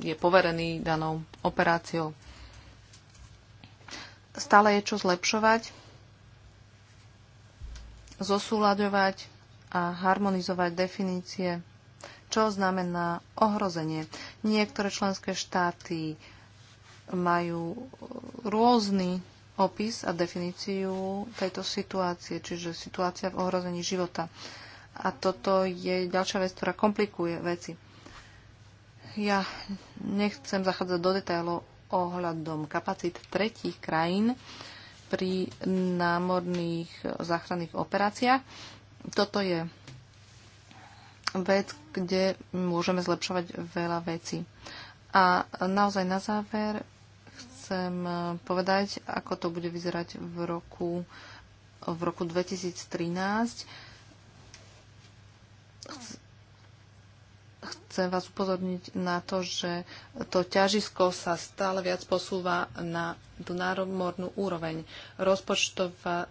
Speaker 3: je poverený danou operáciou. Stále je čo zlepšovať, zosúľaďovať a harmonizovať definície, čo znamená ohrozenie. Niektoré členské štáty majú rôzny opis a definíciu tejto situácie, čiže situácia v ohrození života. A toto je ďalšia vec, ktorá komplikuje veci. Ja nechcem zachádzať do detailov ohľadom kapacít tretích krajín pri námorných záchranných operáciách. Toto je vec, kde môžeme zlepšovať veľa vecí. A naozaj na záver chcem povedať, ako to bude vyzerať v roku, v roku 2013 chcem vás upozorniť na to, že to ťažisko sa stále viac posúva na tú náromornú úroveň. Rozpočtová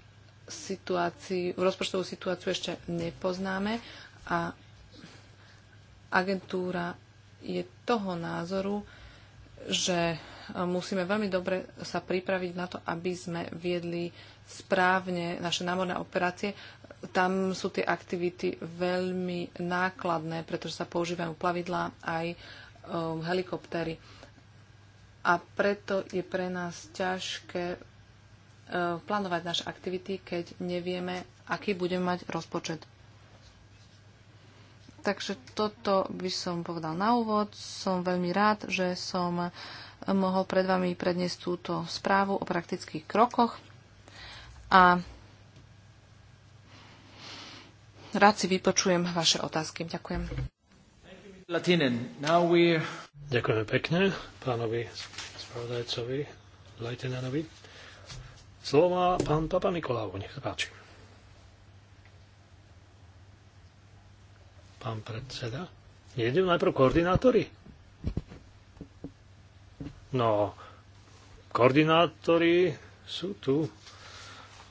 Speaker 3: rozpočtovú situáciu ešte nepoznáme a agentúra je toho názoru, že musíme veľmi dobre sa pripraviť na to, aby sme viedli správne naše námorné operácie tam sú tie aktivity veľmi nákladné, pretože sa používajú plavidlá aj um, helikoptéry. A preto je pre nás ťažké um, plánovať naše aktivity, keď nevieme, aký budeme mať rozpočet. Takže toto by som povedal na úvod. Som veľmi rád, že som mohol pred vami predniesť túto správu o praktických krokoch. A rád si vypočujem vaše otázky. Ďakujem.
Speaker 2: Ďakujeme pekne pánovi spravodajcovi Lajtenanovi. Slovo má pán Papa Nikolávu, nech sa páči. Pán predseda, Jedem najprv koordinátori? No, koordinátori sú tu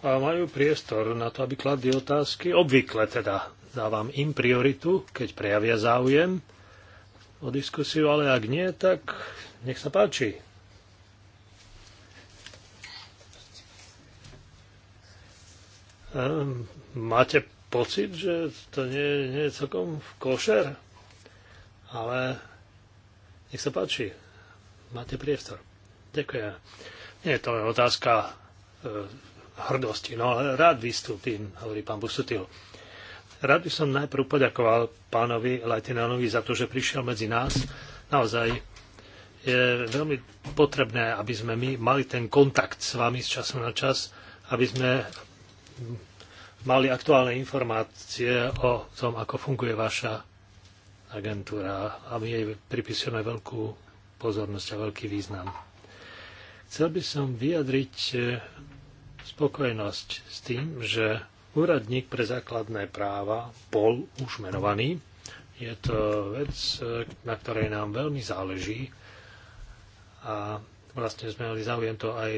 Speaker 2: a majú priestor na to, aby kladli otázky. Obvykle teda dávam im prioritu, keď prejavia záujem o diskusiu, ale ak nie, tak nech sa páči. Ehm, máte pocit, že to nie, nie je celkom košer? Ale nech sa páči. Máte priestor. Ďakujem. Nie, to je otázka e, hrdosti. No rád vystúpim, hovorí pán Busutil. Rád by som najprv poďakoval pánovi Lajtinanovi za to, že prišiel medzi nás. Naozaj je veľmi potrebné, aby sme my mali ten kontakt s vami z času na čas, aby sme mali aktuálne informácie o tom, ako funguje vaša agentúra a my jej pripisujeme veľkú pozornosť a veľký význam. Chcel by som vyjadriť spokojnosť s tým, že úradník pre základné práva bol už menovaný. Je to vec, na ktorej nám veľmi záleží a vlastne sme mali záujem to aj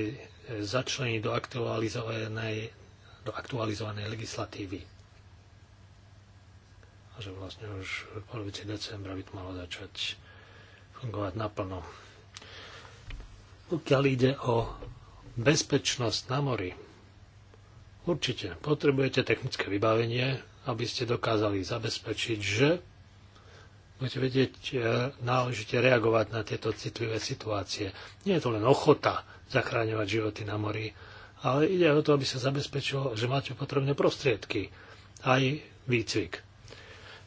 Speaker 2: začleniť do aktualizovanej, do aktualizovanej legislatívy. A že vlastne už v polovici decembra by to malo začať fungovať naplno. Pokiaľ ide o bezpečnosť na mori. Určite potrebujete technické vybavenie, aby ste dokázali zabezpečiť, že budete vedieť e, náležite reagovať na tieto citlivé situácie. Nie je to len ochota zachráňovať životy na mori, ale ide o to, aby sa zabezpečilo, že máte potrebné prostriedky, aj výcvik.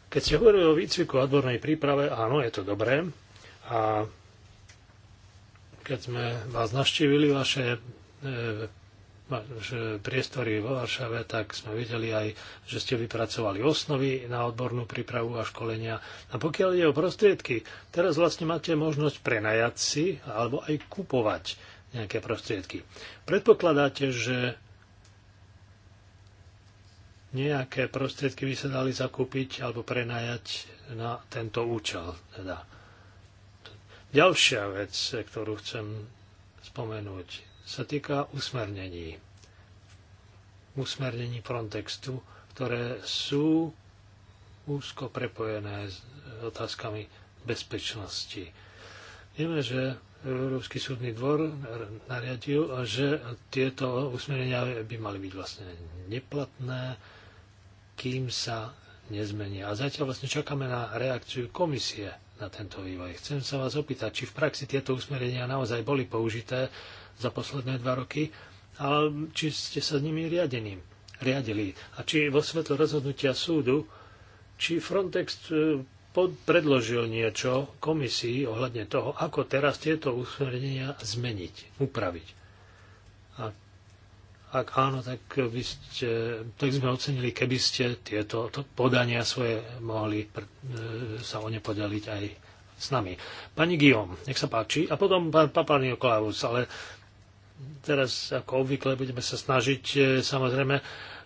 Speaker 2: Keď ste hovorili o výcviku a odbornej príprave, áno, je to dobré. A keď sme vás navštívili, vaše že priestory vo Varšave, tak sme videli aj, že ste vypracovali osnovy na odbornú prípravu a školenia. A pokiaľ ide o prostriedky, teraz vlastne máte možnosť prenajať si alebo aj kupovať nejaké prostriedky. Predpokladáte, že nejaké prostriedky by sa dali zakúpiť alebo prenajať na tento účel. Teda Ďalšia vec, ktorú chcem spomenúť, sa týka usmernení. Usmernení Frontextu, ktoré sú úzko prepojené s otázkami bezpečnosti. Vieme, že Európsky súdny dvor nariadil, že tieto usmernenia by mali byť vlastne neplatné, kým sa nezmenia. A zatiaľ vlastne čakáme na reakciu komisie na tento vývoj. Chcem sa vás opýtať, či v praxi tieto usmerenia naozaj boli použité za posledné dva roky, ale či ste sa s nimi riadení, riadili a či vo svetle rozhodnutia súdu, či Frontex e, predložil niečo komisii ohľadne toho, ako teraz tieto usmerenia zmeniť, upraviť. Ak áno, tak, by ste, tak sme ocenili, keby ste tieto podania svoje mohli pr- e, sa o ne podeliť aj s nami. Pani Guillaume, nech sa páči. A potom pán Papa Nikolaus, ale teraz ako obvykle budeme sa snažiť e, samozrejme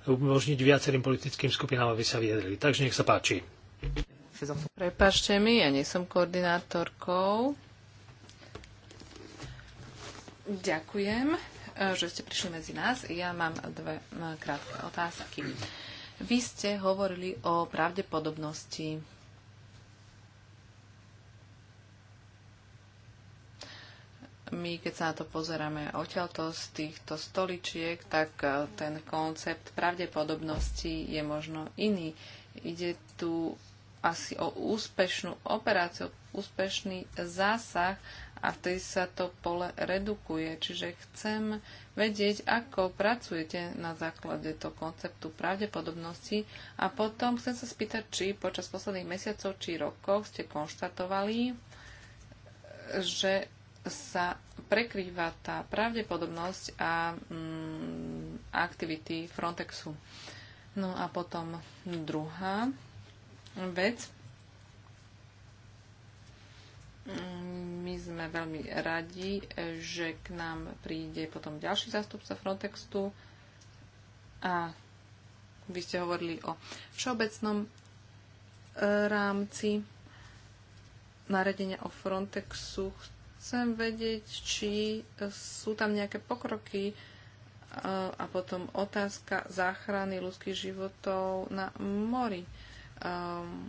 Speaker 2: umožniť viacerým politickým skupinám, aby sa vyjadrili. Takže nech sa páči.
Speaker 3: Prepašte mi, ja nie som koordinátorkou. Ďakujem že ste prišli medzi nás. Ja mám dve krátke otázky. Vy ste hovorili o pravdepodobnosti my, keď sa na to pozeráme odtiaľto z týchto stoličiek, tak e, ten koncept pravdepodobnosti je možno iný. Ide tu asi o úspešnú operáciu, úspešný zásah a vtedy sa to pole redukuje. Čiže chcem vedieť, ako pracujete na základe toho konceptu pravdepodobnosti a potom chcem sa spýtať, či počas posledných mesiacov či rokov ste konštatovali, že sa prekrýva tá pravdepodobnosť a mm, aktivity Frontexu. No a potom druhá vec. Mm, my sme veľmi radi, že k nám príde potom ďalší zástupca Frontextu a vy ste hovorili o všeobecnom e, rámci naredenia o Frontexu. Chcem vedieť, či e, sú tam nejaké pokroky e, a potom otázka záchrany ľudských životov na mori. Um,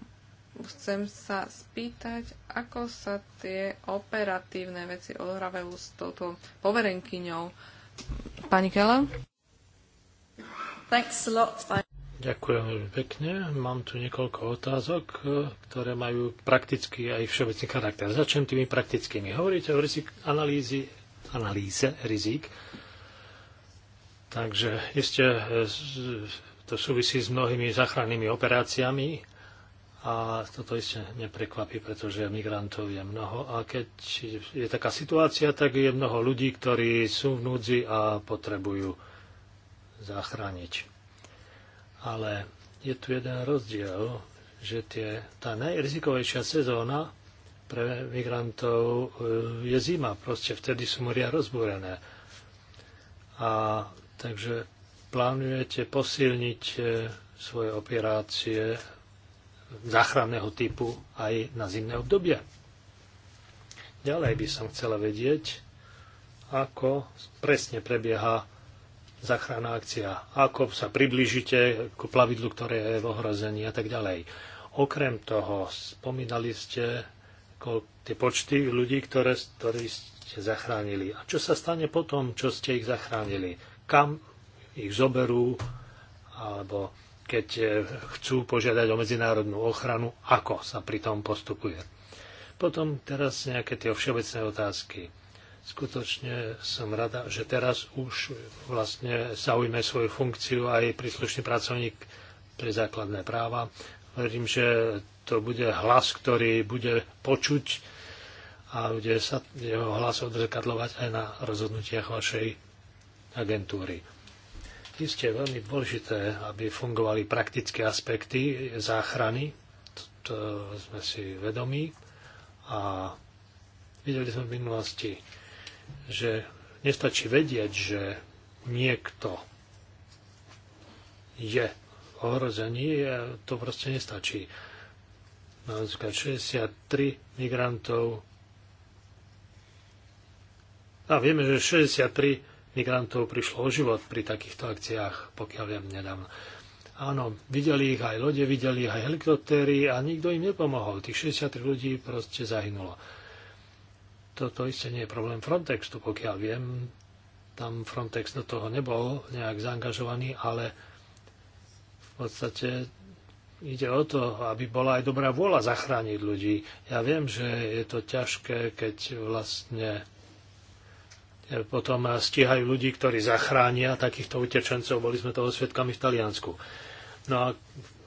Speaker 3: chcem sa spýtať, ako sa tie operatívne veci odhrávajú s touto poverenkyňou. Pani Kela.
Speaker 2: Ďakujem veľmi pekne. Mám tu niekoľko otázok, eh, ktoré majú praktický aj všeobecný charakter. Začnem tými praktickými. Hovoríte o rizik, analýzi, analýze rizik. Takže iste eh, to súvisí s mnohými záchrannými operáciami a toto isté neprekvapí, pretože migrantov je mnoho. A keď je taká situácia, tak je mnoho ľudí, ktorí sú v núdzi a potrebujú zachrániť. Ale je tu jeden rozdiel, že tie, tá najrizikovejšia sezóna pre migrantov e, je zima. Proste vtedy sú moria rozbúrené. A takže plánujete posilniť e, svoje operácie záchranného typu aj na zimné obdobie. Ďalej by som chcela vedieť, ako presne prebieha záchranná akcia, ako sa priblížite k plavidlu, ktoré je v ohrození a tak ďalej. Okrem toho, spomínali ste tie počty ľudí, ktoré, ktorí ste zachránili. A čo sa stane potom, čo ste ich zachránili? Kam ich zoberú? Alebo keď e, chcú požiadať o medzinárodnú ochranu, ako sa pri tom postupuje. Potom teraz nejaké tie všeobecné otázky. Skutočne som rada, že teraz už vlastne zaujme svoju funkciu aj príslušný pracovník pre základné práva. Verím, že to bude hlas, ktorý bude počuť a bude sa jeho hlas odzrkadlovať aj na rozhodnutiach vašej agentúry. Isté je veľmi dôležité, aby fungovali praktické aspekty záchrany. To sme si vedomí. A videli sme v minulosti, že nestačí vedieť, že niekto je ohrozený, to proste nestačí. Napríklad 63 migrantov a vieme, že 63 migrantov prišlo o život pri takýchto akciách, pokiaľ viem nedávno. Áno, videli ich aj lode, videli ich aj helikoptéry a nikto im nepomohol. Tých 63 ľudí proste zahynulo. Toto isté nie je problém Frontextu, pokiaľ viem. Tam Frontex do toho nebol nejak zaangažovaný, ale v podstate ide o to, aby bola aj dobrá vôľa zachrániť ľudí. Ja viem, že je to ťažké, keď vlastne potom eh, stíhajú ľudí, ktorí zachránia takýchto utečencov. Boli sme toho svetkami v Taliansku. No a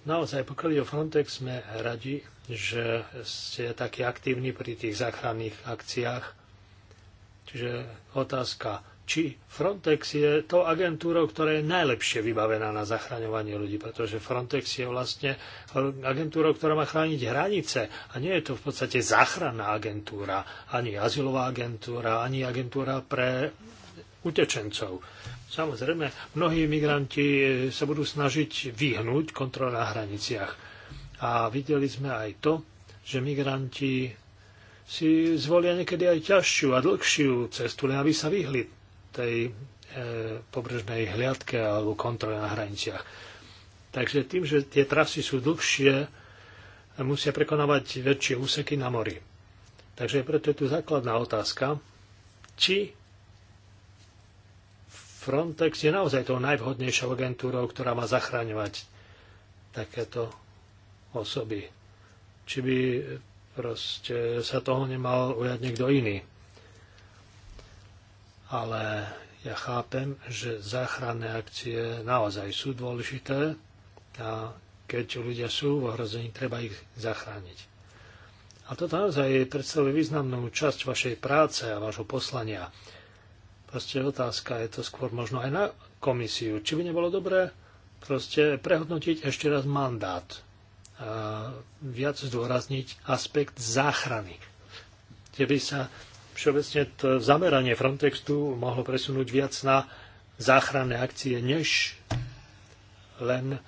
Speaker 2: naozaj, pokiaľ je o Frontex, sme radi, že ste takí aktívni pri tých záchranných akciách. Čiže otázka či Frontex je to agentúrou, ktorá je najlepšie vybavená na zachraňovanie ľudí, pretože Frontex je vlastne agentúrou, ktorá má chrániť hranice a nie je to v podstate záchranná agentúra, ani azylová agentúra, ani agentúra pre utečencov. Samozrejme, mnohí migranti sa budú snažiť vyhnúť kontrol na hraniciach. A videli sme aj to, že migranti si zvolia niekedy aj ťažšiu a dlhšiu cestu, len aby sa vyhli tej e, pobrežnej hliadke alebo kontrole na hraniciach. Takže tým, že tie trasy sú dlhšie, musia prekonávať väčšie úseky na mori. Takže preto je tu základná otázka, či Frontex je naozaj tou najvhodnejšou agentúrou, ktorá má zachraňovať takéto osoby. Či by proste sa toho nemal ujať niekto iný ale ja chápem, že záchranné akcie naozaj sú dôležité a keď ľudia sú v ohrození, treba ich zachrániť. A to naozaj predstavuje významnú časť vašej práce a vášho poslania. Proste otázka je to skôr možno aj na komisiu. Či by nebolo dobré proste prehodnotiť ešte raz mandát a viac zdôrazniť aspekt záchrany, kde by sa všeobecne to zameranie Frontextu mohlo presunúť viac na záchranné akcie, než len e,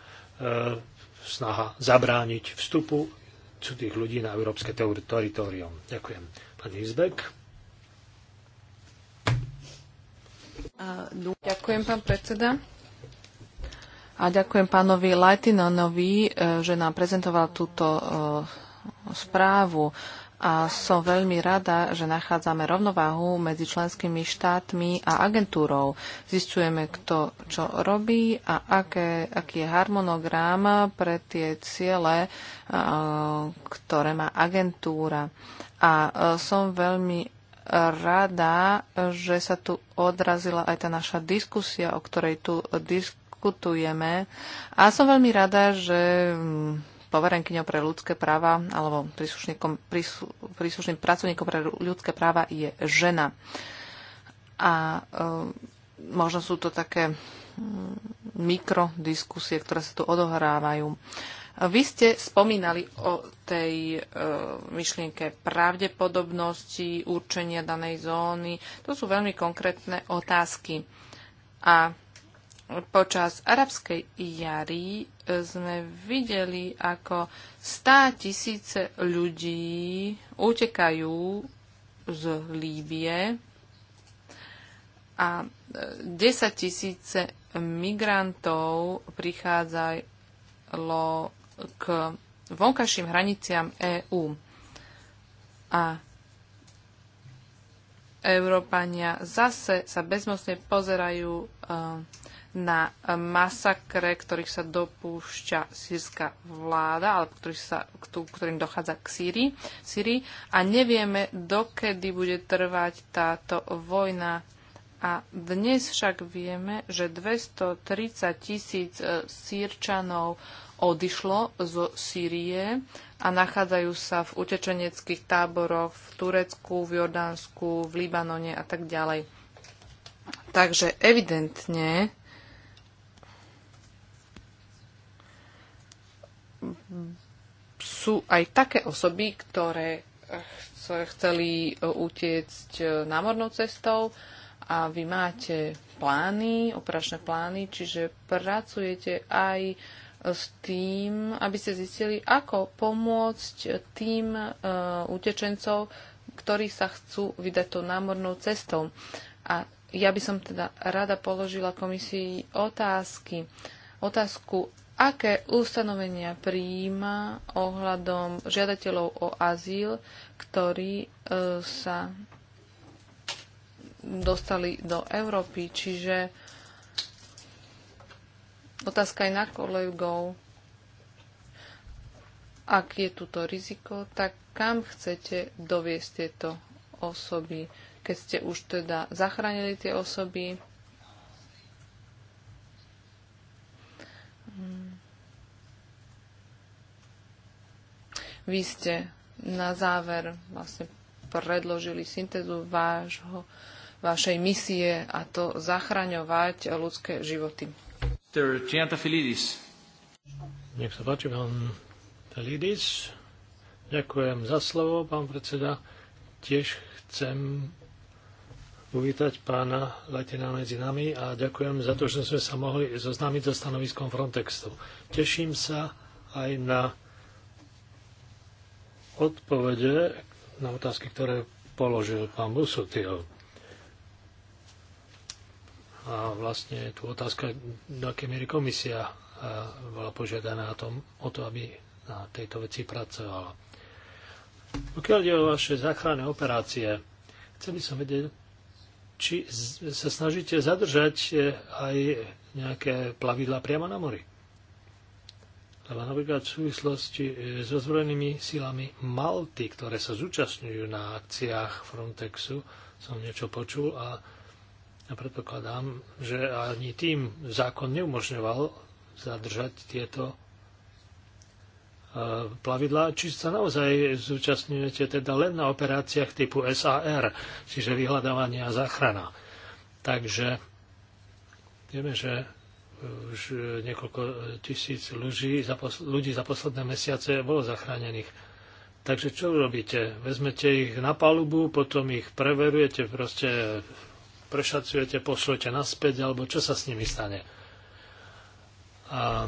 Speaker 2: snaha zabrániť vstupu cudých ľudí na európske teritorium. Ďakujem. Pán Izbek.
Speaker 3: Ďakujem, pán predseda. A ďakujem pánovi Lajtinonovi, e, že nám prezentoval túto e, správu a som veľmi rada, že nachádzame rovnováhu medzi členskými štátmi a agentúrou. Zistujeme, kto čo robí a aké, aký je harmonogram pre tie ciele, ktoré má agentúra. A som veľmi rada, že sa tu odrazila aj tá naša diskusia, o ktorej tu diskutujeme. A som veľmi rada, že poverenkyňou pre ľudské práva alebo príslušníkom, príslu, príslušným pracovníkom pre ľudské práva je žena. A e, možno sú to také mikrodiskusie, ktoré sa tu odohrávajú. Vy ste spomínali o tej e, myšlienke pravdepodobnosti, určenia danej zóny. To sú veľmi konkrétne otázky. A počas arabskej jary sme videli, ako stá tisíce ľudí utekajú z Líbie a 10 e, tisíce migrantov prichádzalo k vonkajším hraniciam EÚ. A Európania zase sa bezmocne pozerajú e, na masakre, ktorých sa dopúšťa sírska vláda, alebo ktorých sa, ktorým dochádza k Sýrii, Sýrii a nevieme, dokedy bude trvať táto vojna. A dnes však vieme, že 230 tisíc e, sírčanov odišlo zo Sýrie a nachádzajú sa v utečeneckých táboroch v Turecku, v Jordánsku, v Libanone a tak ďalej. Takže evidentne sú aj také osoby, ktoré chceli e, utiecť e, námornou cestou a vy máte plány, operačné plány, čiže pracujete aj s tým, aby ste zistili, ako pomôcť tým e, utečencov, ktorí sa chcú vydať tou námornou cestou. A ja by som teda rada položila komisii otázky. Otázku, aké ustanovenia prijíma ohľadom žiadateľov o azyl, ktorí e, sa dostali do Európy. Čiže otázka aj na kolegov, ak je tuto riziko, tak kam chcete doviesť tieto osoby, keď ste už teda zachránili tie osoby, Vy ste na záver vlastne predložili syntezu vášho, vašej misie a to zachraňovať ľudské životy.
Speaker 2: Nech sa páči, pán Talidis. Ďakujem za slovo, pán predseda. Tiež chcem uvítať pána Latina medzi nami a ďakujem za to, že sme sa mohli zoznámiť so stanoviskom Frontextu. Teším sa aj na odpovede na otázky, ktoré položil pán Busutil. A vlastne je tu otázka, do akej miery komisia e, bola požiadaná tom, o to, aby na tejto veci pracovala. Pokiaľ ide o vaše záchranné operácie, chcel by som vedieť, či sa snažíte zadržať e, aj nejaké plavidla priamo na mori ale napríklad v súvislosti e, so ozbrojenými silami Malty, ktoré sa zúčastňujú na akciách Frontexu, som niečo počul a ja predpokladám, že ani tým zákon neumožňoval zadržať tieto e, plavidlá, či sa naozaj zúčastňujete teda len na operáciách typu SAR, čiže vyhľadávania a záchrana. Takže vieme, že už e, niekoľko e, tisíc ľudí za, ľudí za posledné mesiace bolo zachránených. Takže čo urobíte? Vezmete ich na palubu, potom ich preverujete, proste prešacujete, pošlete naspäť, alebo čo sa s nimi stane? A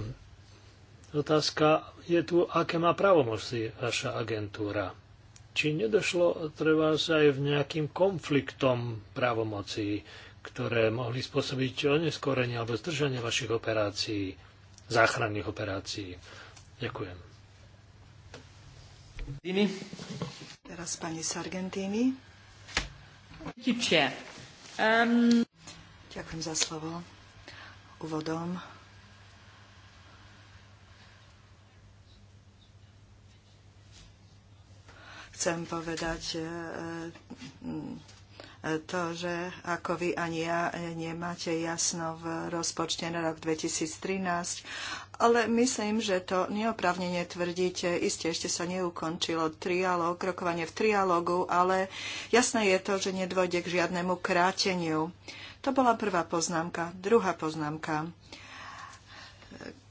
Speaker 2: otázka je tu, aké má právomoci vaša agentúra. Či nedošlo treba aj v nejakým konfliktom právomocí, ktoré mohli spôsobiť oneskorenie alebo zdržanie vašich operácií, záchranných operácií. Ďakujem. Dini.
Speaker 1: Teraz pani Sargentini. Um... Ďakujem za slovo. Úvodom chcem povedať eh, to, že ako vy ani ja nemáte jasno v rozpočte na rok 2013, ale myslím, že to neoprávnene tvrdíte. Isté ešte sa neukončilo trialog, rokovanie v trialógu, ale jasné je to, že nedôjde k žiadnemu kráteniu. To bola prvá poznámka. Druhá poznámka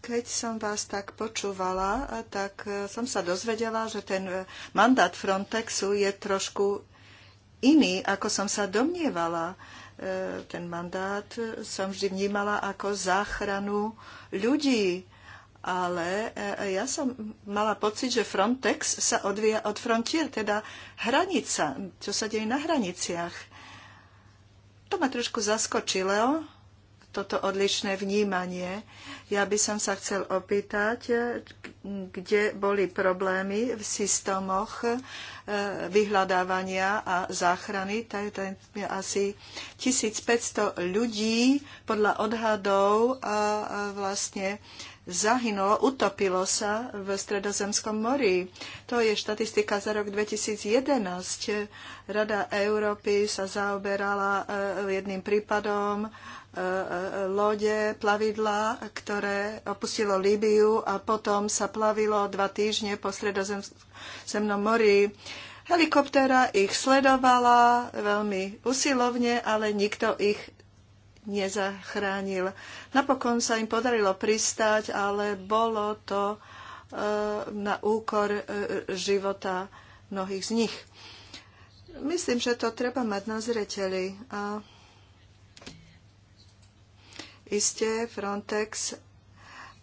Speaker 1: keď som vás tak počúvala, tak som sa dozvedela, že ten mandát Frontexu je trošku iný, ako som sa domnievala. E, ten mandát som vždy vnímala ako záchranu ľudí, ale e, ja som mala pocit, že Frontex sa odvíja od frontier, teda hranica, čo sa deje na hraniciach. To ma trošku zaskočilo, toto odlišné vnímanie. Ja by som sa chcel opýtať, kde boli problémy v systémoch e, vyhľadávania a záchrany. To je asi 1500 ľudí podľa odhadov a vlastne zahynulo, utopilo sa v Stredozemskom mori. To je štatistika za rok 2011. Rada Európy sa zaoberala e, jedným prípadom e, e, lode, plavidla, ktoré opustilo Líbiu a potom sa plavilo dva týždne po Stredozemnom mori. Helikoptéra ich sledovala veľmi usilovne, ale nikto ich nezachránil. Napokon sa im podarilo pristáť, ale bolo to eh, na úkor eh, života mnohých z nich. Myslím, že to treba mať na zreteli. A isté Frontex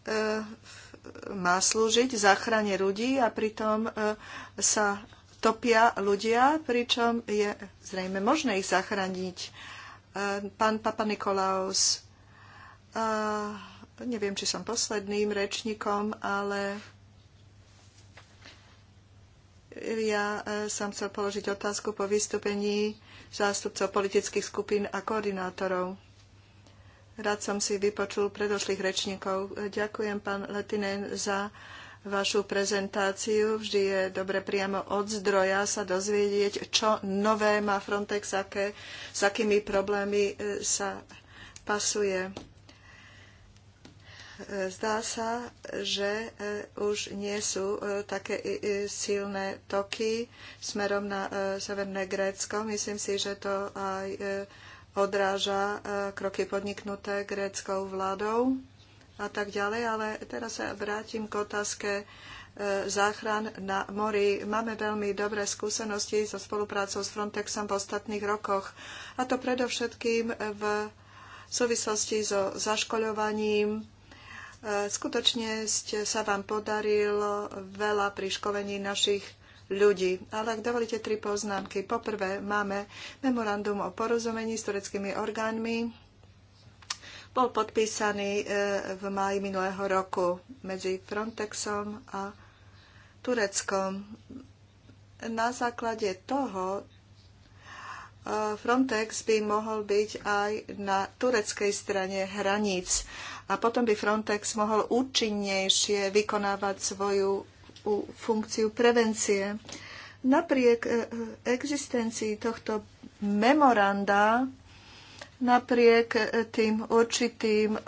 Speaker 1: eh, má slúžiť záchrane ľudí a pritom sa topia ľudia, pričom je zrejme možné ich zachrániť Pán Papa Nikolaus, neviem, či som posledným rečníkom, ale ja e, som chcel položiť otázku po vystúpení zástupcov politických skupín a koordinátorov. Rád som si vypočul predošlých rečníkov. Ďakujem, pán Letinen, za vašu prezentáciu. Vždy je dobre priamo od zdroja sa dozvedieť, čo nové má Frontex, aké, s akými problémy e, sa pasuje. E, zdá sa, že e, už nie sú také silné toky smerom na Severné Grécko. Myslím si, že to aj odráža kroky podniknuté gréckou vládou a tak ďalej, ale teraz sa vrátim k otázke e, záchran na mori. Máme veľmi dobré skúsenosti so spoluprácou s Frontexom v ostatných rokoch. A to predovšetkým v súvislosti so zaškoľovaním. E, skutočne ste, sa vám podarilo veľa pri školení našich ľudí. Ale ak dovolíte tri poznámky. Poprvé, máme memorandum o porozumení s tureckými orgánmi bol podpísaný e, v máji minulého roku medzi Frontexom a Tureckom. Na základe toho e, Frontex by mohol byť aj na tureckej strane hraníc a potom by Frontex mohol účinnejšie vykonávať svoju funkciu prevencie. Napriek e, existencii tohto memoranda napriek eh, tým určitým eh,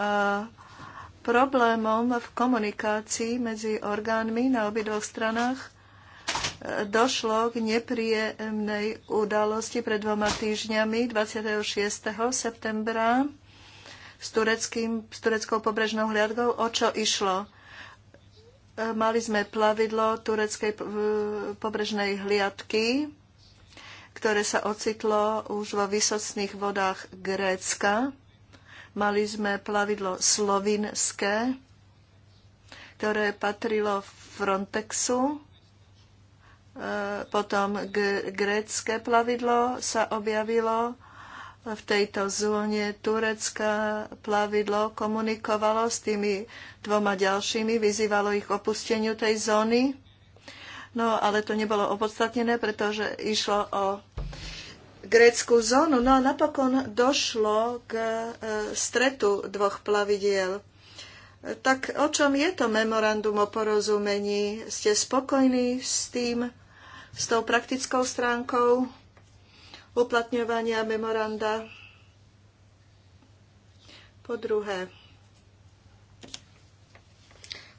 Speaker 1: problémom v komunikácii medzi orgánmi na obidvoch stranách eh, došlo k nepríjemnej udalosti pred dvoma týždňami 26. septembra s, tureckým, s tureckou pobrežnou hliadkou. O čo išlo? Mali sme plavidlo tureckej pobrežnej hliadky, ktoré sa ocitlo už vo vysocných vodách Grécka. Mali sme plavidlo slovinské, ktoré patrilo Frontexu. E, potom grécké plavidlo sa objavilo v tejto zóne turecké plavidlo komunikovalo s tými dvoma ďalšími, vyzývalo ich k opusteniu tej zóny. No ale to nebolo opodstatnené, pretože išlo o grécku zónu. No a napokon došlo k e, stretu dvoch plavidiel. Tak o čom je to memorandum o porozumení? Ste spokojní s tým, s tou praktickou stránkou uplatňovania memoranda? Po druhé,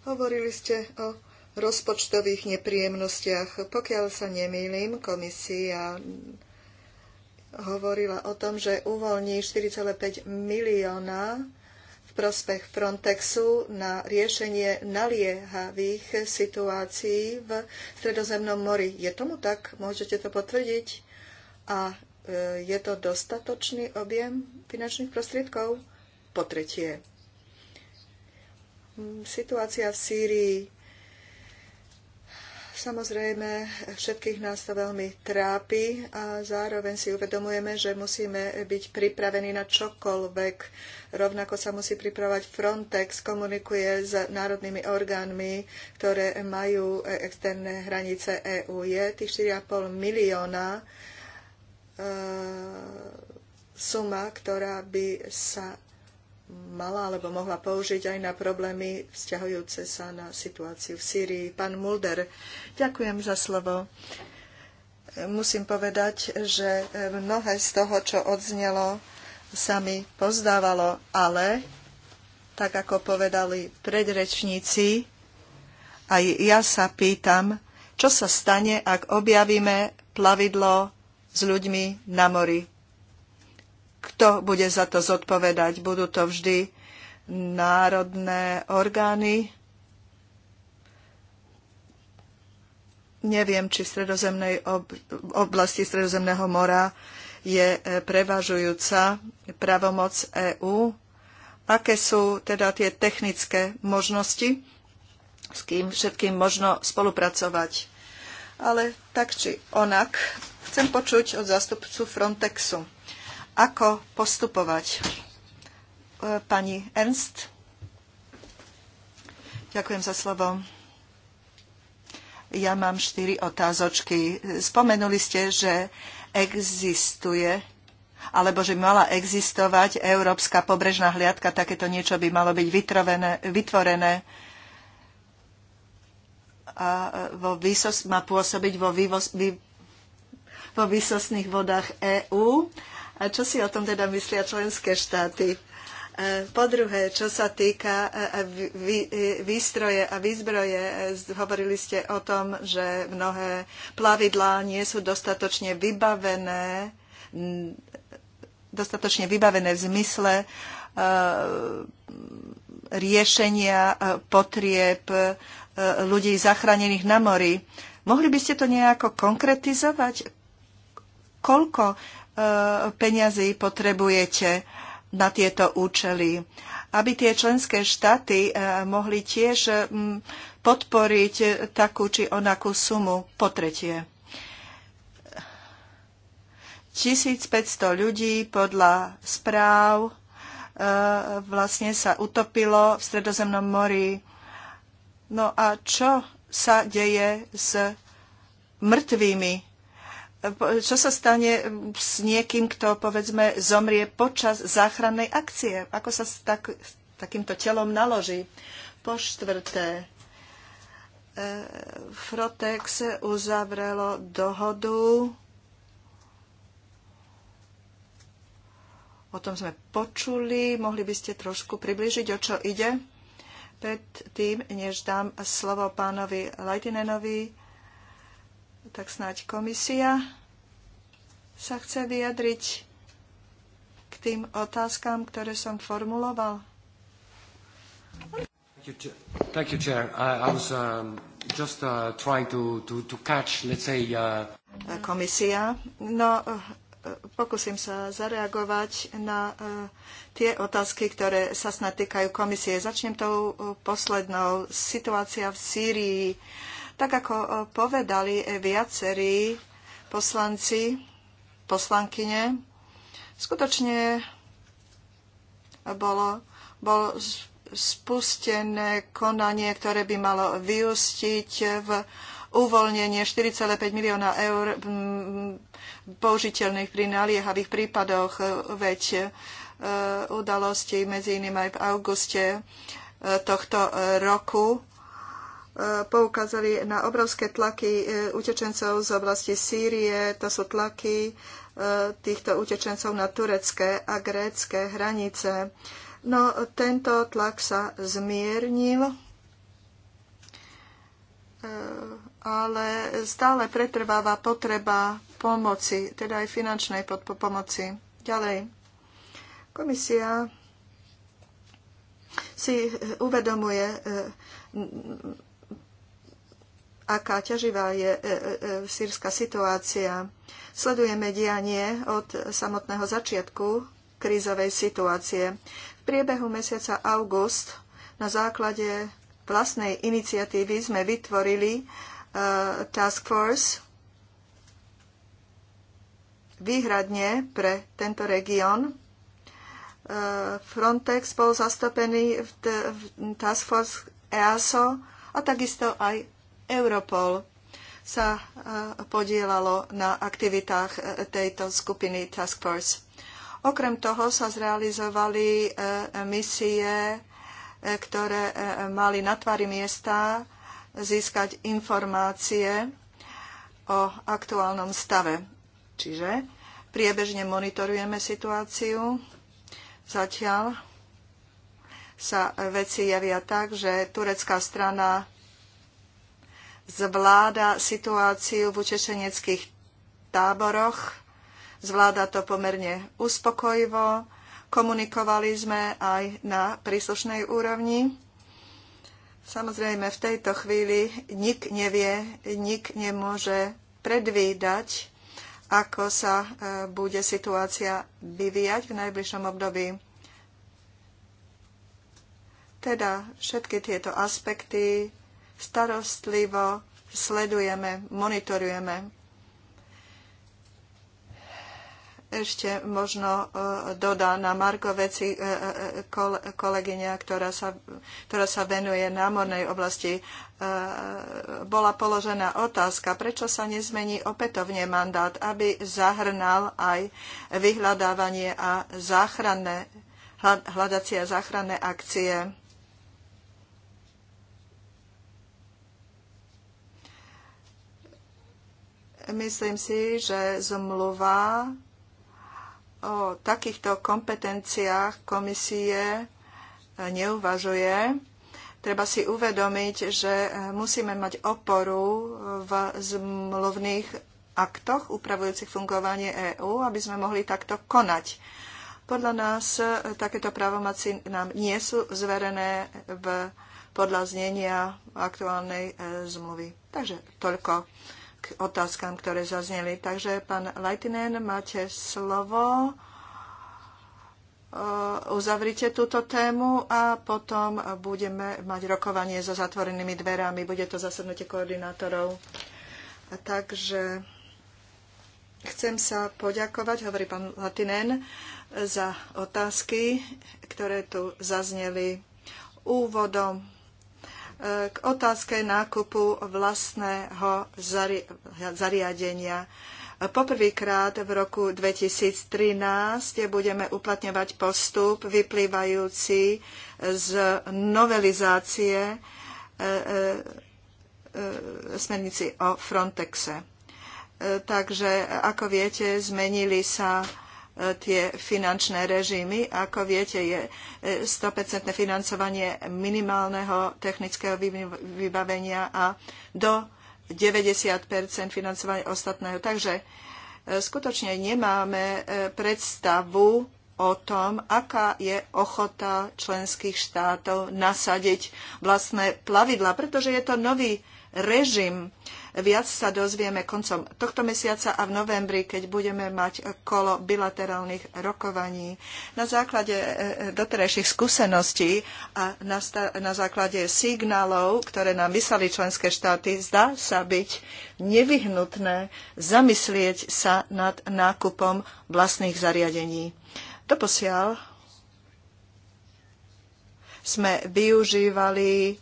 Speaker 1: hovorili ste o rozpočtových nepríjemnostiach. Pokiaľ sa nemýlim, komisia hovorila o tom, že uvoľní 4,5 milióna v prospech Frontexu na riešenie naliehavých situácií v Stredozemnom mori. Je tomu tak? Môžete to potvrdiť? A e, je to dostatočný objem finančných prostriedkov? Po tretie, situácia v Sýrii Samozrejme, všetkých nás to veľmi trápi a zároveň si uvedomujeme, že musíme byť pripravení na čokoľvek. Rovnako sa musí pripravať Frontex, komunikuje s národnými orgánmi, ktoré majú externé hranice EÚ. Je tých 4,5 milióna e, suma, ktorá by sa mala alebo mohla použiť aj na problémy vzťahujúce sa na situáciu v Sýrii. Pán Mulder, ďakujem za slovo. Musím povedať, že mnohé z toho, čo odznelo, sa mi pozdávalo, ale tak ako povedali predrečníci, aj ja sa pýtam, čo sa stane, ak objavíme plavidlo s ľuďmi na mori kto bude za to zodpovedať. Budú to vždy národné orgány. Neviem, či v stredozemnej ob- oblasti Stredozemného mora je e, prevažujúca pravomoc EÚ. Aké sú teda tie technické možnosti, s kým všetkým možno spolupracovať. Ale tak či onak, chcem počuť od zástupcu Frontexu ako postupovať. E, pani Ernst. Ďakujem za slovo. Ja mám štyri otázočky. Spomenuli ste, že existuje alebo že mala existovať Európska pobrežná hliadka, takéto niečo by malo byť vytvorené a e, vo výsos, má pôsobiť vo, vývos, vý, vo výsostných vodách EÚ a čo si o tom teda myslia členské štáty? E, po druhé, čo sa týka e, e, výstroje a výzbroje, hovorili ste o tom, že mnohé plavidlá nie sú dostatočne vybavené, dostatočne vybavené v zmysle riešenia potrieb ľudí zachránených na mori. Mohli by ste to nejako konkretizovať? Koľko E, peňazí potrebujete na tieto účely. Aby tie členské štáty e, mohli tiež e, podporiť takú či onakú sumu po tretie. 1500 ľudí podľa správ vlastne sa utopilo v Stredozemnom mori. No a čo sa deje s mŕtvými čo sa stane s niekým, kto povedzme zomrie počas záchrannej akcie? Ako sa s tak, takýmto telom naloží? Po štvrté, e, Frotex uzavrelo dohodu O tom sme počuli. Mohli by ste trošku približiť, o čo ide? Pred tým, než dám slovo pánovi Lajtinenovi, tak snáď komisia sa chce vyjadriť k tým otázkam, ktoré som formuloval.
Speaker 2: Thank you, Chair. I, was um, just uh, trying to, to, to catch, let's say... Uh...
Speaker 1: Komisia. No, uh, uh, pokúsim sa zareagovať na uh, tie otázky, ktoré sa snad týkajú komisie. Začnem tou poslednou. Situácia v Sýrii. Uh, tak ako e, povedali e, viacerí poslanci, poslankyne, skutočne bolo, bolo spustené konanie, ktoré by malo vyústiť v uvoľnenie 4,5 milióna eur použiteľných pri naliehavých prípadoch, e, veď udalosti medzi iným aj v auguste tohto roku poukázali na obrovské tlaky e, utečencov z oblasti Sýrie. To sú tlaky e, týchto utečencov na turecké a grécké hranice. No tento tlak sa zmiernil, e, ale stále pretrváva potreba pomoci, teda aj finančnej pomoci. Ďalej. Komisia si uvedomuje aká ťaživá je e, e, e, sírska situácia. Sledujeme dianie od samotného začiatku krízovej situácie. V priebehu mesiaca august na základe vlastnej iniciatívy sme vytvorili Task Force výhradne pre tento región. Frontex bol zastúpený v Task Force EASO a takisto aj Europol sa podielalo na aktivitách e, tejto skupiny Task Force. Okrem toho sa zrealizovali e, misie, e, ktoré mali na tvári miesta získať informácie o aktuálnom stave. Čiže priebežne monitorujeme situáciu. Zatiaľ sa veci javia tak, že turecká strana zvláda situáciu v utečeneckých táboroch. Zvláda to pomerne uspokojivo. Komunikovali sme aj na príslušnej úrovni. Samozrejme, v tejto chvíli nik nevie, nik nemôže predvídať, ako sa e, bude situácia vyvíjať v najbližšom období. Teda všetky tieto aspekty starostlivo sledujeme, monitorujeme. Ešte možno e, dodá na Marko veci e, e, kolegyňa, ktorá sa, ktorá sa venuje námornej oblasti. Bola položená otázka, prečo sa nezmení opätovne mandát, aby zahrnal aj vyhľadávanie a záchranné, hľadacie a záchranné akcie myslím si, že zmluva o takýchto kompetenciách komisie e, neuvažuje. Treba si uvedomiť, že e, musíme mať oporu v zmluvných aktoch upravujúcich fungovanie EÚ, aby sme mohli takto konať. Podľa nás e, takéto právomaci nám nie sú zverené v podľa znenia aktuálnej zmluvy. Takže toľko k otázkam, ktoré zazneli. Takže, pán Lajtinen, máte slovo. Uh, uzavrite túto tému a potom budeme mať rokovanie so zatvorenými dverami. Bude to zasadnutie koordinátorov. Takže chcem sa poďakovať, hovorí pán Latinen, za otázky, ktoré tu zazneli úvodom k otázke nákupu vlastného zariadenia. Poprvýkrát v roku 2013 budeme uplatňovať postup vyplývajúci z novelizácie e, e, e, smernici o Frontexe. Takže, ako viete, zmenili sa tie finančné režimy. Ako viete, je 100% e, financovanie minimálneho technického vybavenia a do 90% financovania ostatného. Takže e, skutočne nemáme e, predstavu o tom, aká je ochota členských štátov nasadiť vlastné plavidla, pretože je to nový režim. Uh, Viac sa dozvieme koncom tohto mesiaca a v novembri, keď budeme mať kolo bilaterálnych rokovaní. Na základe e, e, doterajších skúseností a na, základe signálov, ktoré nám vyslali členské štáty, zdá sa byť nevyhnutné zamyslieť sa nad nákupom vlastných zariadení. Doposiaľ sme využívali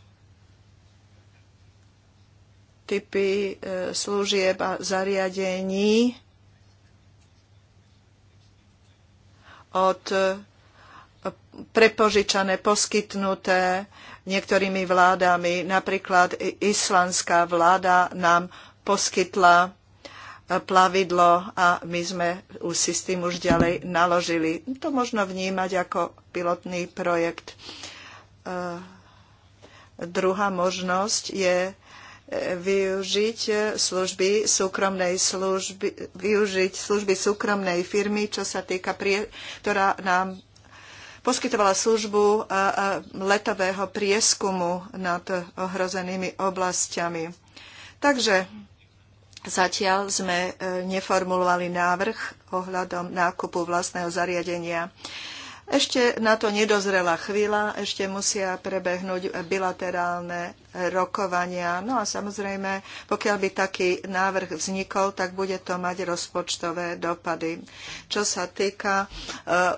Speaker 1: typy e, služieb a zariadení od e, prepožičané, poskytnuté niektorými vládami. Napríklad islandská vláda nám poskytla e, plavidlo a my sme už si s tým už ďalej naložili. To možno vnímať ako pilotný projekt. Druhá možnosť je využiť e, služby súkromnej služby, využiť služby súkromnej firmy, čo sa týka, prie, ktorá nám poskytovala službu e, e, letového prieskumu nad ohrozenými oblastiami. Takže zatiaľ sme neformulovali návrh ohľadom nákupu vlastného zariadenia. Ešte na to nedozrela chvíľa, ešte musia prebehnúť bilaterálne rokovania. No a samozrejme, pokiaľ by taký návrh vznikol, tak bude to mať rozpočtové dopady. Čo sa týka e,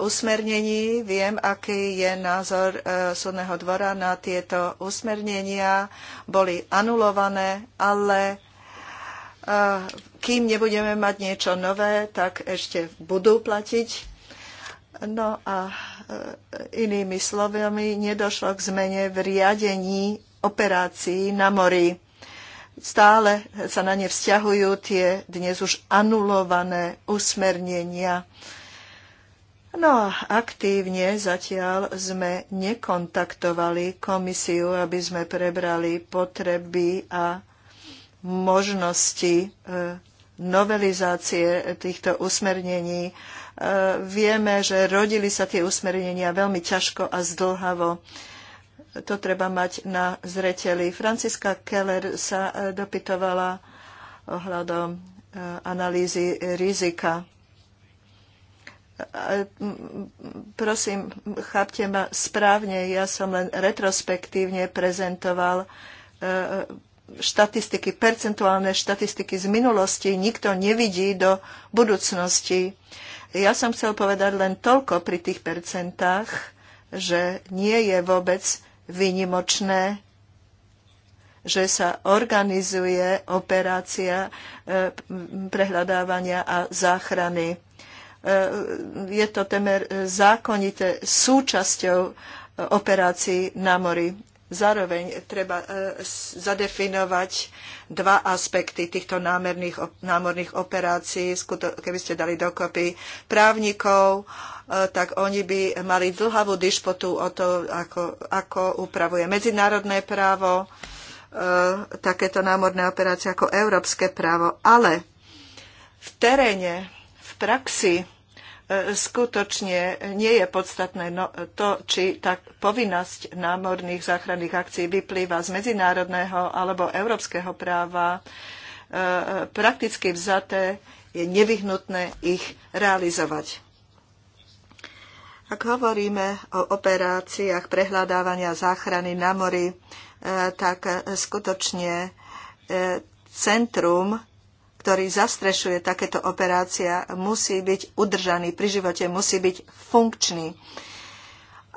Speaker 1: usmernení, viem, aký je názor e, súdneho dvora na tieto usmernenia. Boli anulované, ale e, kým nebudeme mať niečo nové, tak ešte budú platiť No a e, inými slovami, nedošlo k zmene v riadení operácií na mori. Stále sa na ne vzťahujú tie dnes už anulované usmernenia. No a aktívne zatiaľ sme nekontaktovali komisiu, aby sme prebrali potreby a možnosti e, novelizácie týchto usmernení E, vieme, že rodili sa tie usmernenia veľmi ťažko a zdlhavo. To treba mať na zreteli. Franciska Keller sa e, dopytovala ohľadom e, analýzy rizika prosím, chápte ma správne, ja som len retrospektívne prezentoval štatistiky, percentuálne štatistiky z minulosti. Nikto nevidí do budúcnosti. Ja som chcel povedať len toľko pri tých percentách, že nie je vôbec vynimočné, že sa organizuje operácia e, prehľadávania a záchrany. E, je to temer e, zákonite súčasťou operácií na mori. Zároveň treba e, zadefinovať dva aspekty týchto námerných, námorných operácií. Keby ste dali dokopy právnikov, e, tak oni by mali dlhavú dišpotu o to, ako, ako upravuje medzinárodné právo, e, takéto námorné operácie ako európske právo. Ale v teréne, v praxi, skutočne nie je podstatné no, to, či tá povinnosť námorných záchranných akcií vyplýva z medzinárodného alebo európskeho práva. E, prakticky vzaté je nevyhnutné ich realizovať. Ak hovoríme o operáciách prehľadávania záchrany na mori, e, tak e, skutočne centrum ktorý zastrešuje takéto operácia, musí byť udržaný pri živote, musí byť funkčný.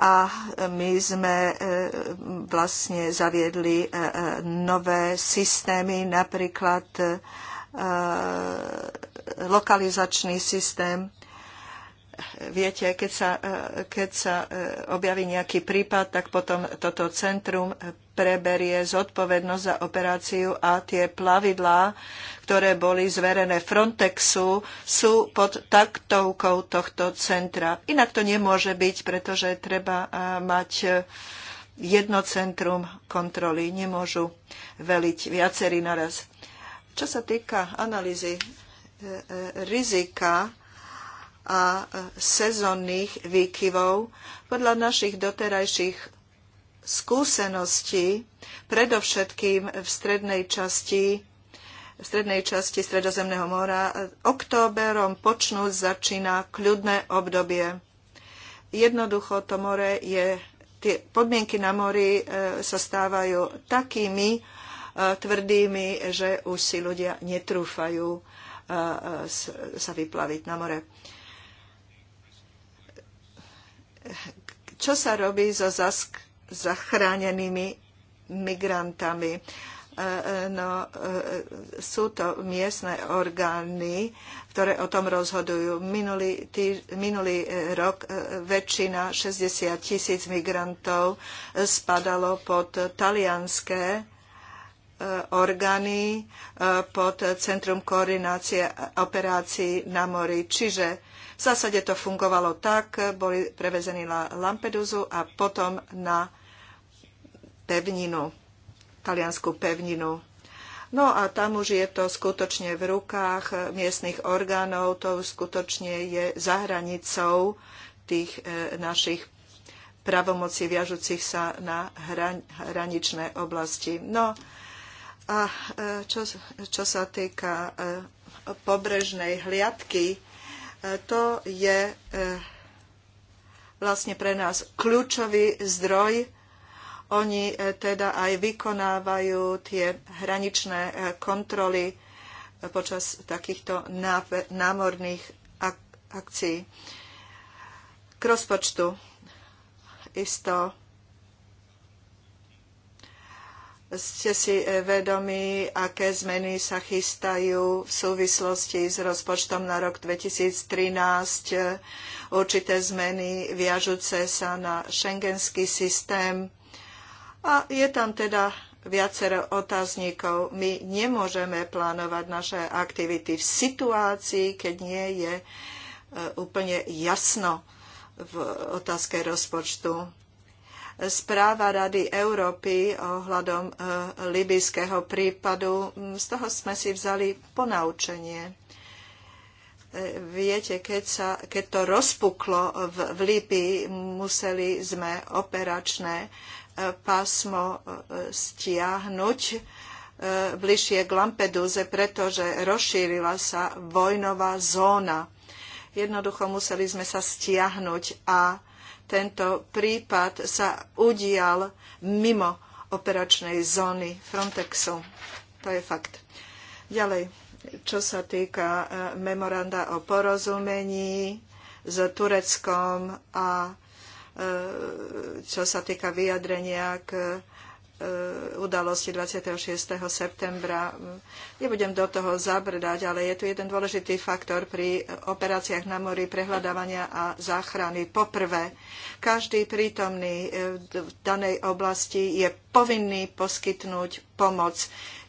Speaker 1: A my sme e, vlastne zaviedli e, e, nové systémy, napríklad lokalizačný systém viete, keď sa, e, keď sa e, objaví nejaký prípad, tak potom toto centrum e, preberie zodpovednosť za operáciu a tie plavidlá, ktoré boli zverené Frontexu, sú pod taktovkou tohto centra. Inak to nemôže byť, pretože treba mať jedno centrum kontroly. Nemôžu veliť viacerí naraz. Čo sa týka analýzy rizika, a e, sezónnych výkyvov. Podľa našich doterajších skúseností, predovšetkým v strednej časti v strednej časti Stredozemného mora e, októberom počnú začína kľudné obdobie. Jednoducho to more je, tie podmienky na mori e, sa stávajú takými tvrdými, že už si ľudia netrúfajú sa vyplaviť na more čo sa robí so zachránenými migrantami. E, e, no, e, sú to miestne orgány, ktoré o tom rozhodujú. Minulý, týž, minulý rok väčšina 60 tisíc migrantov spadalo pod talianské orgány pod Centrum koordinácie operácií na mori. Čiže v zásade to fungovalo tak, boli prevezení na Lampedusu a potom na pevninu, taliansku pevninu. No a tam už je to skutočne v rukách miestnych orgánov, to už skutočne je za hranicou tých e, našich pravomoci viažúcich sa na hran, hraničné oblasti. No a e, čo, čo sa týka e, pobrežnej hliadky, to je eh, vlastne pre nás kľúčový zdroj. Oni eh, teda aj vykonávajú tie hraničné eh, kontroly počas takýchto námorných akcií. K rozpočtu isto ste si e, vedomi, aké zmeny sa chystajú v súvislosti s rozpočtom na rok 2013, e, určité zmeny viažúce sa na šengenský systém. A je tam teda viacero otáznikov. My nemôžeme plánovať naše aktivity v situácii, keď nie je e, úplne jasno v otázke rozpočtu správa Rady Európy ohľadom e, libyského prípadu. Z toho sme si vzali ponaučenie. E, viete, keď, sa, keď to rozpuklo v, v Líbii, museli sme operačné e, pásmo stiahnuť bližšie k Lampeduze, pretože rozšírila sa vojnová zóna. Jednoducho museli sme sa stiahnuť a tento prípad sa udial mimo operačnej zóny Frontexu. To je fakt. Ďalej, čo sa týka e, memoranda o porozumení s Tureckom a e, čo sa týka vyjadrenia k E, udalosti 26. septembra. Nebudem do toho zabrdať, ale je tu jeden dôležitý faktor pri operáciách na mori prehľadávania a záchrany. Poprvé, každý prítomný e, v danej oblasti je povinný poskytnúť pomoc.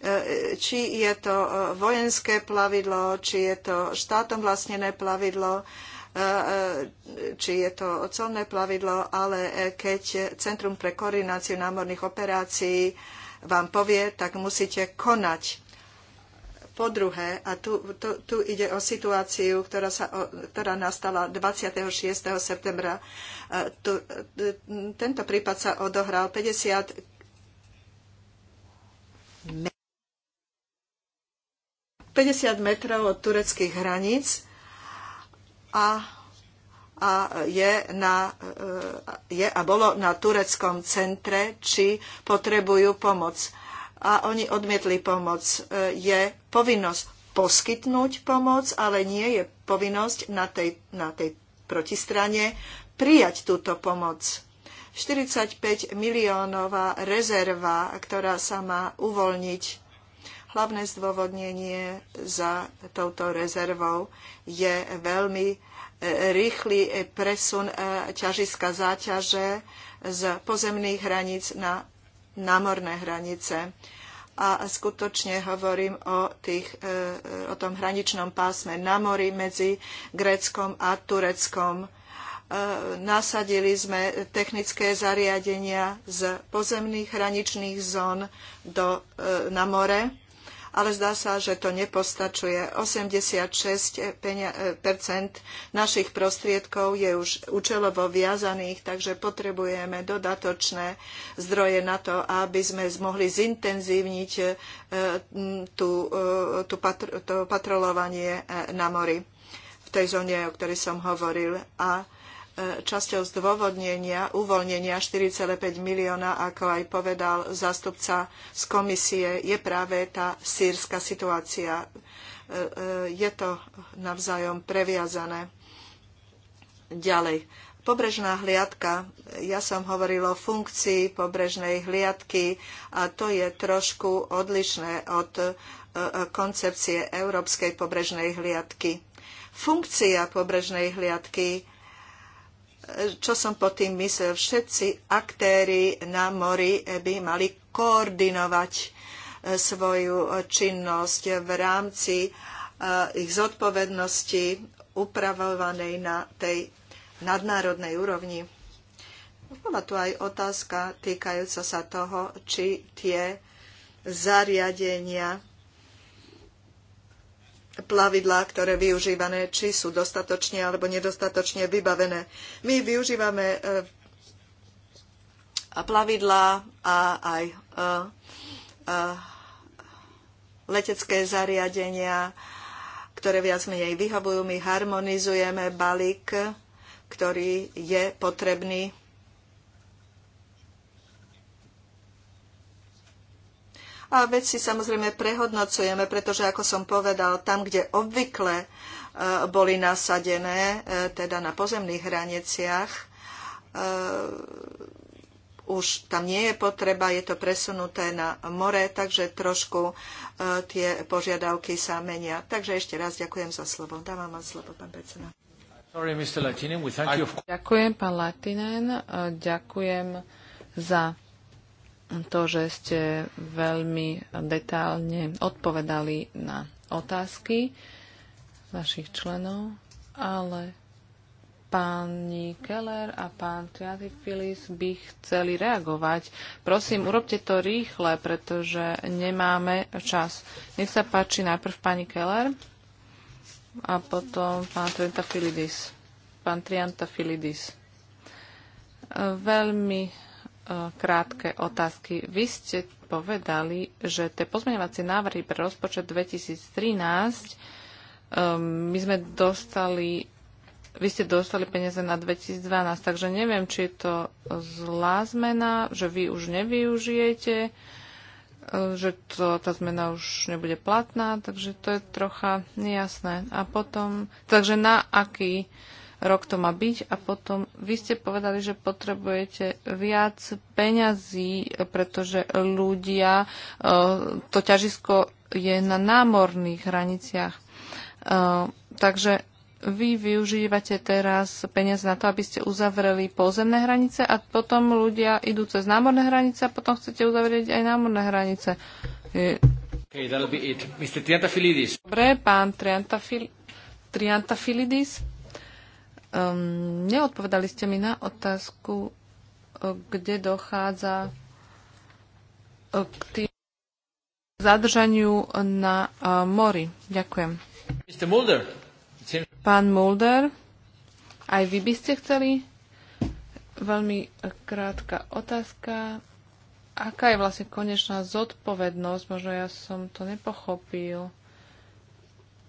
Speaker 1: E, či je to vojenské plavidlo, či je to štátom vlastnené plavidlo, či je to colné plavidlo, ale e, keď Centrum pre koordináciu námorných operácií vám povie, tak musíte konať. Po druhé, a tu, tu, tu ide o situáciu, ktorá, sa, ktorá nastala 26. septembra. E, tu, e, tento prípad sa odohral 50 50 metrov od tureckých hraníc a, a je, na, e, je a bolo na tureckom centre, či potrebujú pomoc. A oni odmietli pomoc. E, je povinnosť poskytnúť pomoc, ale nie je povinnosť na tej, na tej protistrane prijať túto pomoc. 45 miliónová rezerva, ktorá sa má uvoľniť Hlavné zdôvodnenie za touto rezervou je veľmi e, rýchly presun e, ťažiska záťaže z pozemných hraníc na námorné hranice a skutočne hovorím o, tých, e, o tom hraničnom pásme na mori medzi Gréckom a Tureckom. Nasadili sme technické zariadenia z pozemných hraničných zón do, na more ale zdá sa, že to nepostačuje. 86 e, našich prostriedkov je už účelovo viazaných, takže potrebujeme dodatočné zdroje na to, aby sme mohli zintenzívniť e, tú, e, tú patr- to patrolovanie na mori v tej zóne, o ktorej som hovoril. A časťou zdôvodnenia uvoľnenia 4,5 milióna, ako aj povedal zástupca z komisie, je práve tá sírska situácia. E, e, je to navzájom previazané. Ďalej. Pobrežná hliadka. Ja som hovorila o funkcii pobrežnej hliadky a to je trošku odlišné od e, koncepcie Európskej pobrežnej hliadky. Funkcia pobrežnej hliadky čo som pod tým myslel, všetci aktéry na mori by mali koordinovať e, svoju činnosť v rámci e, ich zodpovednosti upravovanej na tej nadnárodnej úrovni. Bola tu aj otázka týkajúca sa toho, či tie zariadenia plavidlá, ktoré využívané, či sú dostatočne alebo nedostatočne vybavené. My využívame e, plavidlá a aj e, e, letecké zariadenia, ktoré viac menej vyhovujú. My harmonizujeme balík, ktorý je potrebný A veci samozrejme prehodnocujeme, pretože ako som povedal, tam, kde obvykle e, boli nasadené, e, teda na pozemných hraniciach, e, už tam nie je potreba, je to presunuté na more, takže trošku tie požiadavky sa menia. Takže ešte raz ďakujem za slovo. Dávam vám slovo, pán predseda.
Speaker 3: Ďakujem, pán Latinen. Ďakujem za to, že ste veľmi detálne odpovedali na otázky vašich členov, ale páni Keller a pán filis by chceli reagovať. Prosím, urobte to rýchle, pretože nemáme čas. Nech sa páči najprv pani Keller a potom pán Triantafilidis. Pán Triantafilidis. Veľmi E, krátke otázky. Vy ste povedali, že tie pozmeňovacie návrhy pre rozpočet 2013 e, my sme dostali vy ste dostali peniaze na 2012, takže neviem, či je to zlá zmena, že vy už nevyužijete, e, že to, tá zmena už nebude platná, takže to je trocha nejasné. A potom, takže na aký rok to má byť a potom vy ste povedali, že potrebujete viac peňazí, pretože ľudia, e, to ťažisko je na námorných hraniciach. E, takže vy využívate teraz peniaze na to, aby ste uzavreli pozemné hranice a potom ľudia idú cez námorné hranice a potom chcete uzavrieť aj námorné hranice. Okay, Dobre, pán Triantafil- Triantafilidis. Um, neodpovedali ste mi na otázku, e, kde dochádza e, k tým zadržaniu na uh, mori. Ďakujem. Mr. Mulder. Pán Mulder, aj vy by ste chceli? Veľmi krátka otázka. Aká je vlastne konečná zodpovednosť? Možno ja som to nepochopil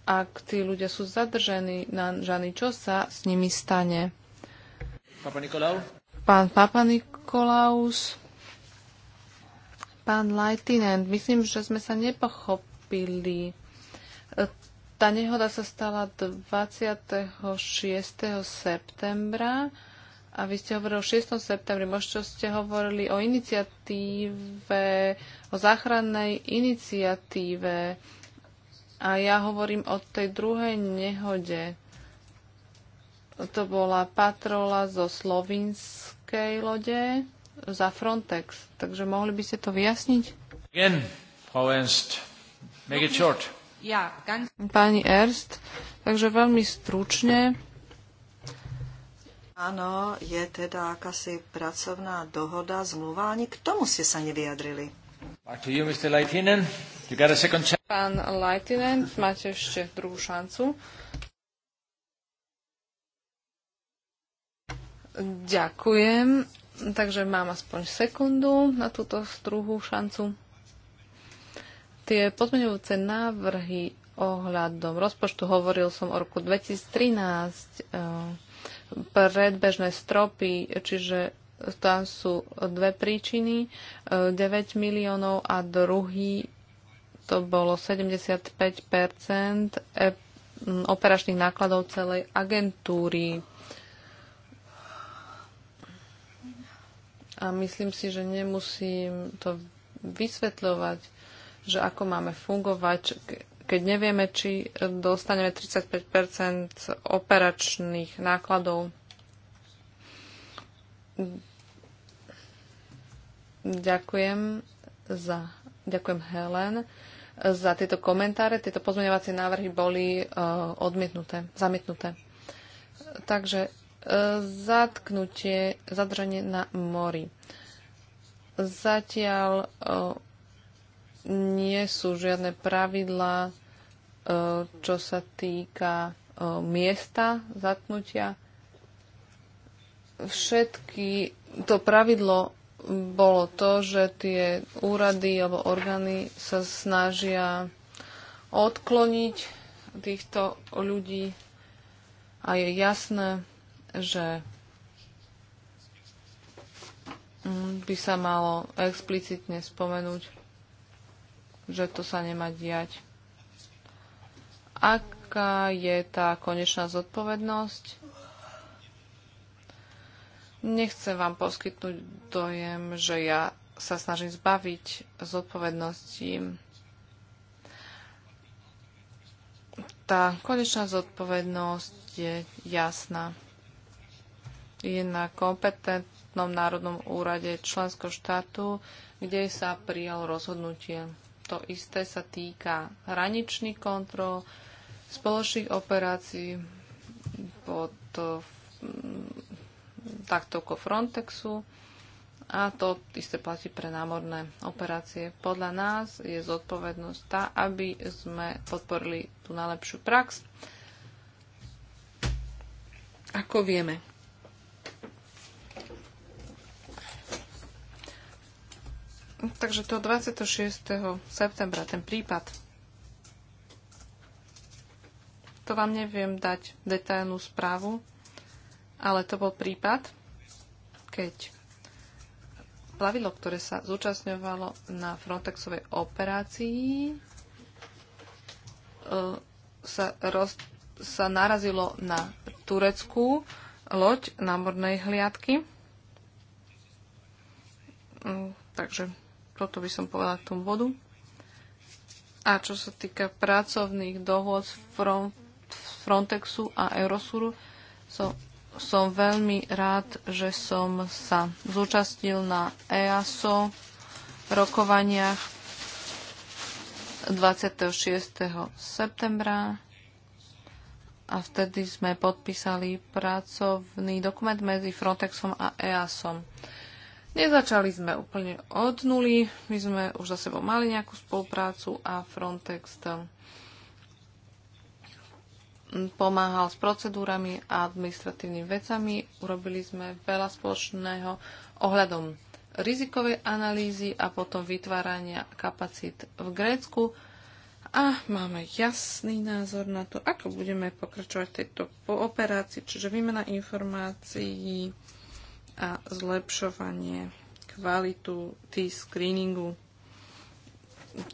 Speaker 3: ak tí ľudia sú zadržení na žany, čo sa s nimi stane? Papa Nikolau? Pán Papa Nikolaus, pán Lightinen, myslím, že sme sa nepochopili. Tá nehoda sa stala 26. septembra a vy ste hovorili o 6. septembri. Možno ste hovorili o iniciatíve, o záchrannej iniciatíve a ja hovorím o tej druhej nehode. To bola patrola zo slovinskej lode za Frontex. Takže mohli by ste to vyjasniť?
Speaker 2: Again, Frau Ernst. Make it short.
Speaker 3: Pani Ernst, takže veľmi stručne.
Speaker 1: Áno, je teda akási pracovná dohoda, zmluva. Ani k tomu ste sa nevyjadrili.
Speaker 2: Back to you, Mr. Leitinen. You got a second chance.
Speaker 3: Pán Leitinen, máte ešte druhú šancu. Ďakujem. Takže mám aspoň sekundu na túto druhú šancu. Tie pozmeňujúce návrhy ohľadom rozpočtu hovoril som o roku 2013, e, predbežné stropy, čiže tam sú dve príčiny, 9 e, miliónov a druhý to bolo 75 e- operačných nákladov celej agentúry. A myslím si, že nemusím to vysvetľovať, že ako máme fungovať, keď nevieme, či dostaneme 35 operačných nákladov. Ďakujem za... Ďakujem Helen za tieto komentáre. Tieto pozmeňovacie návrhy boli eh, odmietnuté, zamietnuté. Takže eh, zatknutie, zadržanie na mori. Zatiaľ eh, nie sú žiadne pravidla, čo sa týka miesta zatknutia. Všetky to pravidlo bolo to, že tie úrady alebo orgány sa snažia odkloniť týchto ľudí a je jasné, že by sa malo explicitne spomenúť, že to sa nemá diať. Aká je tá konečná zodpovednosť? Nechcem vám poskytnúť dojem, že ja sa snažím zbaviť zodpovednosti. Tá konečná zodpovednosť je jasná. Je na kompetentnom národnom úrade členského štátu, kde sa prijal rozhodnutie. To isté sa týka hraničných kontrol, spoločných operácií pod taktovkou Frontexu a to isté platí pre námorné operácie. Podľa nás je zodpovednosť tá, aby sme podporili tú najlepšiu prax. Ako vieme, Takže to 26. septembra, ten prípad. To vám neviem dať detailnú správu, ale to bol prípad, keď plavidlo, ktoré sa zúčastňovalo na Frontexovej operácii, e, sa, roz, sa narazilo na tureckú loď námornej hliadky. E, takže toto by som povedala k tomu vodu. A čo sa týka pracovných dohôd Frontexu a Eurosuru, so som veľmi rád, že som sa zúčastnil na EASO rokovaniach 26. septembra a vtedy sme podpísali pracovný dokument medzi Frontexom a EASom. Nezačali sme úplne od nuly, my sme už za sebou mali nejakú spoluprácu a Frontex tam pomáhal s procedúrami a administratívnymi vecami. Urobili sme veľa spoločného ohľadom rizikovej analýzy a potom vytvárania kapacít v Grécku. A máme jasný názor na to, ako budeme pokračovať v tejto operácii, čiže výmena informácií a zlepšovanie kvalitu tých screeningu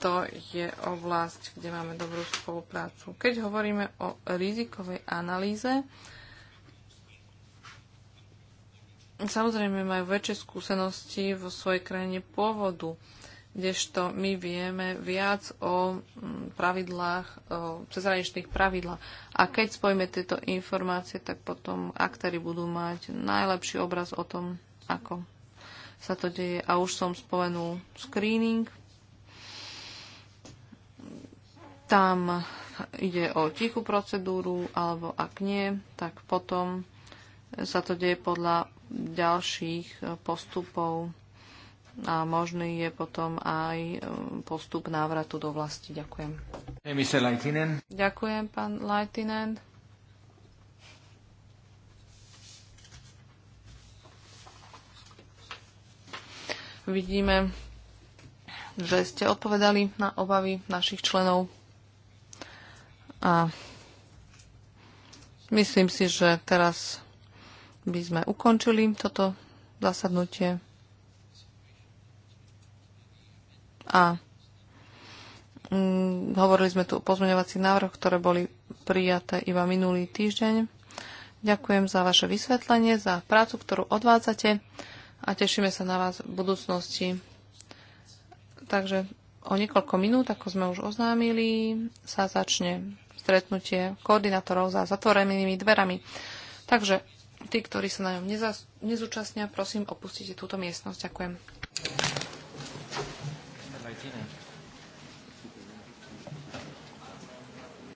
Speaker 3: to je oblasť, kde máme dobrú spoluprácu. Keď hovoríme o rizikovej analýze, samozrejme majú väčšie skúsenosti vo svojej krajine pôvodu, kdežto my vieme viac o mm, pravidlách, o cezhraničných pravidlách. A keď spojíme tieto informácie, tak potom aktéry budú mať najlepší obraz o tom, ako sa to deje. A už som spomenul screening, tam ide o tichú procedúru, alebo ak nie, tak potom sa to deje podľa ďalších postupov a možný je potom aj e, postup návratu do vlasti. Ďakujem. Ďakujem, pán Leitinen. Vidíme, že ste odpovedali na obavy našich členov. A myslím si, že teraz by sme ukončili toto zasadnutie. A mm, hovorili sme tu o pozmeňovacích návrhoch, ktoré boli prijaté iba minulý týždeň. Ďakujem za vaše vysvetlenie, za prácu, ktorú odvádzate a tešíme sa na vás v budúcnosti. Takže o niekoľko minút, ako sme už oznámili, sa začne stretnutie koordinátorov za zatvorenými dverami. Takže tí, ktorí sa na ňom nezúčastnia, prosím, opustite túto miestnosť. Ďakujem.